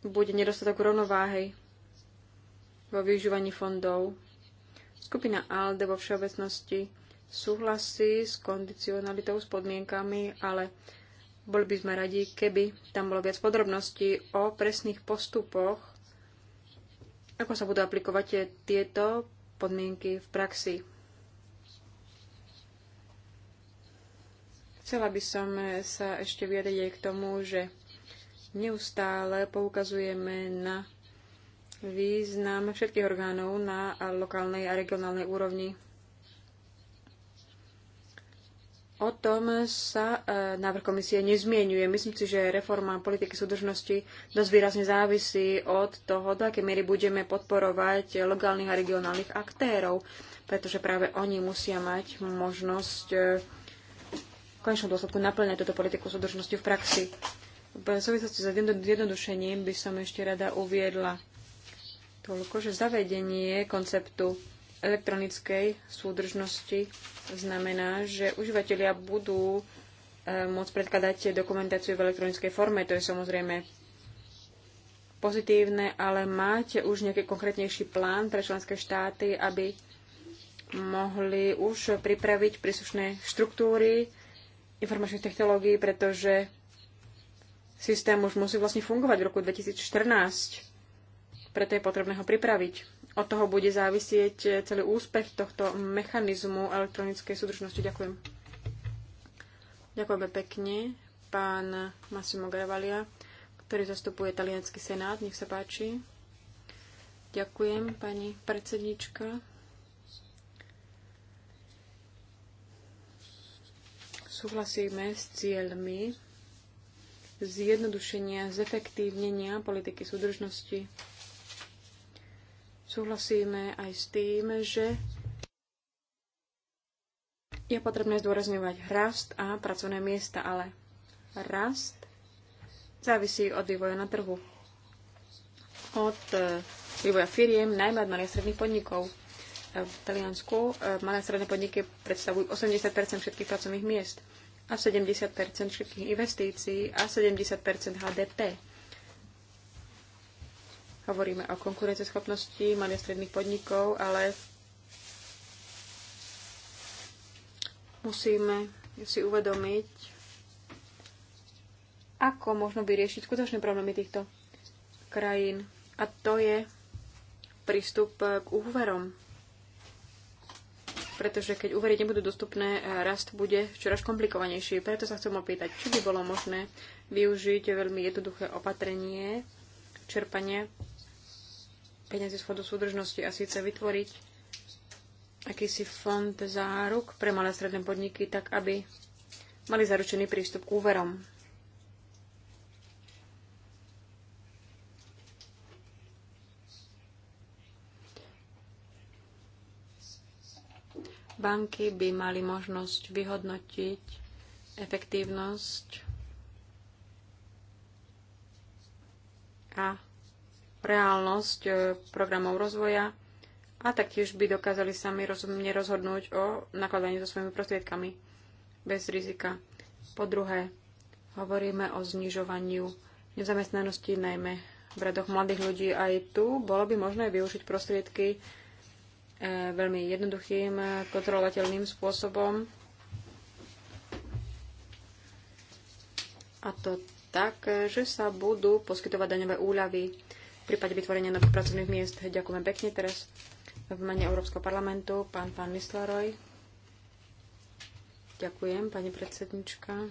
bude nedostatok rovnováhy vo využívaní fondov. Skupina ALDE vo všeobecnosti súhlasí s kondicionalitou, s podmienkami, ale boli by sme radi, keby tam bolo viac podrobností o presných postupoch, ako sa budú aplikovať tieto podmienky v praxi. Chcela by som sa ešte vyjadriť aj k tomu, že neustále poukazujeme na význam všetkých orgánov na lokálnej a regionálnej úrovni O tom sa e, návrh komisie nezmienuje. Myslím si, že reforma politiky súdržnosti dosť výrazne závisí od toho, do akej miery budeme podporovať lokálnych a regionálnych aktérov, pretože práve oni musia mať možnosť e, v konečnom dôsledku naplňať túto politiku súdržnosti v praxi. V súvislosti s jednodušením by som ešte rada uviedla toľko, že zavedenie konceptu elektronickej súdržnosti znamená, že užívateľia budú e, môcť predkladať dokumentáciu v elektronickej forme. To je samozrejme pozitívne, ale máte už nejaký konkrétnejší plán pre členské štáty, aby mohli už pripraviť príslušné štruktúry informačných technológií, pretože systém už musí vlastne fungovať v roku 2014. Preto je potrebné ho pripraviť od toho bude závisieť e, celý úspech tohto mechanizmu elektronickej súdržnosti. Ďakujem. Ďakujeme pekne. Pán Massimo Gravalia, ktorý zastupuje Talianský senát. Nech sa páči. Ďakujem, pani predsednička. Súhlasíme s cieľmi zjednodušenia, zefektívnenia politiky súdržnosti Súhlasíme aj s tým, že je potrebné zdôrazňovať rast a pracovné miesta, ale rast závisí od vývoja na trhu, od e, vývoja firiem, najmä od malých stredných podnikov. V Taliansku e, malé stredné podniky predstavujú 80 všetkých pracovných miest a 70 všetkých investícií a 70 HDP. Hovoríme o konkurenceschopnosti malých stredných podnikov, ale musíme si uvedomiť, ako možno vyriešiť skutočné problémy týchto krajín. A to je prístup k úverom. Pretože keď úvery nebudú dostupné, rast bude čoraz komplikovanejší. Preto sa chcem opýtať, či by bolo možné využiť veľmi jednoduché opatrenie čerpania peniazy z fondu súdržnosti a síce vytvoriť akýsi fond záruk pre malé stredné podniky, tak aby mali zaručený prístup k úverom. Banky by mali možnosť vyhodnotiť efektívnosť a reálnosť e, programov rozvoja a taktiež by dokázali sami rozumne rozhodnúť o nakladaní so svojimi prostriedkami bez rizika. Po druhé, hovoríme o znižovaniu nezamestnanosti najmä v radoch mladých ľudí. Aj tu bolo by možné využiť prostriedky e, veľmi jednoduchým, e, kontrolovateľným spôsobom. A to tak, že sa budú poskytovať daňové úľavy prípade vytvorenia nových pracovných miest. Ďakujem pekne. Teraz v mene Európskeho parlamentu pán pán Misleroj. Ďakujem, pani predsednička.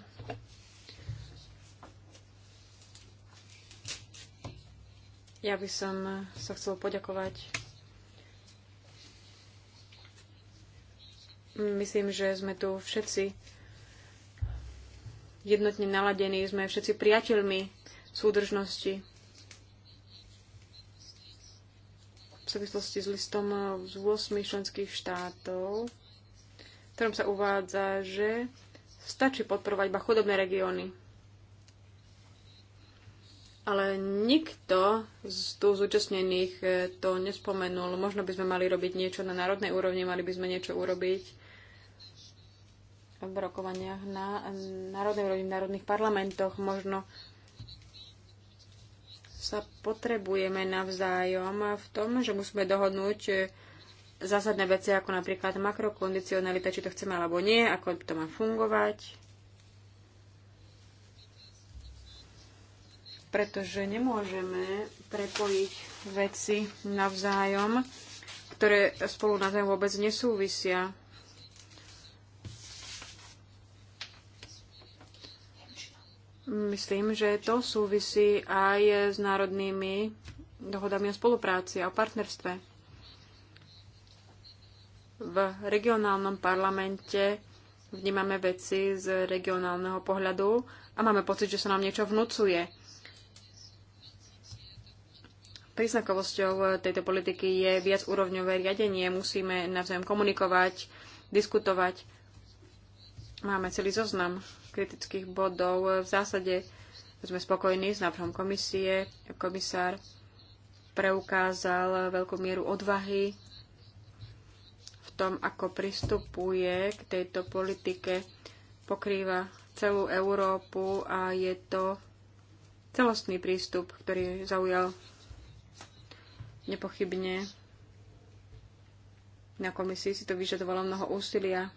Ja by som sa chcel poďakovať. Myslím, že sme tu všetci jednotne naladení, sme všetci priateľmi súdržnosti. v súvislosti s listom eh, z 8 členských štátov, v ktorom sa uvádza, že stačí podporovať iba chudobné regióny. Ale nikto z tu zúčastnených eh, to nespomenul. Možno by sme mali robiť niečo na národnej úrovni, mali by sme niečo urobiť v rokovaniach na eh, národnej úrovni, v národných parlamentoch. Možno sa potrebujeme navzájom v tom, že musíme dohodnúť e, zásadné veci, ako napríklad makrokondicionalita, či to chceme alebo nie, ako to má fungovať. Pretože nemôžeme prepojiť veci navzájom, ktoré spolu navzájom vôbec nesúvisia. Myslím, že to súvisí aj s národnými dohodami o spolupráci a o partnerstve. V regionálnom parlamente vnímame veci z regionálneho pohľadu a máme pocit, že sa nám niečo vnúcuje. Príznakovosťou tejto politiky je viacúrovňové riadenie. Musíme navzájom komunikovať, diskutovať. Máme celý zoznam kritických bodov. V zásade sme spokojní s návrhom komisie. Komisár preukázal veľkú mieru odvahy v tom, ako pristupuje k tejto politike. Pokrýva celú Európu a je to celostný prístup, ktorý zaujal nepochybne. Na komisii si to vyžadovalo mnoho úsilia.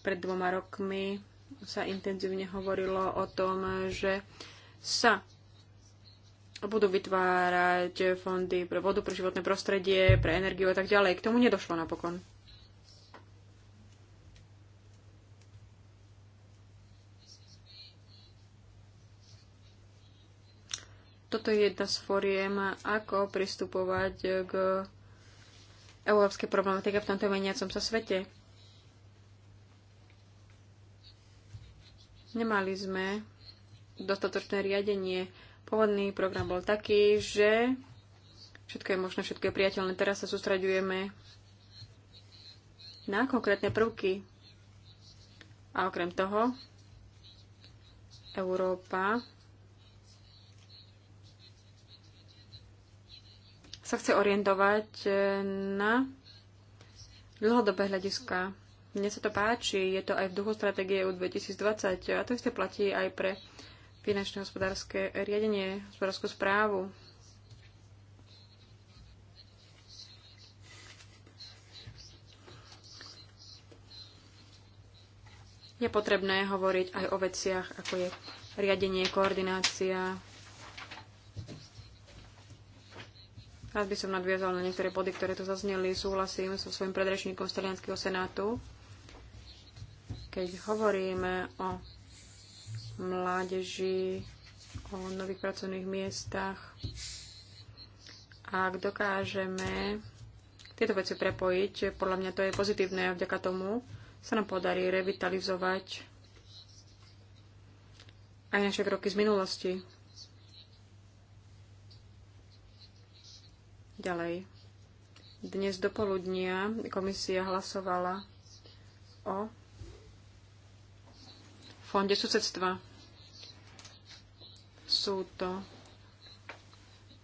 Pred dvoma rokmi sa intenzívne hovorilo o tom, že sa budú vytvárať fondy pre vodu, pre životné prostredie, pre energiu a tak ďalej. K tomu nedošlo napokon. toto je jedna z foriem, ako pristupovať k európskej problematike v tomto meniacom sa svete. Nemali sme dostatočné riadenie. Pôvodný program bol taký, že všetko je možné, všetko je priateľné. Teraz sa sústraďujeme na konkrétne prvky. A okrem toho, Európa sa chce orientovať eh, na dlhodobé hľadiska mne sa to páči, je to aj v duchu stratégie EU 2020 a to isté platí aj pre finančné hospodárske riadenie, hospodárskú správu. Je potrebné hovoriť aj o veciach, ako je riadenie, koordinácia. Rád by som nadviazal na niektoré body, ktoré tu zazneli. Súhlasím so svojím predrečníkom z Talianského senátu. Keď hovoríme o mládeži, o nových pracovných miestach, ak dokážeme tieto veci prepojiť, podľa mňa to je pozitívne a vďaka tomu sa nám podarí revitalizovať aj naše kroky z minulosti. Ďalej. Dnes do poludnia komisia hlasovala o fonde susedstva. Sú to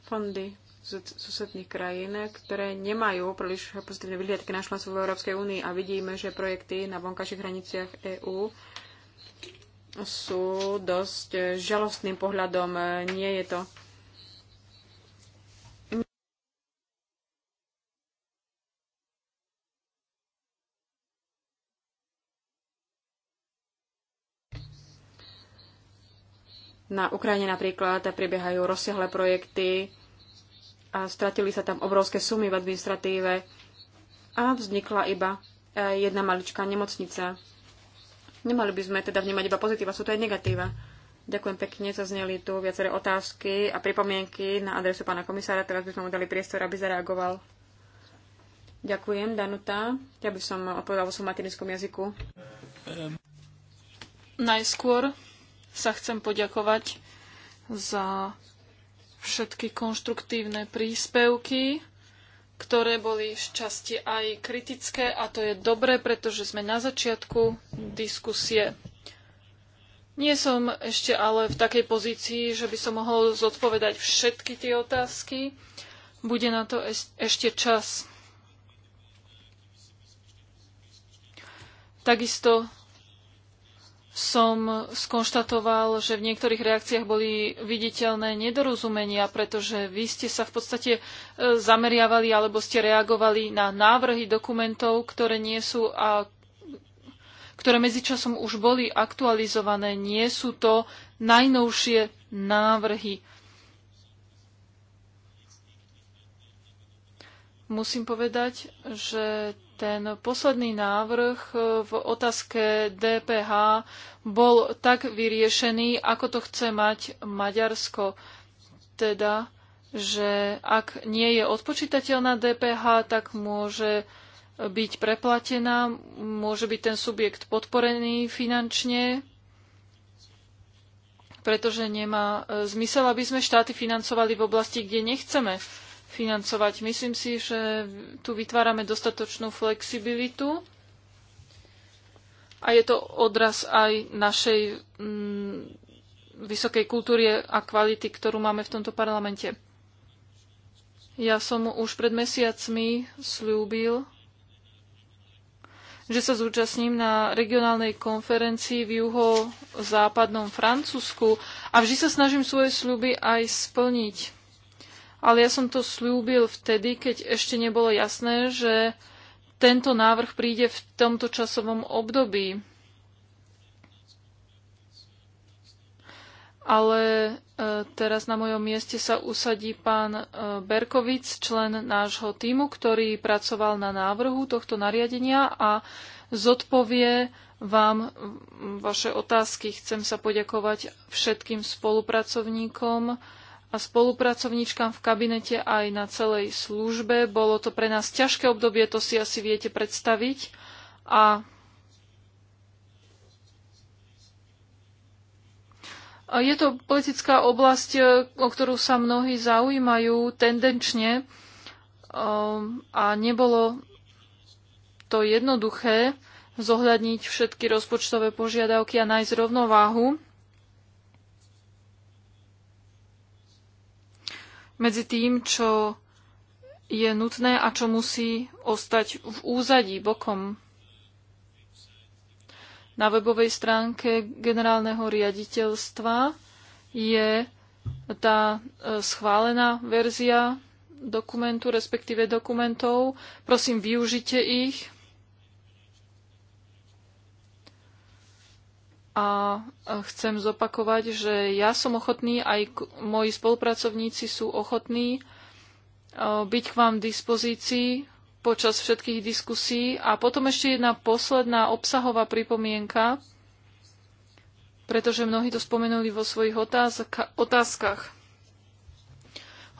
fondy z susedných krajín, ktoré nemajú príliš pozitívne vyhliadky na členstvo v Európskej únii a vidíme, že projekty na vonkajších hraniciach EÚ sú dosť žalostným pohľadom. Nie je to Na Ukrajine napríklad prebiehajú rozsiahle projekty a stratili sa tam obrovské sumy v administratíve a vznikla iba e, jedna maličká nemocnica. Nemali by sme teda vnímať iba pozitíva, sú to aj negatíva. Ďakujem pekne, zneli tu viaceré otázky a pripomienky na adresu pána komisára. Teraz by sme mu dali priestor, aby zareagoval. Ďakujem, Danuta. Ja by som odpovedal vo svojom materinskom jazyku. Najskôr sa chcem poďakovať za všetky konštruktívne príspevky, ktoré boli v časti aj kritické a to je dobré, pretože sme na začiatku diskusie. Nie som ešte ale v takej pozícii, že by som mohol zodpovedať všetky tie otázky. Bude na to ešte čas. Takisto som skonštatoval, že v niektorých reakciách boli viditeľné nedorozumenia, pretože vy ste sa v podstate e, zameriavali alebo ste reagovali na návrhy dokumentov, ktoré nie sú a ktoré medzičasom už boli aktualizované. Nie sú to najnovšie návrhy. Musím povedať, že ten posledný návrh e, v otázke DPH bol tak vyriešený, ako to chce mať Maďarsko. Teda, že ak nie je odpočítateľná DPH, tak môže byť preplatená, môže byť ten subjekt podporený finančne, pretože nemá e, zmysel, aby sme štáty financovali v oblasti, kde nechceme financovať. Myslím si, že tu vytvárame dostatočnú flexibilitu a je to odraz aj našej mm, vysokej kultúry a kvality, ktorú máme v tomto parlamente. Ja som už pred mesiacmi slúbil, že sa zúčastním na regionálnej konferencii v juho-západnom Francúzsku a vždy sa snažím svoje sľuby aj splniť ale ja som to slúbil vtedy, keď ešte nebolo jasné, že tento návrh príde v tomto časovom období. Ale e, teraz na mojom mieste sa usadí pán e, Berkovic, člen nášho týmu, ktorý pracoval na návrhu tohto nariadenia a zodpovie vám vaše otázky. Chcem sa poďakovať všetkým spolupracovníkom, a spolupracovníčkam v kabinete aj na celej službe. Bolo to pre nás ťažké obdobie, to si asi viete predstaviť. A je to politická oblasť, o ktorú sa mnohí zaujímajú tendenčne um, a nebolo to jednoduché zohľadniť všetky rozpočtové požiadavky a nájsť rovnováhu medzi tým, čo je nutné a čo musí ostať v úzadí bokom. Na webovej stránke generálneho riaditeľstva je tá e, schválená verzia dokumentu, respektíve dokumentov. Prosím, využite ich. A chcem zopakovať, že ja som ochotný, aj moji spolupracovníci sú ochotní byť k vám v dispozícii počas všetkých diskusí. A potom ešte jedna posledná obsahová pripomienka, pretože mnohí to spomenuli vo svojich otázkach.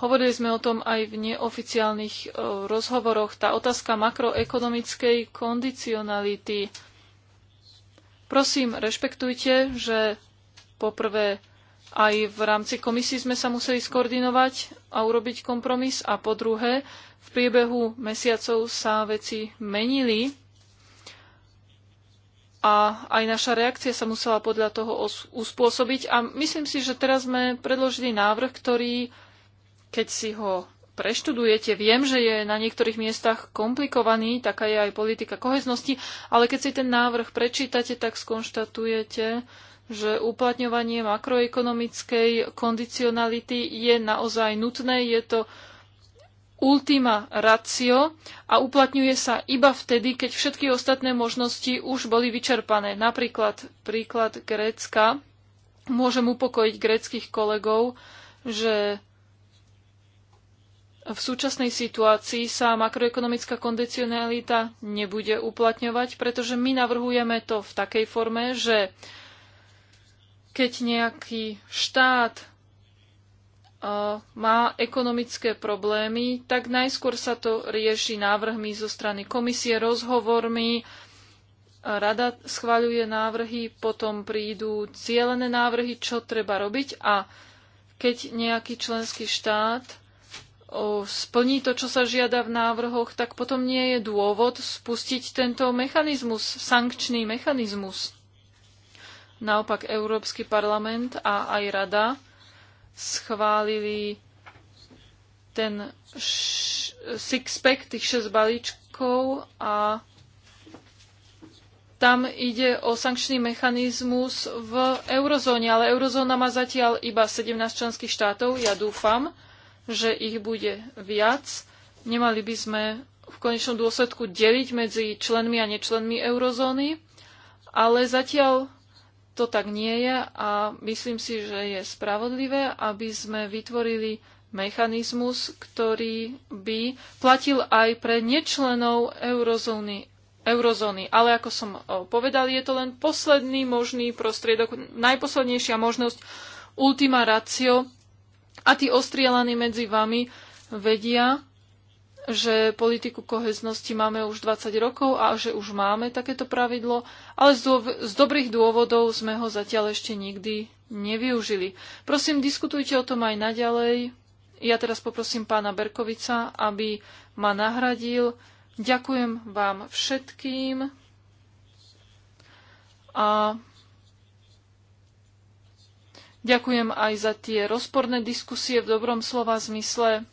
Hovorili sme o tom aj v neoficiálnych e, rozhovoroch. Tá otázka makroekonomickej kondicionality Prosím, rešpektujte, že poprvé aj v rámci komisí sme sa museli skoordinovať a urobiť kompromis a po druhé, v priebehu mesiacov sa veci menili a aj naša reakcia sa musela podľa toho uspôsobiť a myslím si, že teraz sme predložili návrh, ktorý, keď si ho preštudujete, viem, že je na niektorých miestach komplikovaný, taká je aj politika koheznosti, ale keď si ten návrh prečítate, tak skonštatujete, že uplatňovanie makroekonomickej kondicionality je naozaj nutné, je to ultima ratio a uplatňuje sa iba vtedy, keď všetky ostatné možnosti už boli vyčerpané. Napríklad príklad Grécka. Môžem upokojiť gréckých kolegov, že v súčasnej situácii sa makroekonomická kondicionalita nebude uplatňovať, pretože my navrhujeme to v takej forme, že keď nejaký štát má ekonomické problémy, tak najskôr sa to rieši návrhmi zo strany komisie, rozhovormi, rada schváľuje návrhy, potom prídu cielené návrhy, čo treba robiť a keď nejaký členský štát splní to, čo sa žiada v návrhoch, tak potom nie je dôvod spustiť tento mechanizmus, sankčný mechanizmus. Naopak Európsky parlament a aj Rada schválili ten six-pack, tých šesť balíčkov a tam ide o sankčný mechanizmus v eurozóne, ale eurozóna má zatiaľ iba 17 členských štátov. Ja dúfam, že ich bude viac. Nemali by sme v konečnom dôsledku deliť medzi členmi a nečlenmi eurozóny, ale zatiaľ to tak nie je a myslím si, že je spravodlivé, aby sme vytvorili mechanizmus, ktorý by platil aj pre nečlenov eurozóny. eurozóny. Ale ako som povedal, je to len posledný možný prostriedok, najposlednejšia možnosť ultima ratio a tí ostrielaní medzi vami vedia, že politiku koheznosti máme už 20 rokov a že už máme takéto pravidlo, ale z, z dobrých dôvodov sme ho zatiaľ ešte nikdy nevyužili. Prosím, diskutujte o tom aj naďalej. Ja teraz poprosím pána Berkovica, aby ma nahradil. Ďakujem vám všetkým a Ďakujem aj za tie rozporné diskusie v dobrom slova zmysle.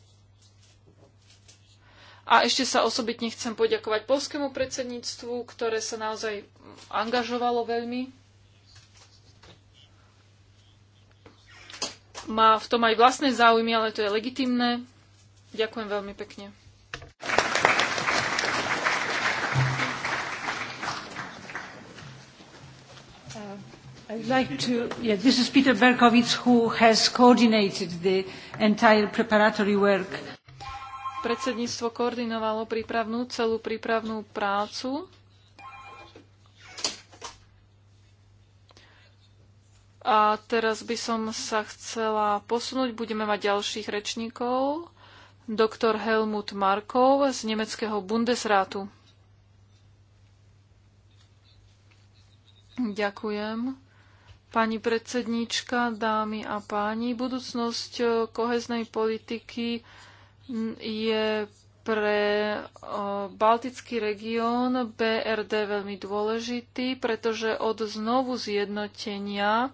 A ešte sa osobitne chcem poďakovať polskému predsedníctvu, ktoré sa naozaj angažovalo veľmi. Má v tom aj vlastné záujmy, ale to je legitimné. Ďakujem veľmi pekne. I'd like to, yeah, this is Peter Berkowitz who has coordinated the entire preparatory work. Predsedníctvo koordinovalo prípravnú, celú prípravnú prácu. A teraz by som sa chcela posunúť. Budeme mať ďalších rečníkov. Doktor Helmut Markov z nemeckého Bundesrátu. Ďakujem. Pani predsedníčka, dámy a páni, budúcnosť eh, koheznej politiky mm, je pre eh, Baltický región BRD veľmi dôležitý, pretože od znovu zjednotenia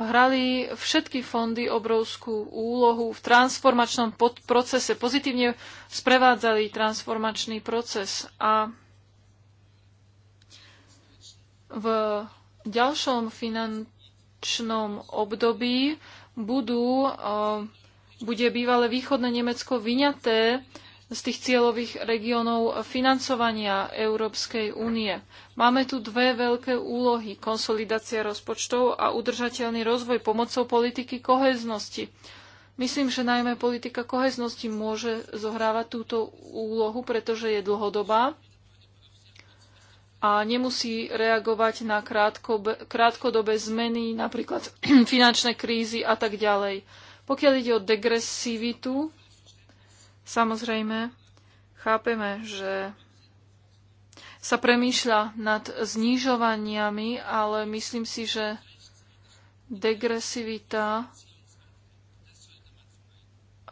hrali všetky fondy obrovskú úlohu v transformačnom procese, pozitívne sprevádzali transformačný proces a v ďalšom finančnom období budú, eh, bude bývalé východné Nemecko vyňaté z tých cieľových regiónov financovania Európskej únie. Máme tu dve veľké úlohy. Konsolidácia rozpočtov a udržateľný rozvoj pomocou politiky koheznosti. Myslím, že najmä politika koheznosti môže zohrávať túto úlohu, pretože je dlhodobá a nemusí reagovať na krátkodobé zmeny, napríklad finančné krízy a tak ďalej. Pokiaľ ide o degresivitu, samozrejme, chápeme, že sa premýšľa nad znižovaniami, ale myslím si, že degresivita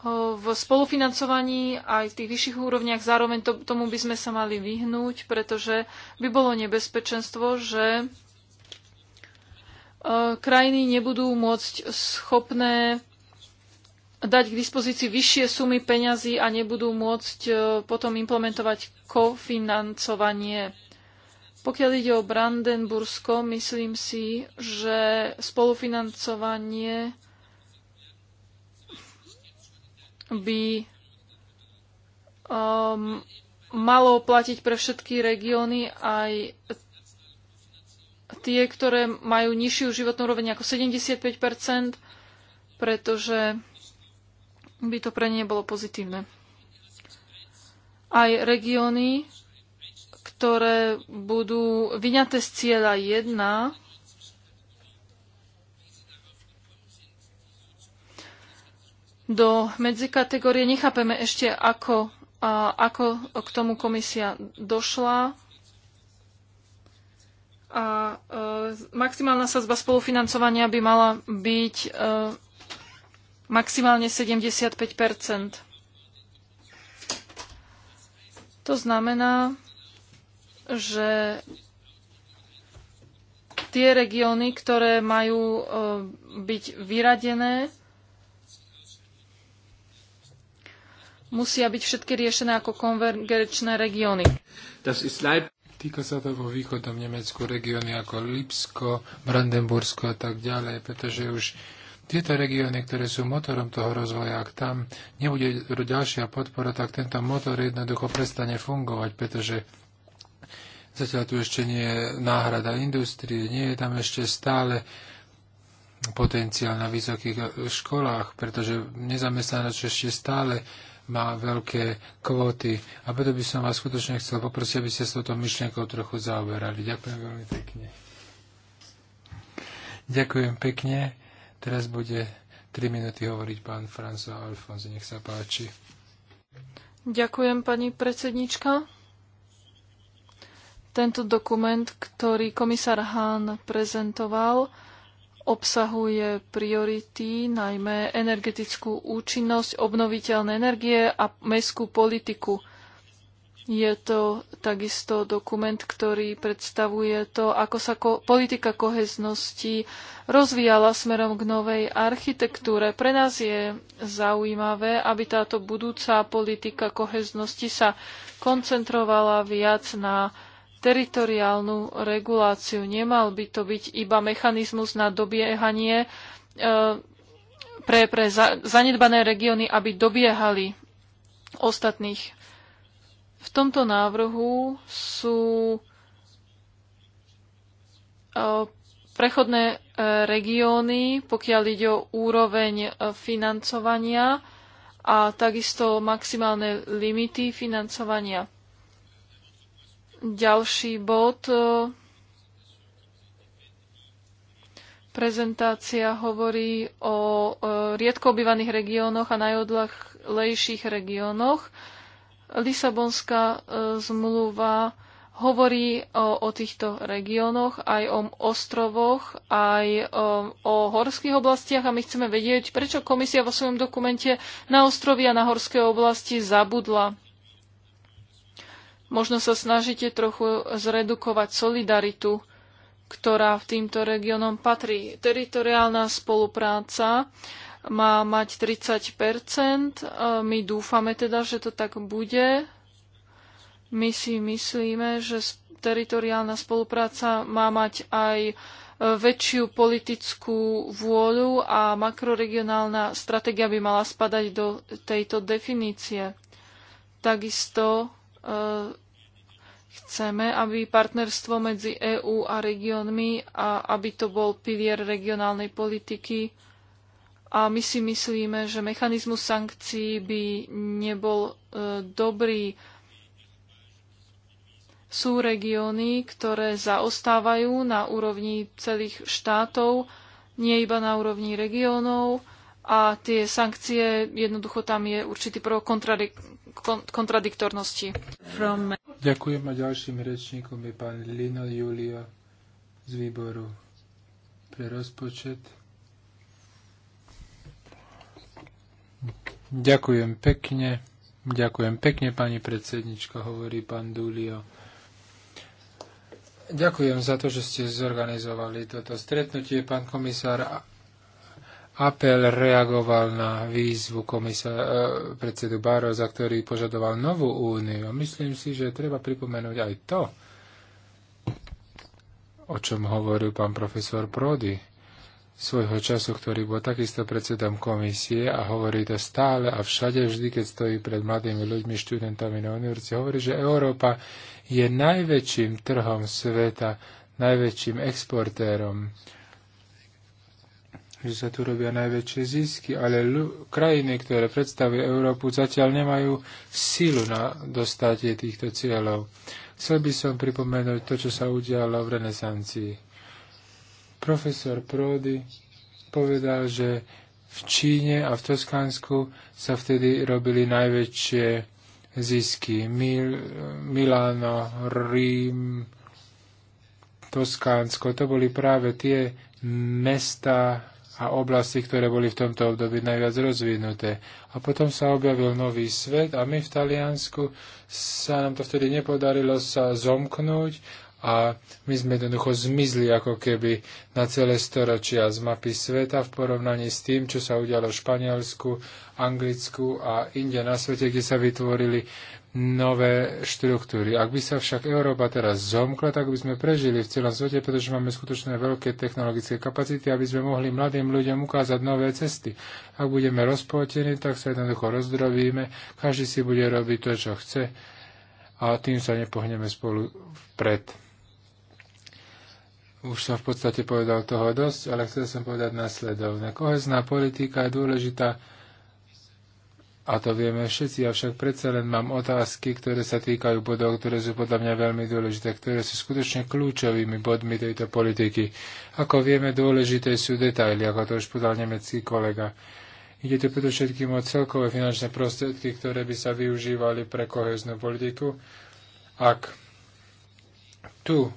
v spolufinancovaní aj v tých vyšších úrovniach. Zároveň to, tomu by sme sa mali vyhnúť, pretože by bolo nebezpečenstvo, že krajiny nebudú môcť schopné dať k dispozícii vyššie sumy peňazí a nebudú môcť potom implementovať kofinancovanie. Pokiaľ ide o Brandenbursko, myslím si, že spolufinancovanie by um, malo platiť pre všetky regióny aj tie, ktoré majú nižšiu životnú úroveň ako 75 pretože by to pre ne bolo pozitívne. Aj regióny, ktoré budú vyňaté z cieľa 1, do medzikategórie. Nechápeme ešte, ako, a, ako k tomu komisia došla. A e, maximálna sazba spolufinancovania by mala byť e, maximálne 75 To znamená, že tie regióny, ktoré majú e, byť vyradené, musia byť všetky riešené ako konvergenčné regióny. Týka sa to vo východnom Nemecku regióny ako Lipsko, Brandenbursko a tak ďalej, pretože už tieto regióny, ktoré sú motorom toho rozvoja, ak tam nebude ďalšia podpora, tak tento motor jednoducho prestane fungovať, pretože zatiaľ tu ešte nie je náhrada industrie, nie je tam ešte stále potenciál na vysokých školách, pretože nezamestnanosť ešte stále má veľké kvóty. A preto by som vás skutočne chcel poprosiť, aby ste s touto myšlienkou trochu zaoberali. Ďakujem veľmi pekne. Ďakujem pekne. Teraz bude 3 minúty hovoriť pán Franco Alfonzi. Nech sa páči. Ďakujem, pani predsednička. Tento dokument, ktorý komisár Hahn prezentoval, obsahuje priority, najmä energetickú účinnosť, obnoviteľné energie a mestskú politiku. Je to takisto dokument, ktorý predstavuje to, ako sa ko- politika koheznosti rozvíjala smerom k novej architektúre. Pre nás je zaujímavé, aby táto budúca politika koheznosti sa koncentrovala viac na teritoriálnu reguláciu. Nemal by to byť iba mechanizmus na dobiehanie e, pre, pre za, zanedbané regióny, aby dobiehali ostatných. V tomto návrhu sú e, prechodné e, regióny, pokiaľ ide o úroveň financovania a takisto maximálne limity financovania. Ďalší bod. E, prezentácia hovorí o e, riedko obývaných regiónoch a najodľahlejších regiónoch. Lisabonská e, zmluva hovorí o, o týchto regiónoch, aj o ostrovoch, aj o, o horských oblastiach a my chceme vedieť, prečo komisia vo svojom dokumente na ostrovy a na horské oblasti zabudla. Možno sa snažíte trochu zredukovať solidaritu, ktorá v týmto regiónom patrí. Teritoriálna spolupráca má mať 30 e, My dúfame teda, že to tak bude. My si myslíme, že teritoriálna spolupráca má mať aj e, väčšiu politickú vôľu a makroregionálna stratégia by mala spadať do tejto definície. Takisto Eh, chceme, aby partnerstvo medzi EÚ a regiónmi a aby to bol pilier regionálnej politiky. A my si myslíme, že mechanizmus sankcií by nebol e, dobrý. Sú regióny, ktoré zaostávajú na úrovni celých štátov, nie iba na úrovni regiónov a tie sankcie, jednoducho tam je určitý prvok kontradiktornosti. From... Ďakujem a ďalším rečníkom je pán Lino Julia z výboru pre rozpočet. Ďakujem pekne. Ďakujem pekne, pani predsednička, hovorí pán Dulio. Ďakujem za to, že ste zorganizovali toto stretnutie, pán komisár. A apel reagoval na výzvu komisa, e, predsedu Baroza, ktorý požadoval novú úniu. Myslím si, že treba pripomenúť aj to, o čom hovoril pán profesor Prody svojho času, ktorý bol takisto predsedom komisie a hovorí to stále a všade, vždy, keď stojí pred mladými ľuďmi, študentami na univerzite, hovorí, že Európa je najväčším trhom sveta, najväčším exportérom že sa tu robia najväčšie zisky, ale krajiny, ktoré predstavujú Európu, zatiaľ nemajú sílu na dostatie týchto cieľov. Chcel by som pripomenúť to, čo sa udialo v renesancii. Profesor Prody povedal, že v Číne a v Toskánsku sa vtedy robili najväčšie zisky. Mil, Milano, Rím, Toskánsko, to boli práve tie mesta, a oblasti, ktoré boli v tomto období najviac rozvinuté. A potom sa objavil nový svet a my v Taliansku sa nám to vtedy nepodarilo sa zomknúť a my sme jednoducho zmizli ako keby na celé storočia z mapy sveta v porovnaní s tým, čo sa udialo v Španielsku, Anglicku a inde na svete, kde sa vytvorili nové štruktúry. Ak by sa však Európa teraz zomkla, tak by sme prežili v celom svete, pretože máme skutočné veľké technologické kapacity, aby sme mohli mladým ľuďom ukázať nové cesty. Ak budeme rozpotení, tak sa jednoducho rozdrobíme, každý si bude robiť to, čo chce a tým sa nepohneme spolu vpred. Už som v podstate povedal toho dosť, ale chcel som povedať následovne. Kohezná politika je dôležitá a to vieme všetci, avšak predsa len mám otázky, ktoré sa týkajú bodov, ktoré sú podľa mňa veľmi dôležité, ktoré sú skutočne kľúčovými bodmi tejto politiky. Ako vieme, dôležité sú detaily, ako to už povedal nemecký kolega. Ide tu predovšetkým o celkové finančné prostriedky, ktoré by sa využívali pre koheznú politiku. Ak tu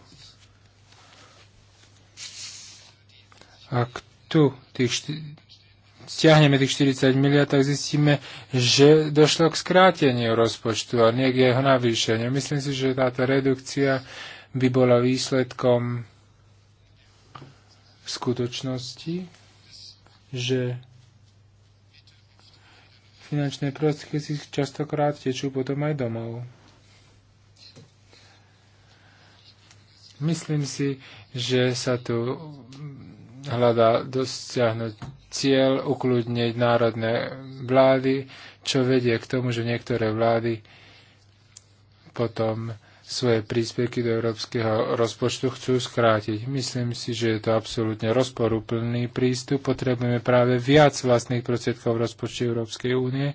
ak tu tých stiahneme tých 40 miliard, tak zistíme, že došlo k skráteniu rozpočtu a nie k jeho navýšeniu. Myslím si, že táto redukcia by bola výsledkom skutočnosti, že finančné prostriedky si častokrát tečú potom aj domov. Myslím si, že sa tu hľadá dosť cieľ ukludniť národné vlády, čo vedie k tomu, že niektoré vlády potom svoje príspevky do európskeho rozpočtu chcú skrátiť. Myslím si, že je to absolútne rozporúplný prístup. Potrebujeme práve viac vlastných prostriedkov v rozpočte Európskej únie.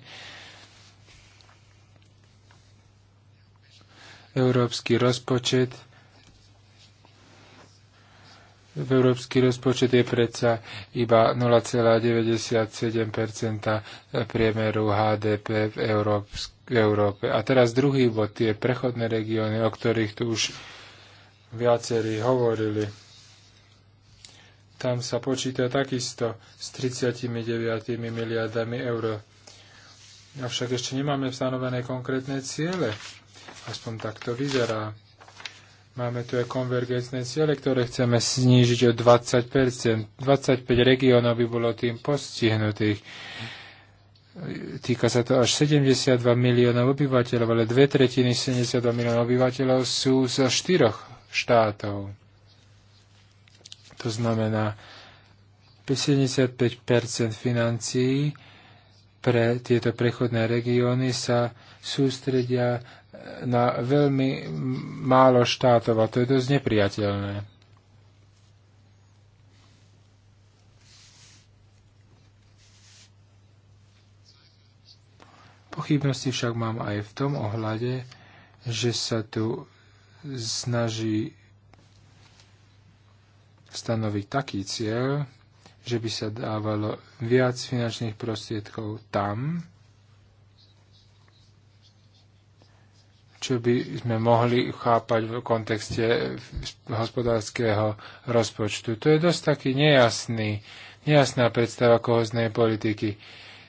Európsky rozpočet v európsky rozpočet je predsa iba 0,97 priemeru HDP v, Európe. A teraz druhý bod, tie prechodné regióny, o ktorých tu už viacerí hovorili. Tam sa počíta takisto s 39 miliardami eur. Avšak ešte nemáme stanovené konkrétne ciele. Aspoň takto vyzerá Máme tu aj konvergenčné ciele, ktoré chceme znížiť o 20 25 regiónov by bolo tým postihnutých. Týka sa to až 72 miliónov obyvateľov, ale dve tretiny 72 miliónov obyvateľov sú zo štyroch štátov. To znamená, 75 financií pre tieto prechodné regióny sa sústredia na veľmi málo štátov a to je dosť nepriateľné. Pochybnosti však mám aj v tom ohľade, že sa tu snaží stanoviť taký cieľ, že by sa dávalo viac finančných prostriedkov tam, čo by sme mohli chápať v kontexte hospodárskeho rozpočtu. To je dosť taký nejasný, nejasná predstava kohoznej politiky.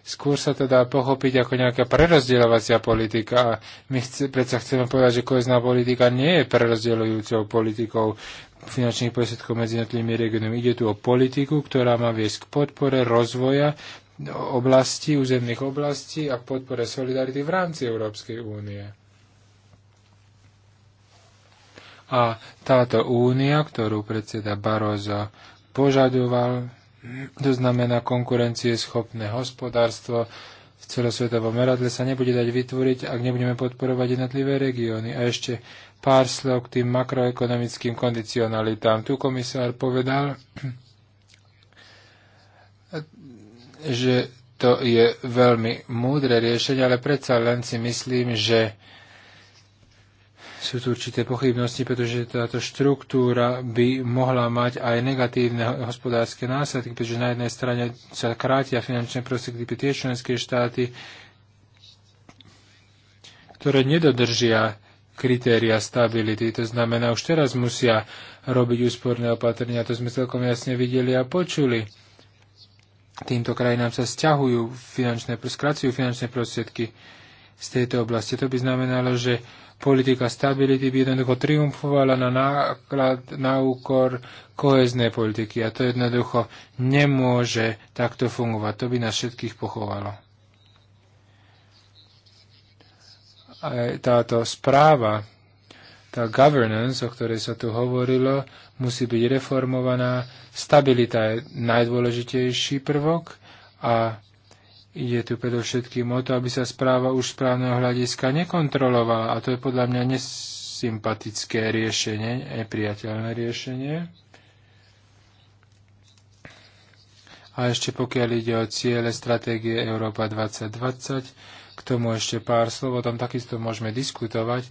Skôr sa to dá pochopiť ako nejaká prerozdielovacia politika a my chce, predsa chceme povedať, že kohezná politika nie je prerozdeľujúcou politikou finančných prostriedkov medzi jednotlivými regionami. Ide tu o politiku, ktorá má viesť k podpore rozvoja oblasti, územných oblastí a podpore solidarity v rámci Európskej únie. A táto únia, ktorú predseda Barozo požadoval, to znamená konkurencieschopné hospodárstvo v celosvetovom meradle sa nebude dať vytvoriť, ak nebudeme podporovať jednotlivé regióny. A ešte pár slov k tým makroekonomickým kondicionalitám. Tu komisár povedal, že to je veľmi múdre riešenie, ale predsa len si myslím, že sú tu určité pochybnosti, pretože táto štruktúra by mohla mať aj negatívne hospodárske následky, pretože na jednej strane sa krátia finančné prostriedky pre tie členské štáty, ktoré nedodržia kritéria stability. To znamená, už teraz musia robiť úsporné opatrenia. To sme celkom jasne videli a počuli. Týmto krajinám sa stiahujú finančné, skracujú finančné prostriedky z tejto oblasti. To by znamenalo, že politika stability by jednoducho triumfovala na náklad, na úkor kohezné politiky. A to jednoducho nemôže takto fungovať. To by nás všetkých pochovalo. A táto správa, tá governance, o ktorej sa tu hovorilo, musí byť reformovaná. Stabilita je najdôležitejší prvok a Ide tu predovšetkým o to, aby sa správa už správneho hľadiska nekontrolovala a to je podľa mňa nesympatické riešenie, nepriateľné riešenie. A ešte pokiaľ ide o ciele stratégie Európa 2020, k tomu ešte pár slov, o tom takisto môžeme diskutovať,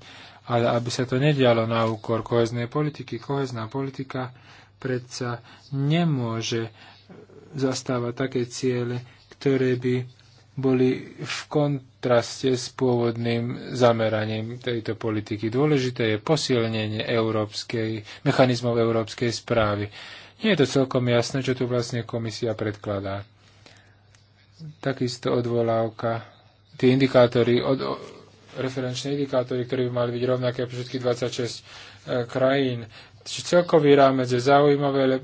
ale aby sa to nedialo na úkor koheznej politiky, kohezná politika predsa nemôže zastávať také ciele, ktoré by boli v kontraste s pôvodným zameraním tejto politiky. Dôležité je posilnenie európskej, mechanizmov európskej správy. Nie je to celkom jasné, čo tu vlastne komisia predkladá. Takisto odvolávka, tie indikátory, od, referenčné indikátory, ktoré by mali byť rovnaké pre všetky 26 e, krajín. Čiže celkový rámec je zaujímavé, ale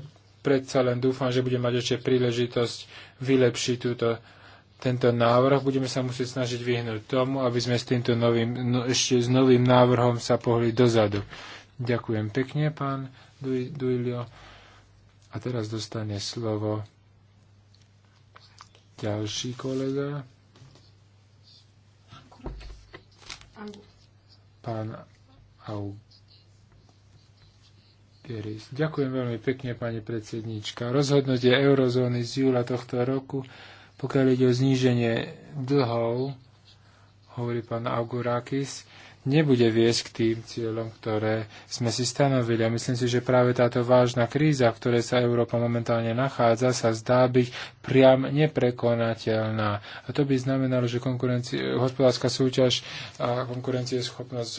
predsa len dúfam, že budem mať ešte príležitosť vylepšiť túto tento návrh, budeme sa musieť snažiť vyhnúť tomu, aby sme s týmto novým, no, ešte s novým návrhom sa pohli dozadu. Ďakujem pekne, pán Duilio. A teraz dostane slovo ďalší kolega. Pán Au. Ďakujem veľmi pekne, pani predsednička. Rozhodnutie eurozóny z júla tohto roku pokiaľ ide o zníženie dlhov, hovorí pán Augurakis, nebude viesť k tým cieľom, ktoré sme si stanovili. A myslím si, že práve táto vážna kríza, v ktorej sa Európa momentálne nachádza, sa zdá byť priam neprekonateľná. A to by znamenalo, že hospodárska súťaž a konkurencieschopnosť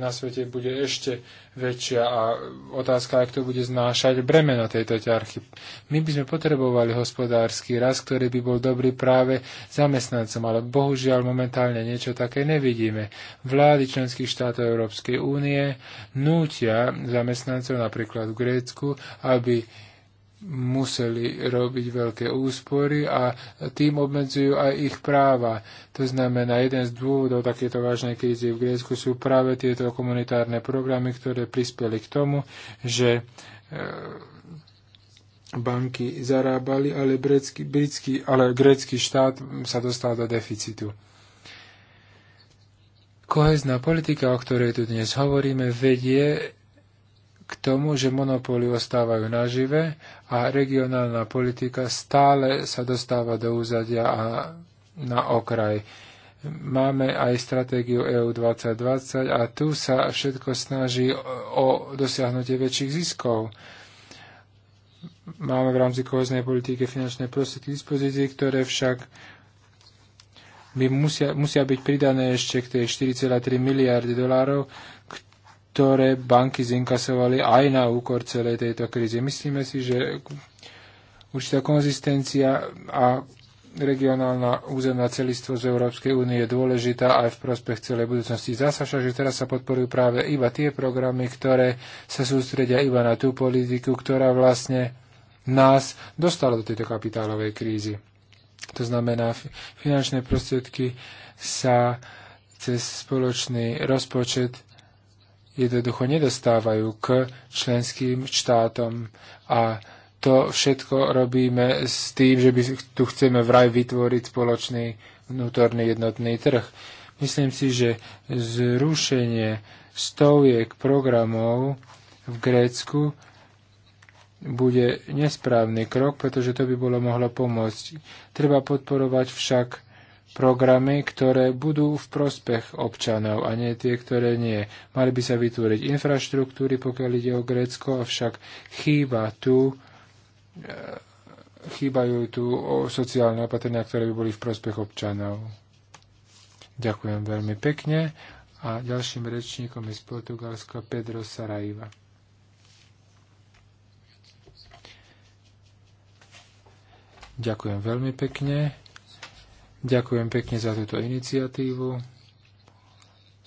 na svete bude ešte väčšia a otázka, ak to bude znášať bremeno tejto ťarchy. My by sme potrebovali hospodársky rast, ktorý by bol dobrý práve zamestnancom, ale bohužiaľ momentálne niečo také nevidíme. Vlády členských štátov Európskej únie nútia zamestnancov napríklad v Grécku, aby museli robiť veľké úspory a tým obmedzujú aj ich práva. To znamená, jeden z dôvodov takéto vážnej krízy v Grécku sú práve tieto komunitárne programy, ktoré prispeli k tomu, že e, banky zarábali, ale, britský, britský, ale grécky štát sa dostal do deficitu. Kohezná politika, o ktorej tu dnes hovoríme, vedie k tomu, že monopóly ostávajú nažive a regionálna politika stále sa dostáva do úzadia a na okraj. Máme aj stratégiu EU 2020 a tu sa všetko snaží o dosiahnutie väčších ziskov. Máme v rámci kohoznej politiky finančné prostriedky k dispozícii, ktoré však by musia, musia byť pridané ešte k tej 4,3 miliardy dolárov, ktoré banky zinkasovali aj na úkor celej tejto krízy. Myslíme si, že určitá konzistencia a regionálna územná celistvosť Európskej únie je dôležitá aj v prospech celej budúcnosti. Zasa však, že teraz sa podporujú práve iba tie programy, ktoré sa sústredia iba na tú politiku, ktorá vlastne nás dostala do tejto kapitálovej krízy. To znamená, finančné prostriedky sa cez spoločný rozpočet jednoducho nedostávajú k členským štátom. A to všetko robíme s tým, že by tu chceme vraj vytvoriť spoločný vnútorný jednotný trh. Myslím si, že zrušenie stoviek programov v Grécku bude nesprávny krok, pretože to by bolo mohlo pomôcť. Treba podporovať však programy, ktoré budú v prospech občanov a nie tie, ktoré nie. Mali by sa vytvoriť infraštruktúry, pokiaľ ide o Grécko, avšak chýba tu eh, chýbajú tu sociálne opatrenia, ktoré by boli v prospech občanov. Ďakujem veľmi pekne a ďalším rečníkom je z Portugalska Pedro Saraiva. Ďakujem veľmi pekne. Ďakujem pekne za túto iniciatívu.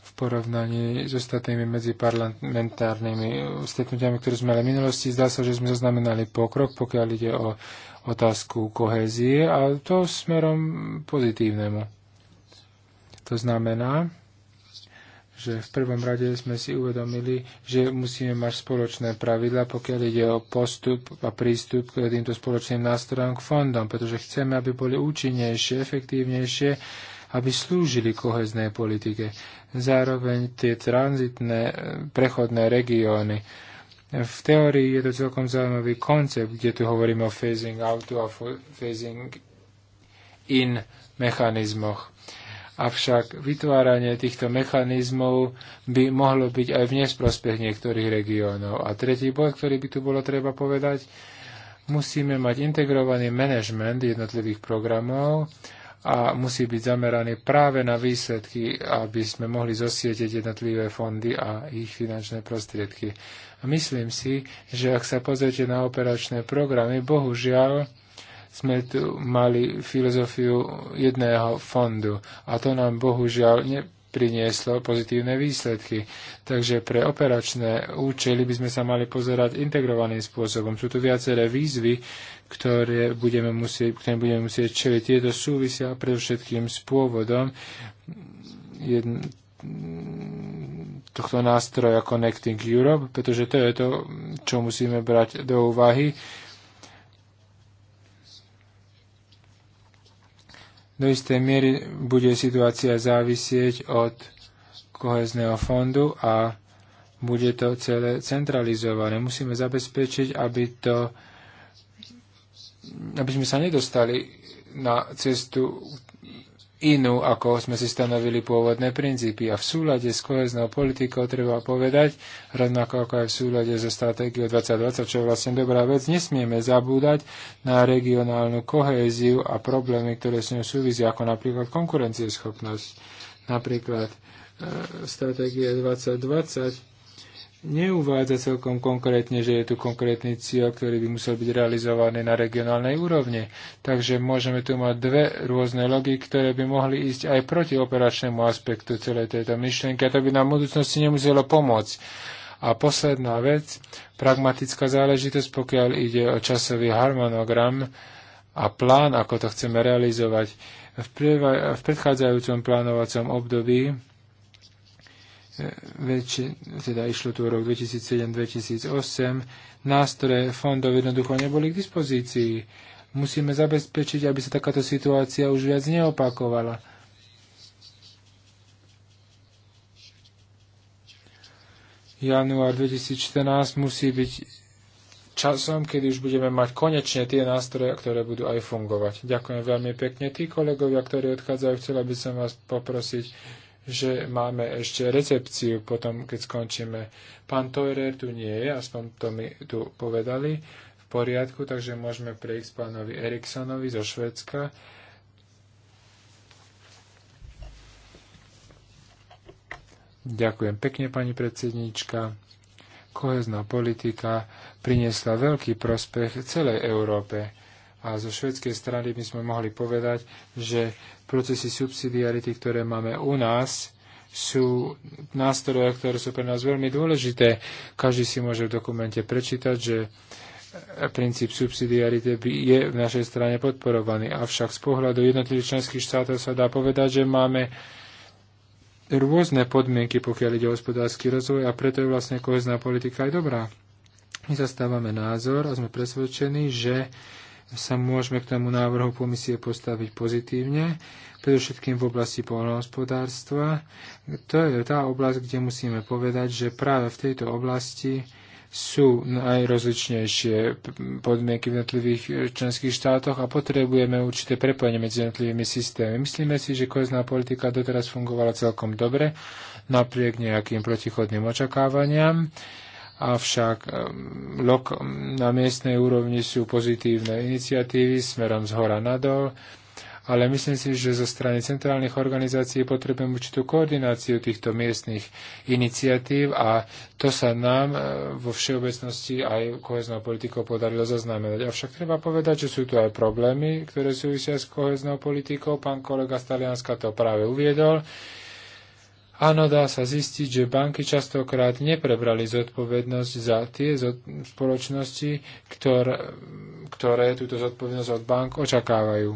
V porovnaní s ostatnými medziparlamentárnymi stretnutiami, ktoré sme mali v minulosti, zdá sa, že sme zaznamenali pokrok, pokiaľ ide o otázku kohézie a to smerom pozitívnemu. To znamená, že v prvom rade sme si uvedomili, že musíme mať spoločné pravidla, pokiaľ ide o postup a prístup k týmto spoločným nástrojom k fondom, pretože chceme, aby boli účinnejšie, efektívnejšie, aby slúžili koheznej politike. Zároveň tie tranzitné eh, prechodné regióny. V teórii je to celkom zaujímavý koncept, kde tu hovoríme o phasing out a phasing in mechanizmoch avšak vytváranie týchto mechanizmov by mohlo byť aj v nesprospech niektorých regiónov. A tretí bod, ktorý by tu bolo treba povedať, musíme mať integrovaný manažment jednotlivých programov a musí byť zameraný práve na výsledky, aby sme mohli zosieteť jednotlivé fondy a ich finančné prostriedky. A myslím si, že ak sa pozriete na operačné programy, bohužiaľ, sme tu mali filozofiu jedného fondu a to nám bohužiaľ neprinieslo pozitívne výsledky. Takže pre operačné účely by sme sa mali pozerať integrovaným spôsobom. Sú tu viaceré výzvy, ktoré budeme musieť, ktoré budeme musieť čeliť. Tieto súvisia predovšetkým s pôvodom jedn- tohto nástroja Connecting Europe, pretože to je to, čo musíme brať do úvahy Do istej miery bude situácia závisieť od kohezného fondu a bude to celé centralizované. Musíme zabezpečiť, aby to aby sme sa nedostali na cestu inú, ako sme si stanovili pôvodné princípy. A v súlade s koheznou politikou treba povedať, rovnako ako aj v súlade so stratégiou 2020, čo je vlastne dobrá vec, nesmieme zabúdať na regionálnu kohéziu a problémy, ktoré s ňou súvisia, ako napríklad konkurencieschopnosť. Napríklad e, stratégia 2020 neuvádza celkom konkrétne, že je tu konkrétny cieľ, ktorý by musel byť realizovaný na regionálnej úrovni. Takže môžeme tu mať dve rôzne logiky, ktoré by mohli ísť aj proti operačnému aspektu celej tejto myšlienky a to by nám v budúcnosti nemuselo pomôcť. A posledná vec, pragmatická záležitosť, pokiaľ ide o časový harmonogram a plán, ako to chceme realizovať. V, predchádzajúcom plánovacom období väčšie, teda išlo tu rok 2007-2008, nástroje fondov jednoducho neboli k dispozícii. Musíme zabezpečiť, aby sa takáto situácia už viac neopakovala. Január 2014 musí byť časom, kedy už budeme mať konečne tie nástroje, ktoré budú aj fungovať. Ďakujem veľmi pekne. Tí kolegovia, ktorí odchádzajú, chcela by som vás poprosiť, že máme ešte recepciu potom, keď skončíme. Pán Teurer tu nie je, aspoň to mi tu povedali v poriadku, takže môžeme prejsť pánovi Eriksonovi zo Švedska. Ďakujem pekne, pani predsednička. Kohezná politika priniesla veľký prospech celej Európe a zo švedskej strany by sme mohli povedať, že procesy subsidiarity, ktoré máme u nás, sú nástroje, ktoré sú pre nás veľmi dôležité. Každý si môže v dokumente prečítať, že princíp subsidiarity je v našej strane podporovaný. Avšak z pohľadu jednotlivých členských štátov sa dá povedať, že máme rôzne podmienky, pokiaľ ide o hospodársky rozvoj a preto je vlastne kohezná politika aj dobrá. My zastávame názor a sme presvedčení, že sa môžeme k tomu návrhu komisie postaviť pozitívne, predovšetkým v oblasti poľnohospodárstva. To je tá oblasť, kde musíme povedať, že práve v tejto oblasti sú najrozličnejšie podmienky v jednotlivých členských štátoch a potrebujeme určité prepojenie medzi jednotlivými systémy. Myslíme si, že kozná politika doteraz fungovala celkom dobre, napriek nejakým protichodným očakávaniam avšak na miestnej úrovni sú pozitívne iniciatívy smerom z hora nadol, ale myslím si, že zo strany centrálnych organizácií potrebujeme určitú koordináciu týchto miestnych iniciatív a to sa nám eh, vo všeobecnosti aj koheznou politikou podarilo zaznamenať. Avšak treba povedať, že sú tu aj problémy, ktoré súvisia s koheznou politikou. Pán kolega z Talianska to práve uviedol. Áno, dá sa zistiť, že banky častokrát neprebrali zodpovednosť za tie spoločnosti, ktoré, ktoré túto zodpovednosť od bank očakávajú.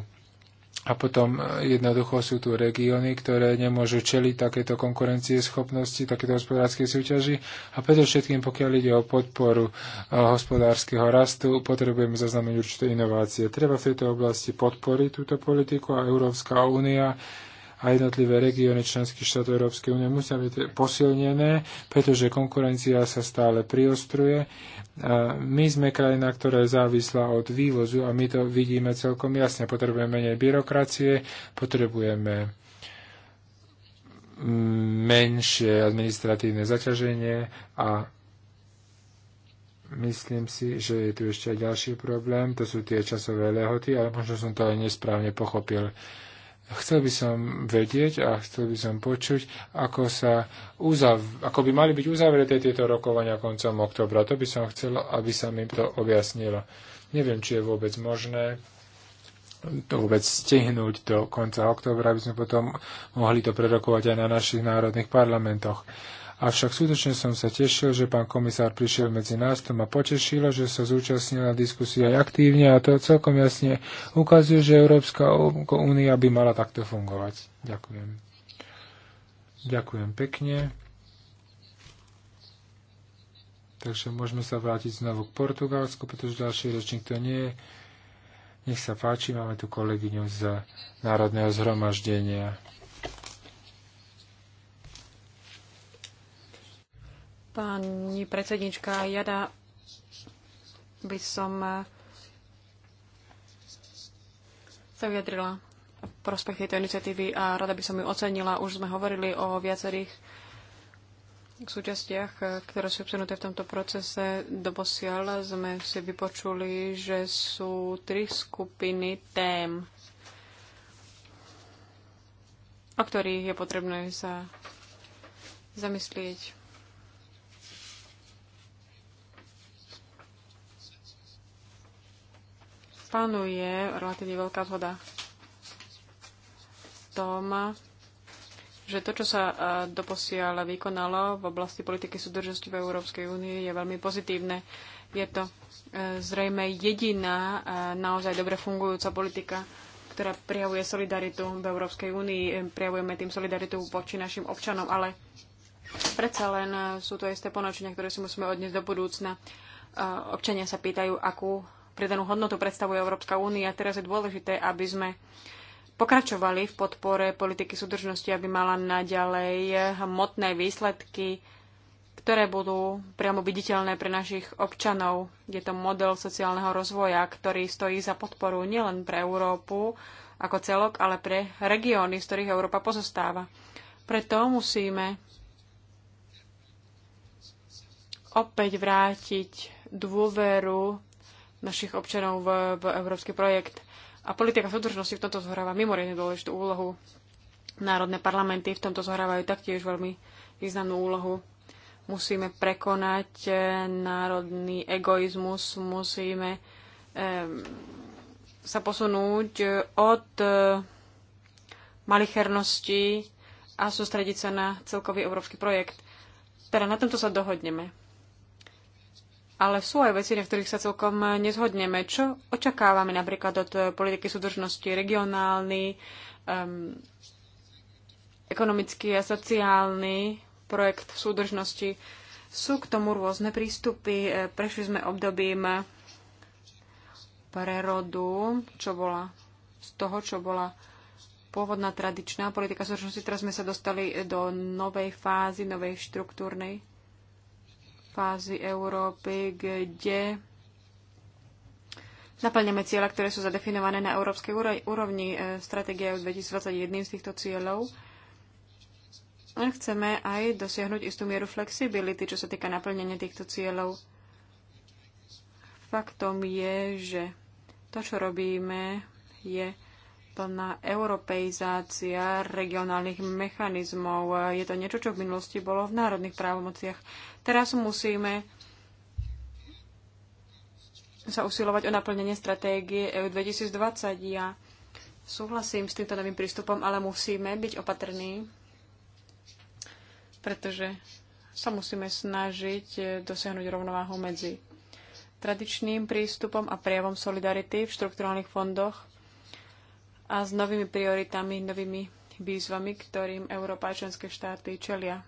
A potom e, jednoducho sú tu regióny, ktoré nemôžu čeliť takéto konkurencie schopnosti, takéto hospodárskej súťaži. A predovšetkým, pokiaľ ide o podporu e, hospodárskeho rastu, potrebujeme zaznamenúť určité inovácie. Treba v tejto oblasti podporiť túto politiku a Európska únia a jednotlivé regióny členských štátov Európskej únie musia byť posilnené, pretože konkurencia sa stále priostruje. My sme krajina, ktorá je závislá od vývozu a my to vidíme celkom jasne. Potrebujeme menej byrokracie, potrebujeme mm, menšie administratívne zaťaženie a myslím si, že je tu ešte aj ďalší problém, to sú tie časové lehoty, ale možno som to aj nesprávne pochopil. Uh, Chcel by som vedieť a chcel by som počuť, ako, sa uzav- ako by mali byť uzavreté tieto rokovania koncom oktobra. To by som chcel, aby sa mi to objasnilo. Neviem, či je vôbec možné to vôbec stihnúť do konca oktobra, aby sme potom mohli to prerokovať aj na našich národných parlamentoch. Avšak skutočne som sa tešil, že pán komisár prišiel medzi nás, to ma potešilo, že sa zúčastnila diskusii aj aktívne a to celkom jasne ukazuje, že Európska únia by mala takto fungovať. Ďakujem. Ďakujem pekne. Takže môžeme sa vrátiť znovu k Portugalsku, pretože ďalší ročník to nie je. Nech sa páči, máme tu kolegyňu z Národného zhromaždenia. Pani predsednička, Jada by som eh, sa vyjadrila v prospech tejto iniciatívy a rada by som ju ocenila. Už sme hovorili o viacerých súčastiach, eh, ktoré sú obsahnuté v tomto procese. do Doposiaľ sme si vypočuli, že sú tri skupiny tém, o ktorých je potrebné sa zamyslieť. panuje relatívne veľká zhoda v tom, že to, čo sa e, doposiaľ vykonalo v oblasti politiky súdržnosti v Európskej únii, je veľmi pozitívne. Je to e, zrejme jediná e, naozaj dobre fungujúca politika, ktorá prijavuje solidaritu v Európskej únii. Prijavujeme tým solidaritu voči našim občanom, ale predsa len sú to isté ponočenia, ktoré si musíme odniesť do budúcna. Občania sa pýtajú, akú pridanú hodnotu predstavuje Európska únia. Teraz je dôležité, aby sme pokračovali v podpore politiky súdržnosti, aby mala naďalej hmotné výsledky, ktoré budú priamo viditeľné pre našich občanov. Je to model sociálneho rozvoja, ktorý stojí za podporu nielen pre Európu ako celok, ale pre regióny, z ktorých Európa pozostáva. Preto musíme opäť vrátiť dôveru našich občanov v, v európsky projekt. A politika súdržnosti v tomto zohráva mimoriadne dôležitú úlohu. Národné parlamenty v tomto zohrávajú taktiež veľmi významnú úlohu. Musíme prekonať eh, národný egoizmus, musíme eh, sa posunúť eh, od eh, malichernosti a sústrediť sa na celkový európsky projekt. Teda na tomto sa dohodneme ale sú aj veci, na ktorých sa celkom nezhodneme. Čo očakávame napríklad od eh, politiky súdržnosti regionálny, um, ekonomický a sociálny projekt v súdržnosti? Sú k tomu rôzne prístupy. Eh, prešli sme obdobím prerodu, čo bola z toho, čo bola pôvodná tradičná politika súdržnosti. Teraz sme sa dostali do novej fázy, novej štruktúrnej fázy Európy, kde naplňame cieľa, ktoré sú zadefinované na európskej úrovni. E, stratégie 2021 z týchto cieľov. A chceme aj dosiahnuť istú mieru flexibility, čo sa týka naplnenia týchto cieľov. Faktom je, že to, čo robíme, je plná europeizácia regionálnych mechanizmov. Je to niečo, čo v minulosti bolo v národných právomociach. Teraz musíme sa usilovať o naplnenie stratégie EU 2020. Ja súhlasím s týmto novým prístupom, ale musíme byť opatrní, pretože sa musíme snažiť dosiahnuť rovnováhu medzi tradičným prístupom a prejavom solidarity v štrukturálnych fondoch a s novými prioritami, novými výzvami, ktorým Európa a členské štáty čelia.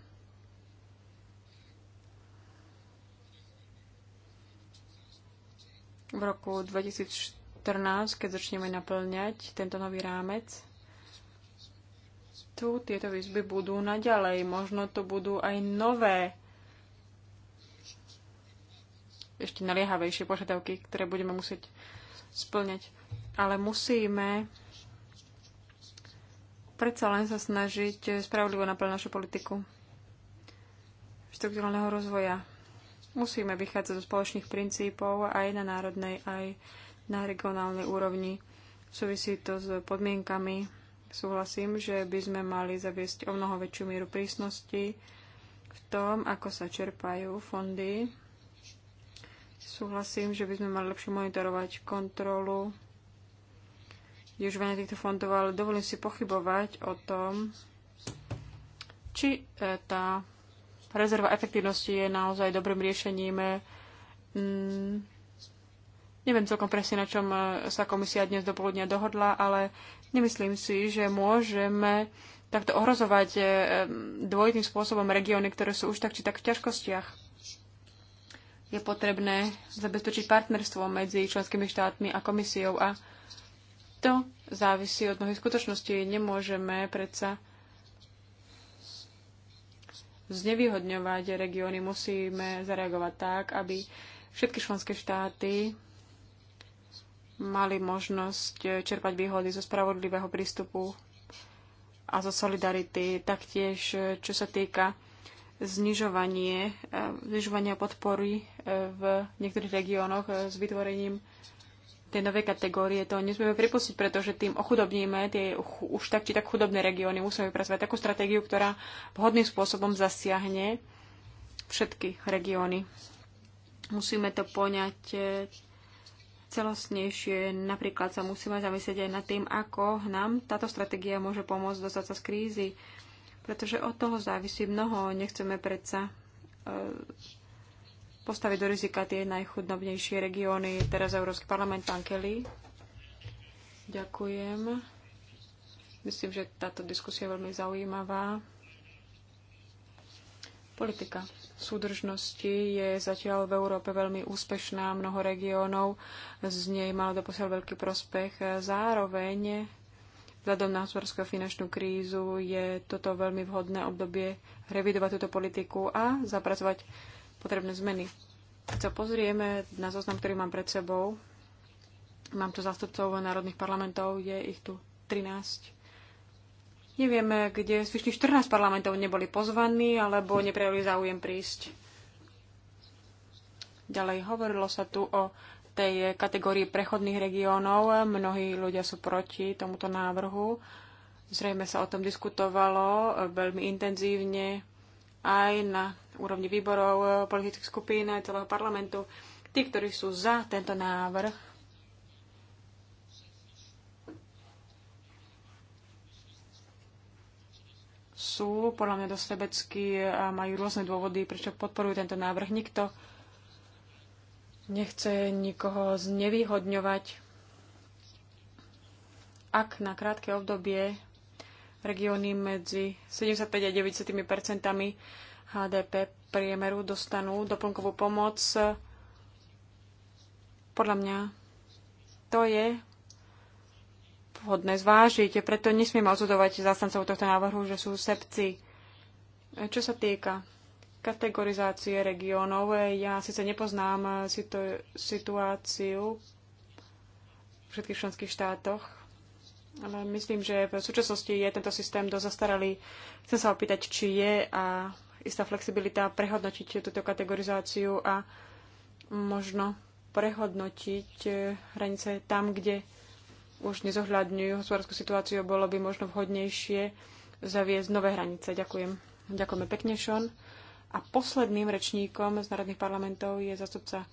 V roku 2014, keď začneme naplňať tento nový rámec, tu tieto výzby budú naďalej. Možno to budú aj nové, ešte naliehavejšie požiadavky, ktoré budeme musieť splňať. Ale musíme predsa len sa snažiť spravodlivo naplniť našu politiku štruktúrneho rozvoja. Musíme vychádzať zo spoločných princípov aj na národnej, aj na regionálnej úrovni. Súvisí to s podmienkami. Súhlasím, že by sme mali zaviesť o mnoho väčšiu mieru prísnosti v tom, ako sa čerpajú fondy. Súhlasím, že by sme mali lepšie monitorovať kontrolu využívania týchto fondov, ale dovolím si pochybovať o tom, či e, tá rezerva efektívnosti je naozaj dobrým riešením. Mm, neviem celkom presne, na čom e, sa komisia dnes do poludnia dohodla, ale nemyslím si, že môžeme takto ohrozovať e, dvojitým spôsobom regióny, ktoré sú už tak či tak v ťažkostiach je potrebné zabezpečiť partnerstvo medzi členskými štátmi a komisiou a to závisí od mnohých skutočností. Nemôžeme predsa znevýhodňovať regióny. Musíme zareagovať tak, aby všetky členské štáty mali možnosť čerpať výhody zo spravodlivého prístupu a zo solidarity. Taktiež, čo sa týka znižovanie, eh, znižovania podpory eh, v niektorých regiónoch eh, s vytvorením tie nové kategórie, to nesmieme pripustiť, pretože tým ochudobníme tie už tak či tak chudobné regióny. Musíme vypracovať takú stratégiu, ktorá vhodným spôsobom zasiahne všetky regióny. Musíme to poňať e, celostnejšie. Napríklad sa musíme zamyslieť aj nad tým, ako nám táto stratégia môže pomôcť dostať sa z krízy. Pretože od toho závisí mnoho. Nechceme predsa e, postaviť do rizika tie najchudobnejšie regióny. Teraz Európsky parlament, pán Kelly. Ďakujem. Myslím, že táto diskusia je veľmi zaujímavá. Politika súdržnosti je zatiaľ v Európe veľmi úspešná. Mnoho regiónov z nej malo doposiaľ veľký prospech. Zároveň vzhľadom na hospodárskú finančnú krízu je toto veľmi vhodné obdobie revidovať túto politiku a zapracovať potrebné zmeny. Keď sa pozrieme na zoznam, ktorý mám pred sebou, mám tu zastupcov národných parlamentov, je ich tu 13. Nevieme, kde zvyšných 14 parlamentov neboli pozvaní alebo neprejavili záujem prísť. Ďalej hovorilo sa tu o tej kategórii prechodných regiónov. Mnohí ľudia sú proti tomuto návrhu. Zrejme sa o tom diskutovalo veľmi intenzívne aj na úrovni výborov, eh, politických skupín aj celého parlamentu. Tí, ktorí sú za tento návrh, sú podľa mňa dosť sebeckí a majú rôzne dôvody, prečo podporujú tento návrh. Nikto nechce nikoho znevýhodňovať. Ak na krátke obdobie regióny medzi 75 a 90 percentami HDP priemeru dostanú doplnkovú pomoc. Podľa mňa to je vhodné zvážiť, preto nesmiem odsudovať zástancov tohto návrhu, že sú sepci. Čo sa týka kategorizácie regiónov, ja síce nepoznám situ- situáciu v všetkých členských štátoch, ale myslím, že v súčasnosti je tento systém dosť zastaralý. Chcem sa opýtať, či je a istá flexibilita prehodnotiť túto kategorizáciu a možno prehodnotiť e, hranice tam, kde už nezohľadňujú hospodárskú situáciu, bolo by možno vhodnejšie zaviesť nové hranice. Ďakujem. Ďakujeme pekne, Šon. A posledným rečníkom z národných parlamentov je zastupca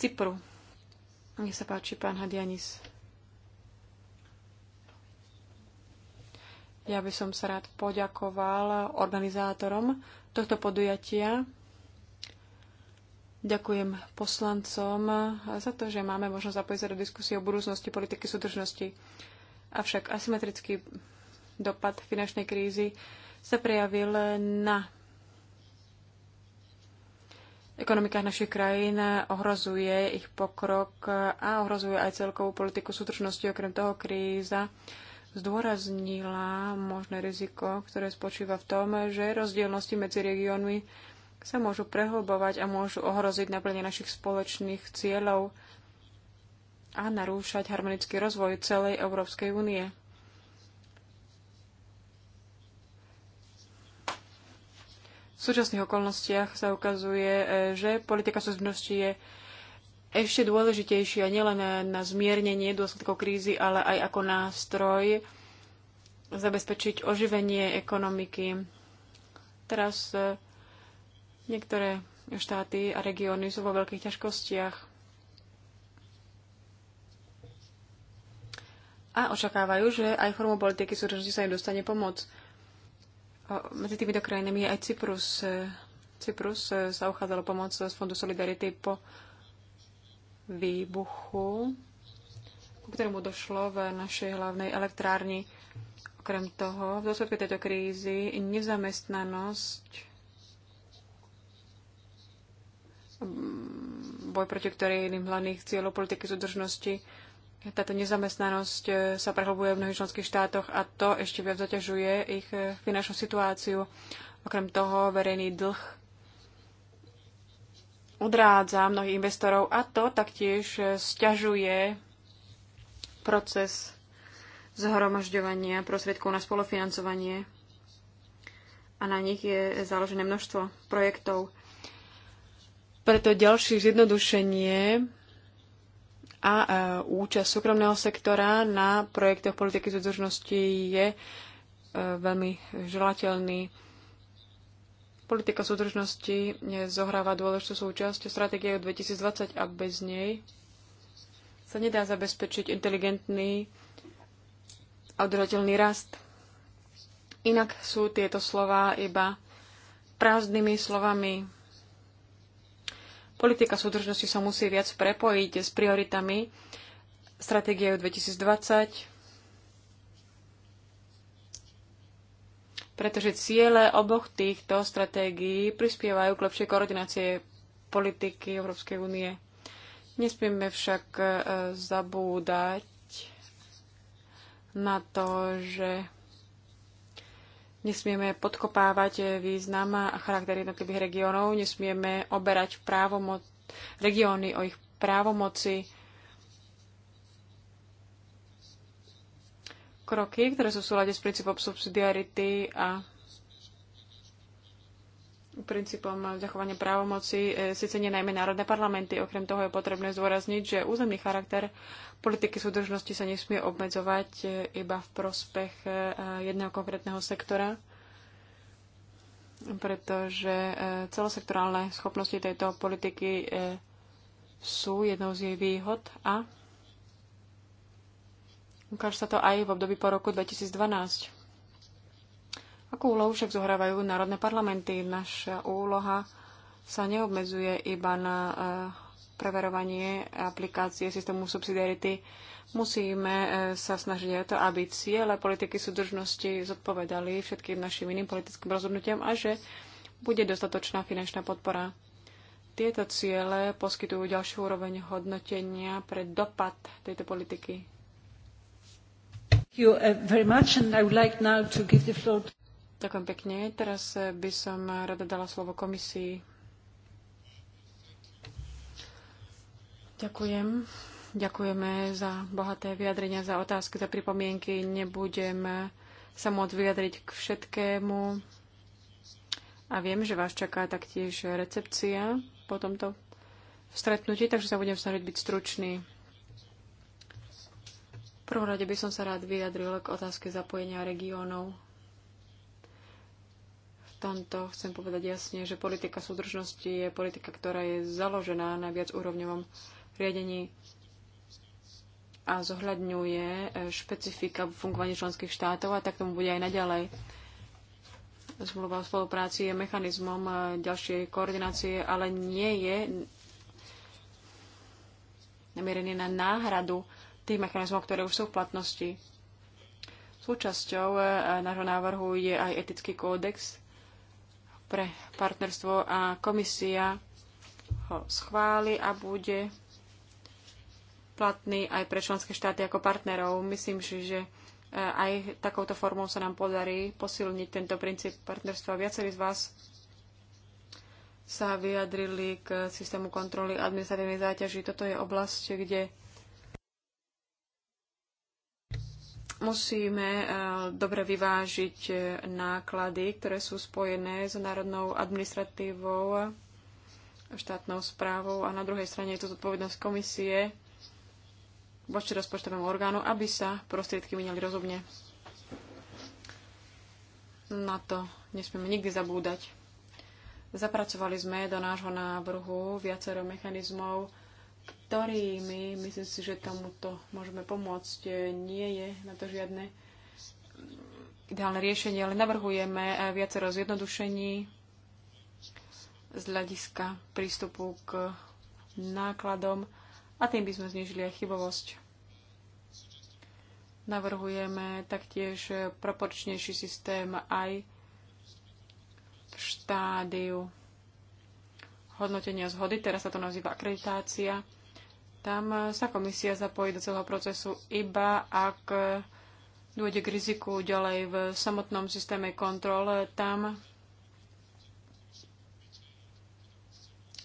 Cypru. Nech sa páči, pán Hadianis. Ja by som sa rád poďakoval organizátorom tohto podujatia. Ďakujem poslancom za to, že máme možnosť zapojiť sa do diskusie o budúcnosti politiky súdržnosti. Avšak asymetrický dopad finančnej krízy sa prejavil na ekonomikách našich krajín ohrozuje ich pokrok a ohrozuje aj celkovú politiku súdržnosti. Okrem toho kríza zdôraznila možné riziko, ktoré spočíva v tom, že rozdielnosti medzi regiónmi sa môžu prehlbovať a môžu ohroziť naplnenie našich spoločných cieľov a narúšať harmonický rozvoj celej Európskej únie. V súčasných okolnostiach sa ukazuje, že politika súdnosti je ešte dôležitejšia nielen na zmiernenie dôsledkov krízy, ale aj ako nástroj zabezpečiť oživenie ekonomiky. Teraz e, niektoré štáty a regióny sú vo veľkých ťažkostiach. a očakávajú, že aj formou politiky súdržnosti sa im dostane pomoc. Medzi týmito krajinami je aj Cyprus. E, Cyprus e, sa uchádzalo pomoc z Fondu Solidarity po výbuchu, ku ktorému došlo v našej hlavnej elektrárni. Okrem toho, v dôsledku tejto krízy nezamestnanosť mm, boj proti ktorej jedným hlavných cieľov politiky súdržnosti. Táto nezamestnanosť e, sa prehlbuje v mnohých členských štátoch a to ešte viac zaťažuje ich e, finančnú situáciu. Okrem toho verejný dlh odrádza mnohých investorov a to taktiež e, stiažuje proces zhromažďovania prostriedkov na spolufinancovanie a na nich je založené množstvo projektov. Preto ďalšie zjednodušenie a e, účasť súkromného sektora na projektoch politiky súdržnosti je e, veľmi želateľný. Politika súdržnosti zohráva dôležitú súčasť stratégie 2020 a bez nej sa nedá zabezpečiť inteligentný a udržateľný rast. Inak sú tieto slova iba prázdnymi slovami. Politika súdržnosti sa musí viac prepojiť s prioritami stratégie 2020 pretože ciele oboch týchto stratégií prispievajú k lepšej koordinácie politiky Európskej únie. Nesmieme však e, zabúdať na to, že nesmieme podkopávať význam a charakter jednotlivých regiónov, nesmieme oberať právomoc, regióny o ich právomoci, kroky, ktoré sú v súlade s princípom subsidiarity a princípom zachovania právomoci e, síce nie najmä národné parlamenty. Okrem toho je potrebné zdôrazniť, že územný charakter politiky súdržnosti sa nesmie obmedzovať e, iba v prospech e, jedného konkrétneho sektora, pretože celosektorálne schopnosti tejto politiky sú jednou z jej výhod a Ukáže sa to aj v období po roku 2012. Akú úlohu však zohrávajú národné parlamenty? Naša úloha sa neobmedzuje iba na eh, preverovanie aplikácie systému subsidiarity. Musíme eh, sa snažiť o to, aby ciele politiky súdržnosti zodpovedali všetkým našim iným politickým rozhodnutiam a že bude dostatočná finančná podpora. Tieto ciele poskytujú ďalšiu úroveň hodnotenia pre dopad tejto politiky. Uh, Ďakujem pekne. Teraz eh, by som eh, rada dala slovo komisii. Ďakujem. Ďakujeme za bohaté vyjadrenia, za otázky, za pripomienky. Nebudem eh, sa môcť vyjadriť k všetkému. A viem, že vás čaká taktiež recepcia po tomto stretnutí, takže sa budem snažiť byť stručný prvom rade by som sa rád vyjadril k otázke zapojenia regiónov. V tomto chcem povedať jasne, že politika súdržnosti je politika, ktorá je založená na viac úrovňovom riadení a zohľadňuje eh, špecifika fungovania členských štátov a tak tomu bude aj naďalej. Zmluva o spolupráci je mechanizmom eh, ďalšej koordinácie, ale nie je namierený na náhradu tých mechanizmov, ktoré už sú v platnosti. Súčasťou e, nášho návrhu je aj etický kódex pre partnerstvo a komisia ho schváli a bude platný aj pre členské štáty ako partnerov. Myslím si, že e, aj takouto formou sa nám podarí posilniť tento princíp partnerstva. Viacerí z vás sa vyjadrili k systému kontroly administratívnej záťaži. Toto je oblasť, kde musíme eh, dobre vyvážiť eh, náklady, ktoré sú spojené s národnou administratívou, štátnou správou a na druhej strane je to zodpovednosť komisie voči rozpočtovému orgánu, aby sa prostriedky minali rozumne. Na to nesmieme nikdy zabúdať. Zapracovali sme do nášho návrhu viacero mechanizmov, ktorými, myslím si, že tomuto môžeme pomôcť. Eh, nie je na to žiadne mm, ideálne riešenie, ale navrhujeme eh, viacero zjednodušení z hľadiska prístupu k nákladom a tým by sme znižili aj chybovosť. Navrhujeme taktiež eh, proporčnejší systém aj v štádiu hodnotenia zhody, teraz sa to nazýva akreditácia. Tam eh, sa komisia zapojí do celého procesu iba ak eh, dôjde k riziku ďalej v samotnom systéme kontrol. Tam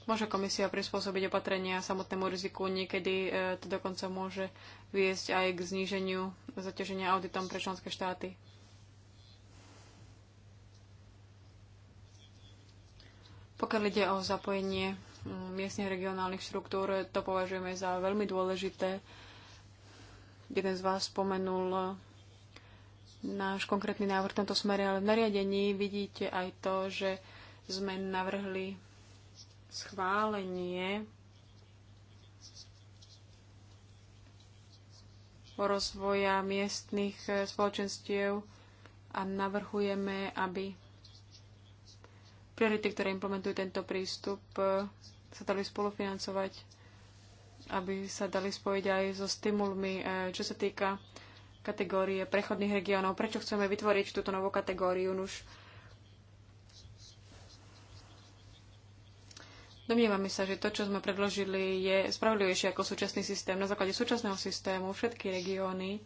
môže komisia prispôsobiť opatrenia samotnému riziku. Niekedy eh, to dokonca môže viesť aj k zníženiu zaťaženia auditom pre členské štáty. Pokiaľ ide o zapojenie mm, miestnych regionálnych štruktúr, to považujeme za veľmi dôležité. Jeden z vás spomenul e, náš konkrétny návrh v tomto smere, ale v nariadení vidíte aj to, že sme navrhli schválenie rozvoja miestnych e, spoločenstiev a navrhujeme, aby priority, ktoré implementujú tento prístup, e, sa dali spolufinancovať, aby sa dali spojiť aj so stimulmi, e, čo sa týka kategórie prechodných regiónov. Prečo chceme vytvoriť túto novú kategóriu? Nuž, Domnievame sa, že to, čo sme predložili, je spravodlivejšie ako súčasný systém. Na základe súčasného systému všetky regióny,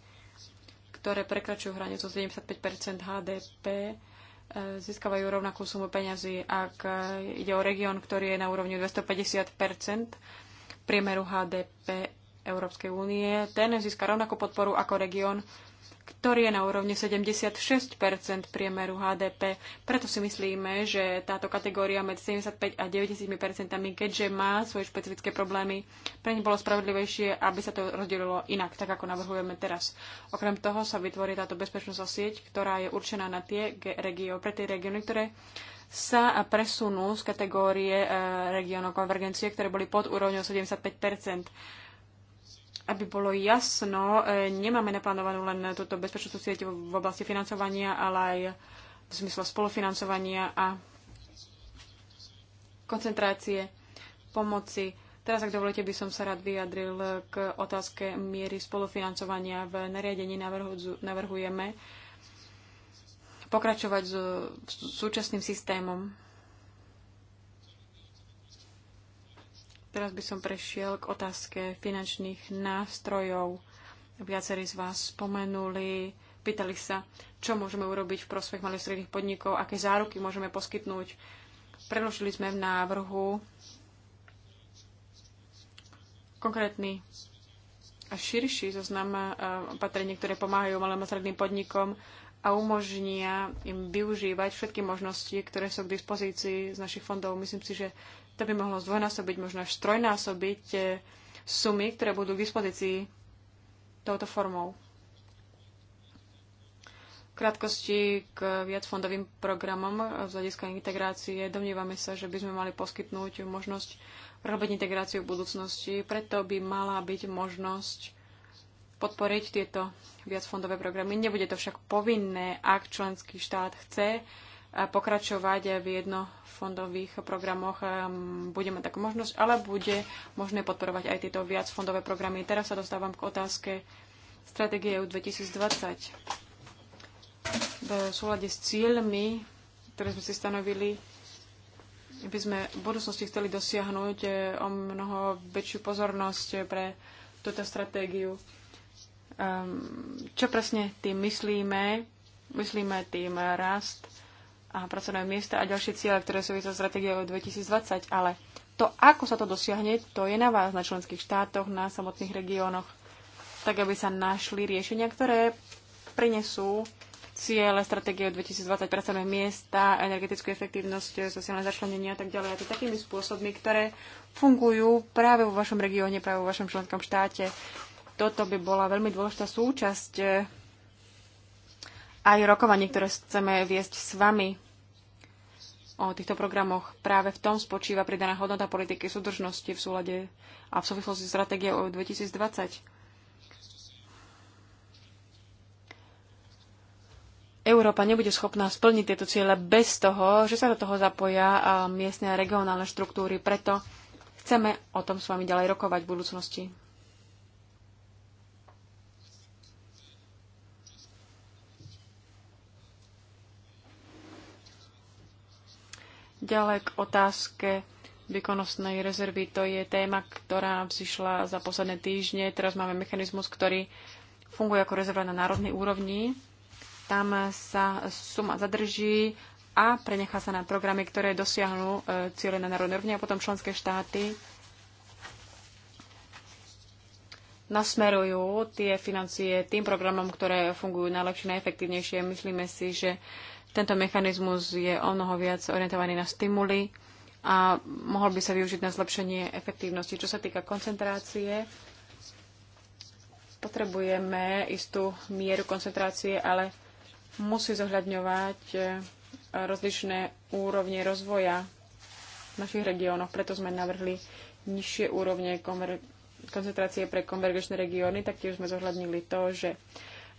ktoré prekračujú hranicu 75 HDP, získavajú rovnakú sumu peňazí. Ak e, ide o región, ktorý je na úrovni 250 priemeru HDP Európskej únie, ten získa rovnakú podporu ako región, ktorý je na úrovni 76 priemeru HDP. Preto si myslíme, že táto kategória medzi 75 a 90 percentami, keďže má svoje špecifické problémy, pre ne bolo spravodlivejšie, aby sa to rozdelilo inak, tak ako navrhujeme teraz. Okrem toho sa vytvorí táto bezpečnostná sieť, ktorá je určená na tie regió, pre tie regióny, ktoré sa presunú z kategórie eh, regiónov konvergencie, ktoré boli pod úrovňou 75 aby bolo jasno, e, nemáme naplánovanú len túto bezpečnostnú sieť v oblasti financovania, ale aj v zmysle spolufinancovania a koncentrácie pomoci. Teraz, ak dovolíte, by som sa rád vyjadril k otázke miery spolufinancovania. V nariadení navrhujeme pokračovať s súčasným systémom Teraz by som prešiel k otázke finančných nástrojov. Viacerí z vás spomenuli, pýtali sa, čo môžeme urobiť v prospech malých stredných podnikov, aké záruky môžeme poskytnúť. Preložili sme v návrhu konkrétny a širší zoznam e, opatrení, ktoré pomáhajú malým a stredným podnikom a umožnia im využívať všetky možnosti, ktoré sú k dispozícii z našich fondov. Myslím si, že to by mohlo zdvojnásobiť, možno až trojnásobiť e, sumy, ktoré budú k dispozícii touto formou. V krátkosti k viacfondovým programom z hľadiska integrácie domnievame sa, že by sme mali poskytnúť možnosť robiť integráciu v budúcnosti, preto by mala byť možnosť podporiť tieto viacfondové programy. Nebude to však povinné, ak členský štát chce pokračovať v jednofondových programoch. Ehm, budeme takú možnosť, ale bude možné podporovať aj tieto viac fondové programy. Teraz sa dostávam k otázke stratégie EU 2020. V súlade s cieľmi, ktoré sme si stanovili, by sme v budúcnosti chceli dosiahnuť eh, o mnoho väčšiu pozornosť pre túto stratégiu. Ehm, čo presne tým myslíme? Myslíme tým rast, a pracovné miesta a ďalšie ciele, ktoré súvisia so stratégiou 2020, ale to, ako sa to dosiahne, to je na vás, na členských štátoch, na samotných regiónoch, tak aby sa našli riešenia, ktoré prinesú ciele stratégie 2020, pracovné miesta, energetickú efektívnosť, sociálne začlenenie a tak ďalej. A to takými spôsobmi, ktoré fungujú práve vo vašom regióne, práve vo vašom členskom štáte. Toto by bola veľmi dôležitá súčasť aj rokovanie, ktoré chceme viesť s vami o týchto programoch. Práve v tom spočíva pridaná hodnota politiky súdržnosti v súlade a v súvislosti s stratégiou 2020. Európa nebude schopná splniť tieto ciele bez toho, že sa do toho zapoja miestne a regionálne štruktúry. Preto chceme o tom s vami ďalej rokovať v budúcnosti. Ďalej k otázke výkonnostnej rezervy. To je téma, ktorá vzýšla za posledné týždne. Teraz máme mechanizmus, ktorý funguje ako rezerva na národnej úrovni. Tam sa suma zadrží a prenechá sa na programy, ktoré dosiahnu e, na národnej úrovni a potom členské štáty nasmerujú tie financie tým programom, ktoré fungujú najlepšie, najefektívnejšie. Myslíme si, že tento mechanizmus je o mnoho viac orientovaný na stimuly a mohol by sa využiť na zlepšenie efektívnosti. Čo sa týka koncentrácie, potrebujeme istú mieru koncentrácie, ale musí zohľadňovať eh, rozličné úrovne rozvoja v našich regiónoch. Preto sme navrhli nižšie úrovne koncentrácie pre konvergenčné regióny. Taktiež sme zohľadnili to, že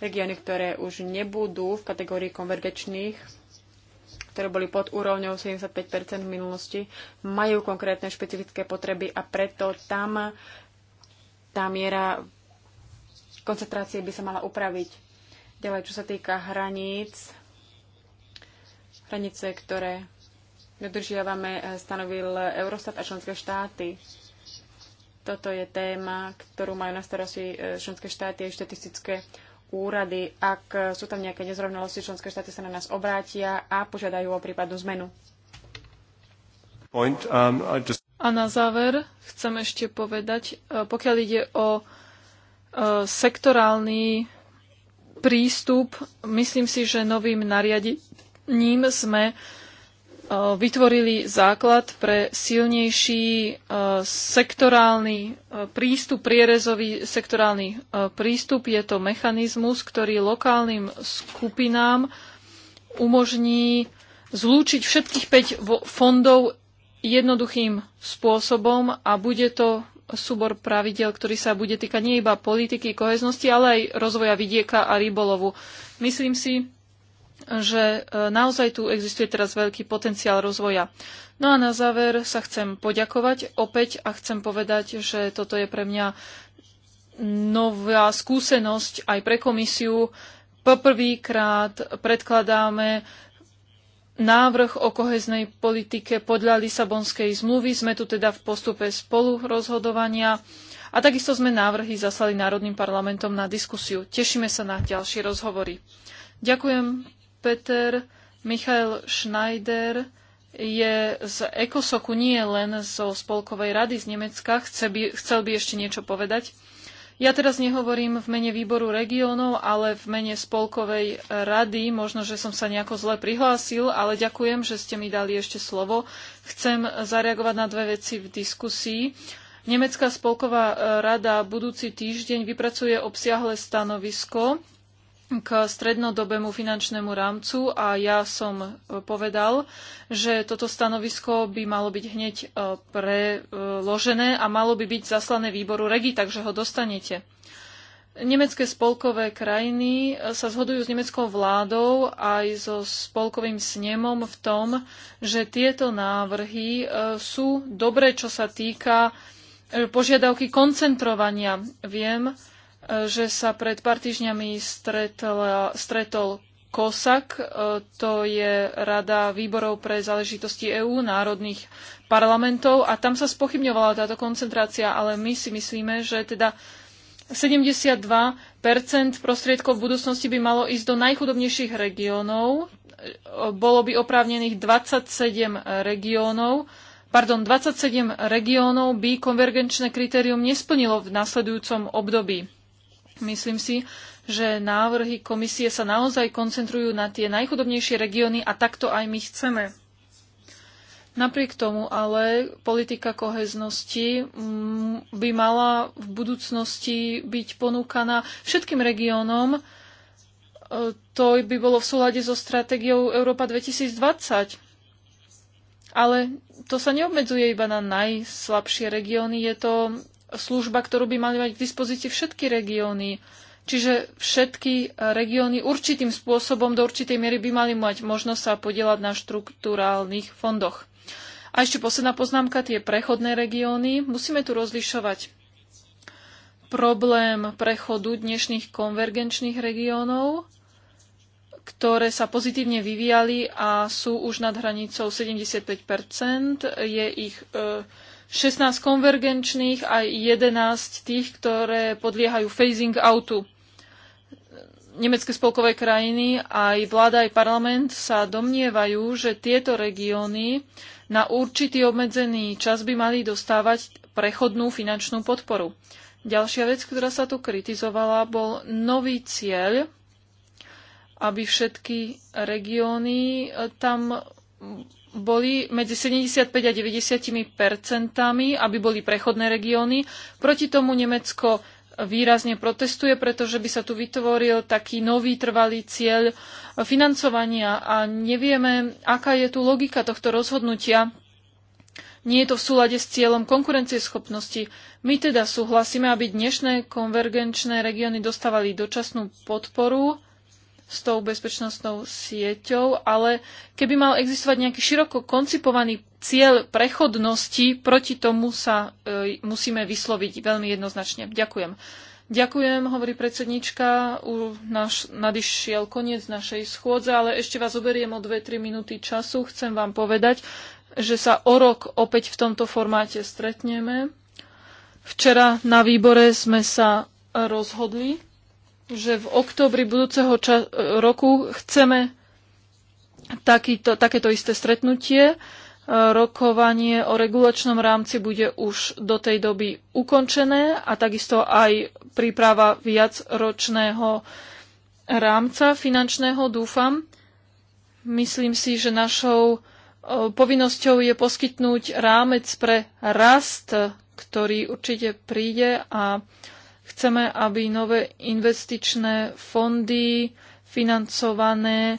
regióny, ktoré už nebudú v kategórii konvergečných, ktoré boli pod úrovňou 75 v minulosti, majú konkrétne špecifické potreby a preto tam tá miera koncentrácie by sa mala upraviť. Ďalej, čo sa týka hraníc, hranice, ktoré dodržiavame, eh, stanovil Eurostat a členské štáty. Toto je téma, ktorú majú na starosti eh, členské štáty a štatistické úrady, ak sú tam nejaké nezrovnalosti, členské štáty sa na nás obrátia a požiadajú o prípadnú zmenu. Point, um, just... A na záver chcem ešte povedať, e, pokiaľ ide o e, sektorálny prístup, myslím si, že novým nariadením sme vytvorili základ pre silnejší sektorálny prístup, prierezový sektorálny prístup. Je to mechanizmus, ktorý lokálnym skupinám umožní zlúčiť všetkých 5 fondov jednoduchým spôsobom a bude to súbor pravidel, ktorý sa bude týkať nie iba politiky koheznosti, ale aj rozvoja vidieka a rybolovu. Myslím si, že e, naozaj tu existuje teraz veľký potenciál rozvoja. No a na záver sa chcem poďakovať opäť a chcem povedať, že toto je pre mňa nová skúsenosť aj pre komisiu. Poprvýkrát predkladáme návrh o koheznej politike podľa Lisabonskej zmluvy. Sme tu teda v postupe spolu rozhodovania a takisto sme návrhy zaslali Národným parlamentom na diskusiu. Tešíme sa na ďalšie rozhovory. Ďakujem Peter, Michael Schneider je z Ekosoku, nie len zo Spolkovej rady z Nemecka. Chce by, chcel by ešte niečo povedať. Ja teraz nehovorím v mene výboru regiónov, ale v mene Spolkovej rady. Možno, že som sa nejako zle prihlásil, ale ďakujem, že ste mi dali ešte slovo. Chcem zareagovať na dve veci v diskusii. Nemecká spolková rada budúci týždeň vypracuje obsiahle stanovisko k strednodobému finančnému rámcu a ja som e, povedal, že toto stanovisko by malo byť hneď e, preložené a malo by byť zaslané výboru REGI, takže ho dostanete. Nemecké spolkové krajiny e, sa zhodujú s nemeckou vládou aj so spolkovým snemom v tom, že tieto návrhy sú dobre, čo sa týka požiadavky koncentrovania. Viem, že sa pred pár týždňami stretla, stretol COSAC, e, to je Rada výborov pre záležitosti EÚ, národných parlamentov a tam sa spochybňovala táto koncentrácia, ale my si myslíme, že teda 72 prostriedkov v budúcnosti by malo ísť do najchudobnejších regiónov. E, bolo by oprávnených 27 regiónov pardon, 27 regiónov by konvergenčné kritérium nesplnilo v nasledujúcom období. Myslím si, že návrhy komisie sa naozaj koncentrujú na tie najchudobnejšie regióny a takto aj my chceme. Napriek tomu ale politika koheznosti mm, by mala v budúcnosti byť ponúkaná všetkým regiónom. E, to by bolo v súlade so stratégiou Európa 2020. Ale to sa neobmedzuje iba na najslabšie regióny, je to služba, ktorú by mali mať k dispozícii všetky regióny. Čiže všetky e, regióny určitým spôsobom do určitej miery by mali mať možnosť sa podielať na štruktúrálnych fondoch. A ešte posledná poznámka, tie prechodné regióny. Musíme tu rozlišovať problém prechodu dnešných konvergenčných regiónov, ktoré sa pozitívne vyvíjali a sú už nad hranicou 75 je ich e, 16 konvergenčných a 11 tých, ktoré podliehajú phasing outu. Nemecké spolkové krajiny, aj vláda, aj parlament sa domnievajú, že tieto regióny na určitý obmedzený čas by mali dostávať prechodnú finančnú podporu. Ďalšia vec, ktorá sa tu kritizovala, bol nový cieľ, aby všetky regióny tam boli medzi 75 a 90 percentami, aby boli prechodné regióny. Proti tomu Nemecko výrazne protestuje, pretože by sa tu vytvoril taký nový trvalý cieľ financovania a nevieme, aká je tu logika tohto rozhodnutia. Nie je to v súlade s cieľom konkurencieschopnosti. My teda súhlasíme, aby dnešné konvergenčné regióny dostávali dočasnú podporu s tou bezpečnostnou sieťou, ale keby mal existovať nejaký široko koncipovaný cieľ prechodnosti, proti tomu sa e, musíme vysloviť veľmi jednoznačne. Ďakujem. Ďakujem, hovorí predsednička. U náš, nadišiel koniec našej schôdze, ale ešte vás oberiem o 2-3 minúty času. Chcem vám povedať, že sa o rok opäť v tomto formáte stretneme. Včera na výbore sme sa rozhodli, že v oktobri budúceho roku chceme takýto, takéto isté stretnutie. E, rokovanie o regulačnom rámci bude už do tej doby ukončené a takisto aj príprava viacročného rámca finančného, dúfam. Myslím si, že našou e, povinnosťou je poskytnúť rámec pre rast, ktorý určite príde a Chceme, aby nové investičné fondy financované e,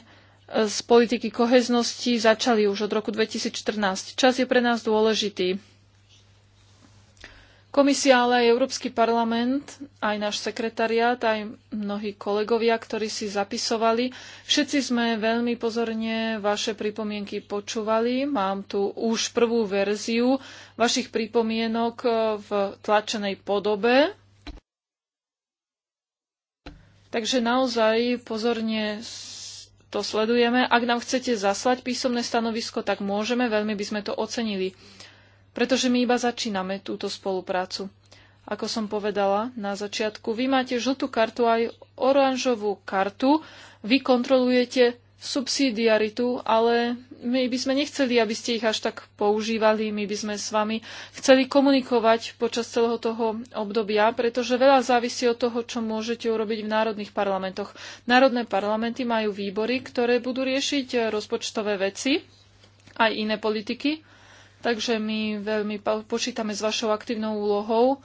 z politiky koheznosti začali už od roku 2014. Čas je pre nás dôležitý. Komisia, ale aj Európsky parlament, aj náš sekretariát, aj mnohí kolegovia, ktorí si zapisovali. Všetci sme veľmi pozorne vaše pripomienky počúvali. Mám tu už prvú verziu vašich pripomienok e, v tlačenej podobe. Takže naozaj pozorne to sledujeme. Ak nám chcete zaslať písomné stanovisko, tak môžeme, veľmi by sme to ocenili. Pretože my iba začíname túto spoluprácu. Ako som povedala na začiatku, vy máte žltú kartu aj oranžovú kartu. Vy kontrolujete subsidiaritu, ale my by sme nechceli, aby ste ich až tak používali, my by sme s vami chceli komunikovať počas celého toho obdobia, pretože veľa závisí od toho, čo môžete urobiť v národných parlamentoch. Národné parlamenty majú výbory, ktoré budú riešiť rozpočtové veci, aj iné politiky, takže my veľmi počítame s vašou aktívnou úlohou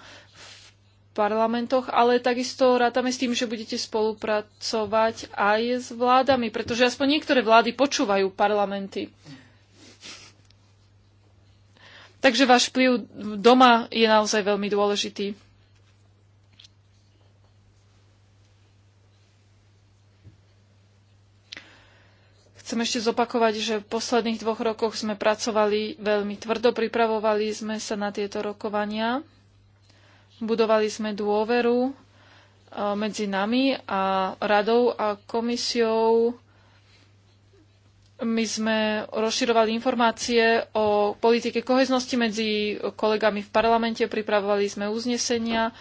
parlamentoch, ale takisto rátame s tým, že budete spolupracovať aj s vládami, pretože aspoň niektoré vlády počúvajú parlamenty. Takže váš vplyv doma je naozaj veľmi dôležitý. Chcem ešte zopakovať, že v posledných dvoch rokoch sme pracovali veľmi tvrdo, pripravovali sme sa na tieto rokovania. Budovali sme dôveru e, medzi nami a radou a komisiou. My sme rozširovali informácie o politike koheznosti medzi kolegami v parlamente, pripravovali sme uznesenia, e,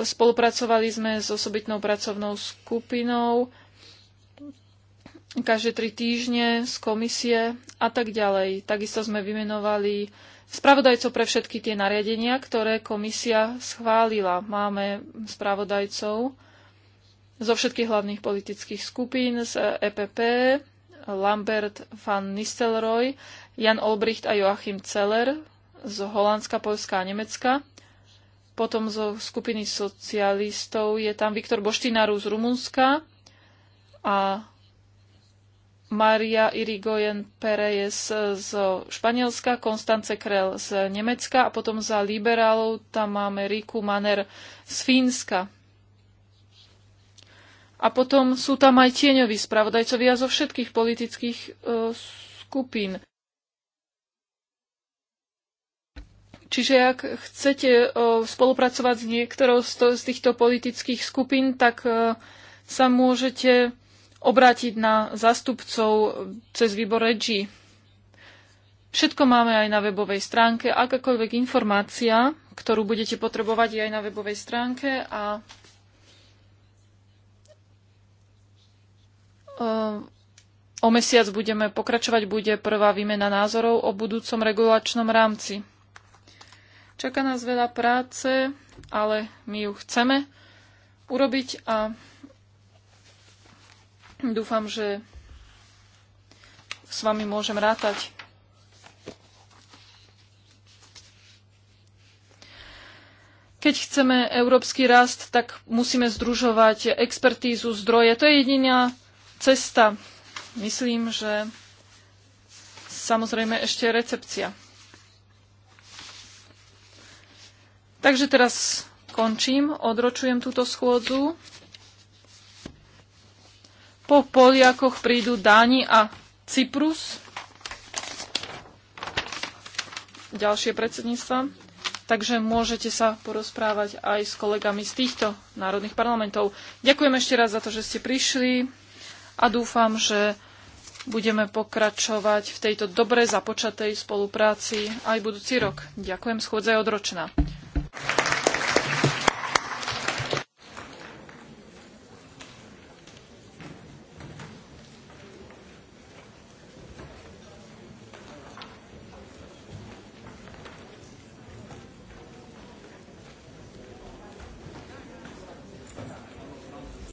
spolupracovali sme s osobitnou pracovnou skupinou každé tri týždne z komisie a tak ďalej. Takisto sme vymenovali spravodajcov pre všetky tie nariadenia, ktoré komisia schválila. Máme spravodajcov zo všetkých hlavných politických skupín, z EPP, Lambert van Nistelrooy, Jan Olbricht a Joachim Celler, z Holandska, Polska a Nemecka. Potom zo skupiny socialistov je tam Viktor Boštinaru z Rumunska a Maria Irigoyen Perez z Španielska, Konstance Krell z Nemecka a potom za liberálov tam máme Riku Maner z Fínska. A potom sú tam aj tieňoví spravodajcovia zo všetkých politických e, skupín. Čiže ak chcete e, spolupracovať s niektorou z, to, z týchto politických skupín, tak e, sa môžete obrátiť na zastupcov cez výbor REGI. Všetko máme aj na webovej stránke. Akákoľvek informácia, ktorú budete potrebovať, je aj na webovej stránke a eh, o mesiac budeme pokračovať, bude prvá výmena názorov o budúcom regulačnom rámci. Čaká nás veľa práce, ale my ju chceme urobiť a Dúfam, že s vami môžem rátať. Keď chceme európsky rast, tak musíme združovať expertízu, zdroje. To je jediná cesta. Myslím, že samozrejme ešte recepcia. Takže teraz končím, odročujem túto schôdzu. Po Poliakoch prídu Dáni a Cyprus. Ďalšie predsedníctva. Takže môžete sa porozprávať aj s kolegami z týchto národných parlamentov. Ďakujem ešte raz za to, že ste prišli a dúfam, že budeme pokračovať v tejto dobre započatej spolupráci aj budúci rok. Ďakujem, schôdza je odročná.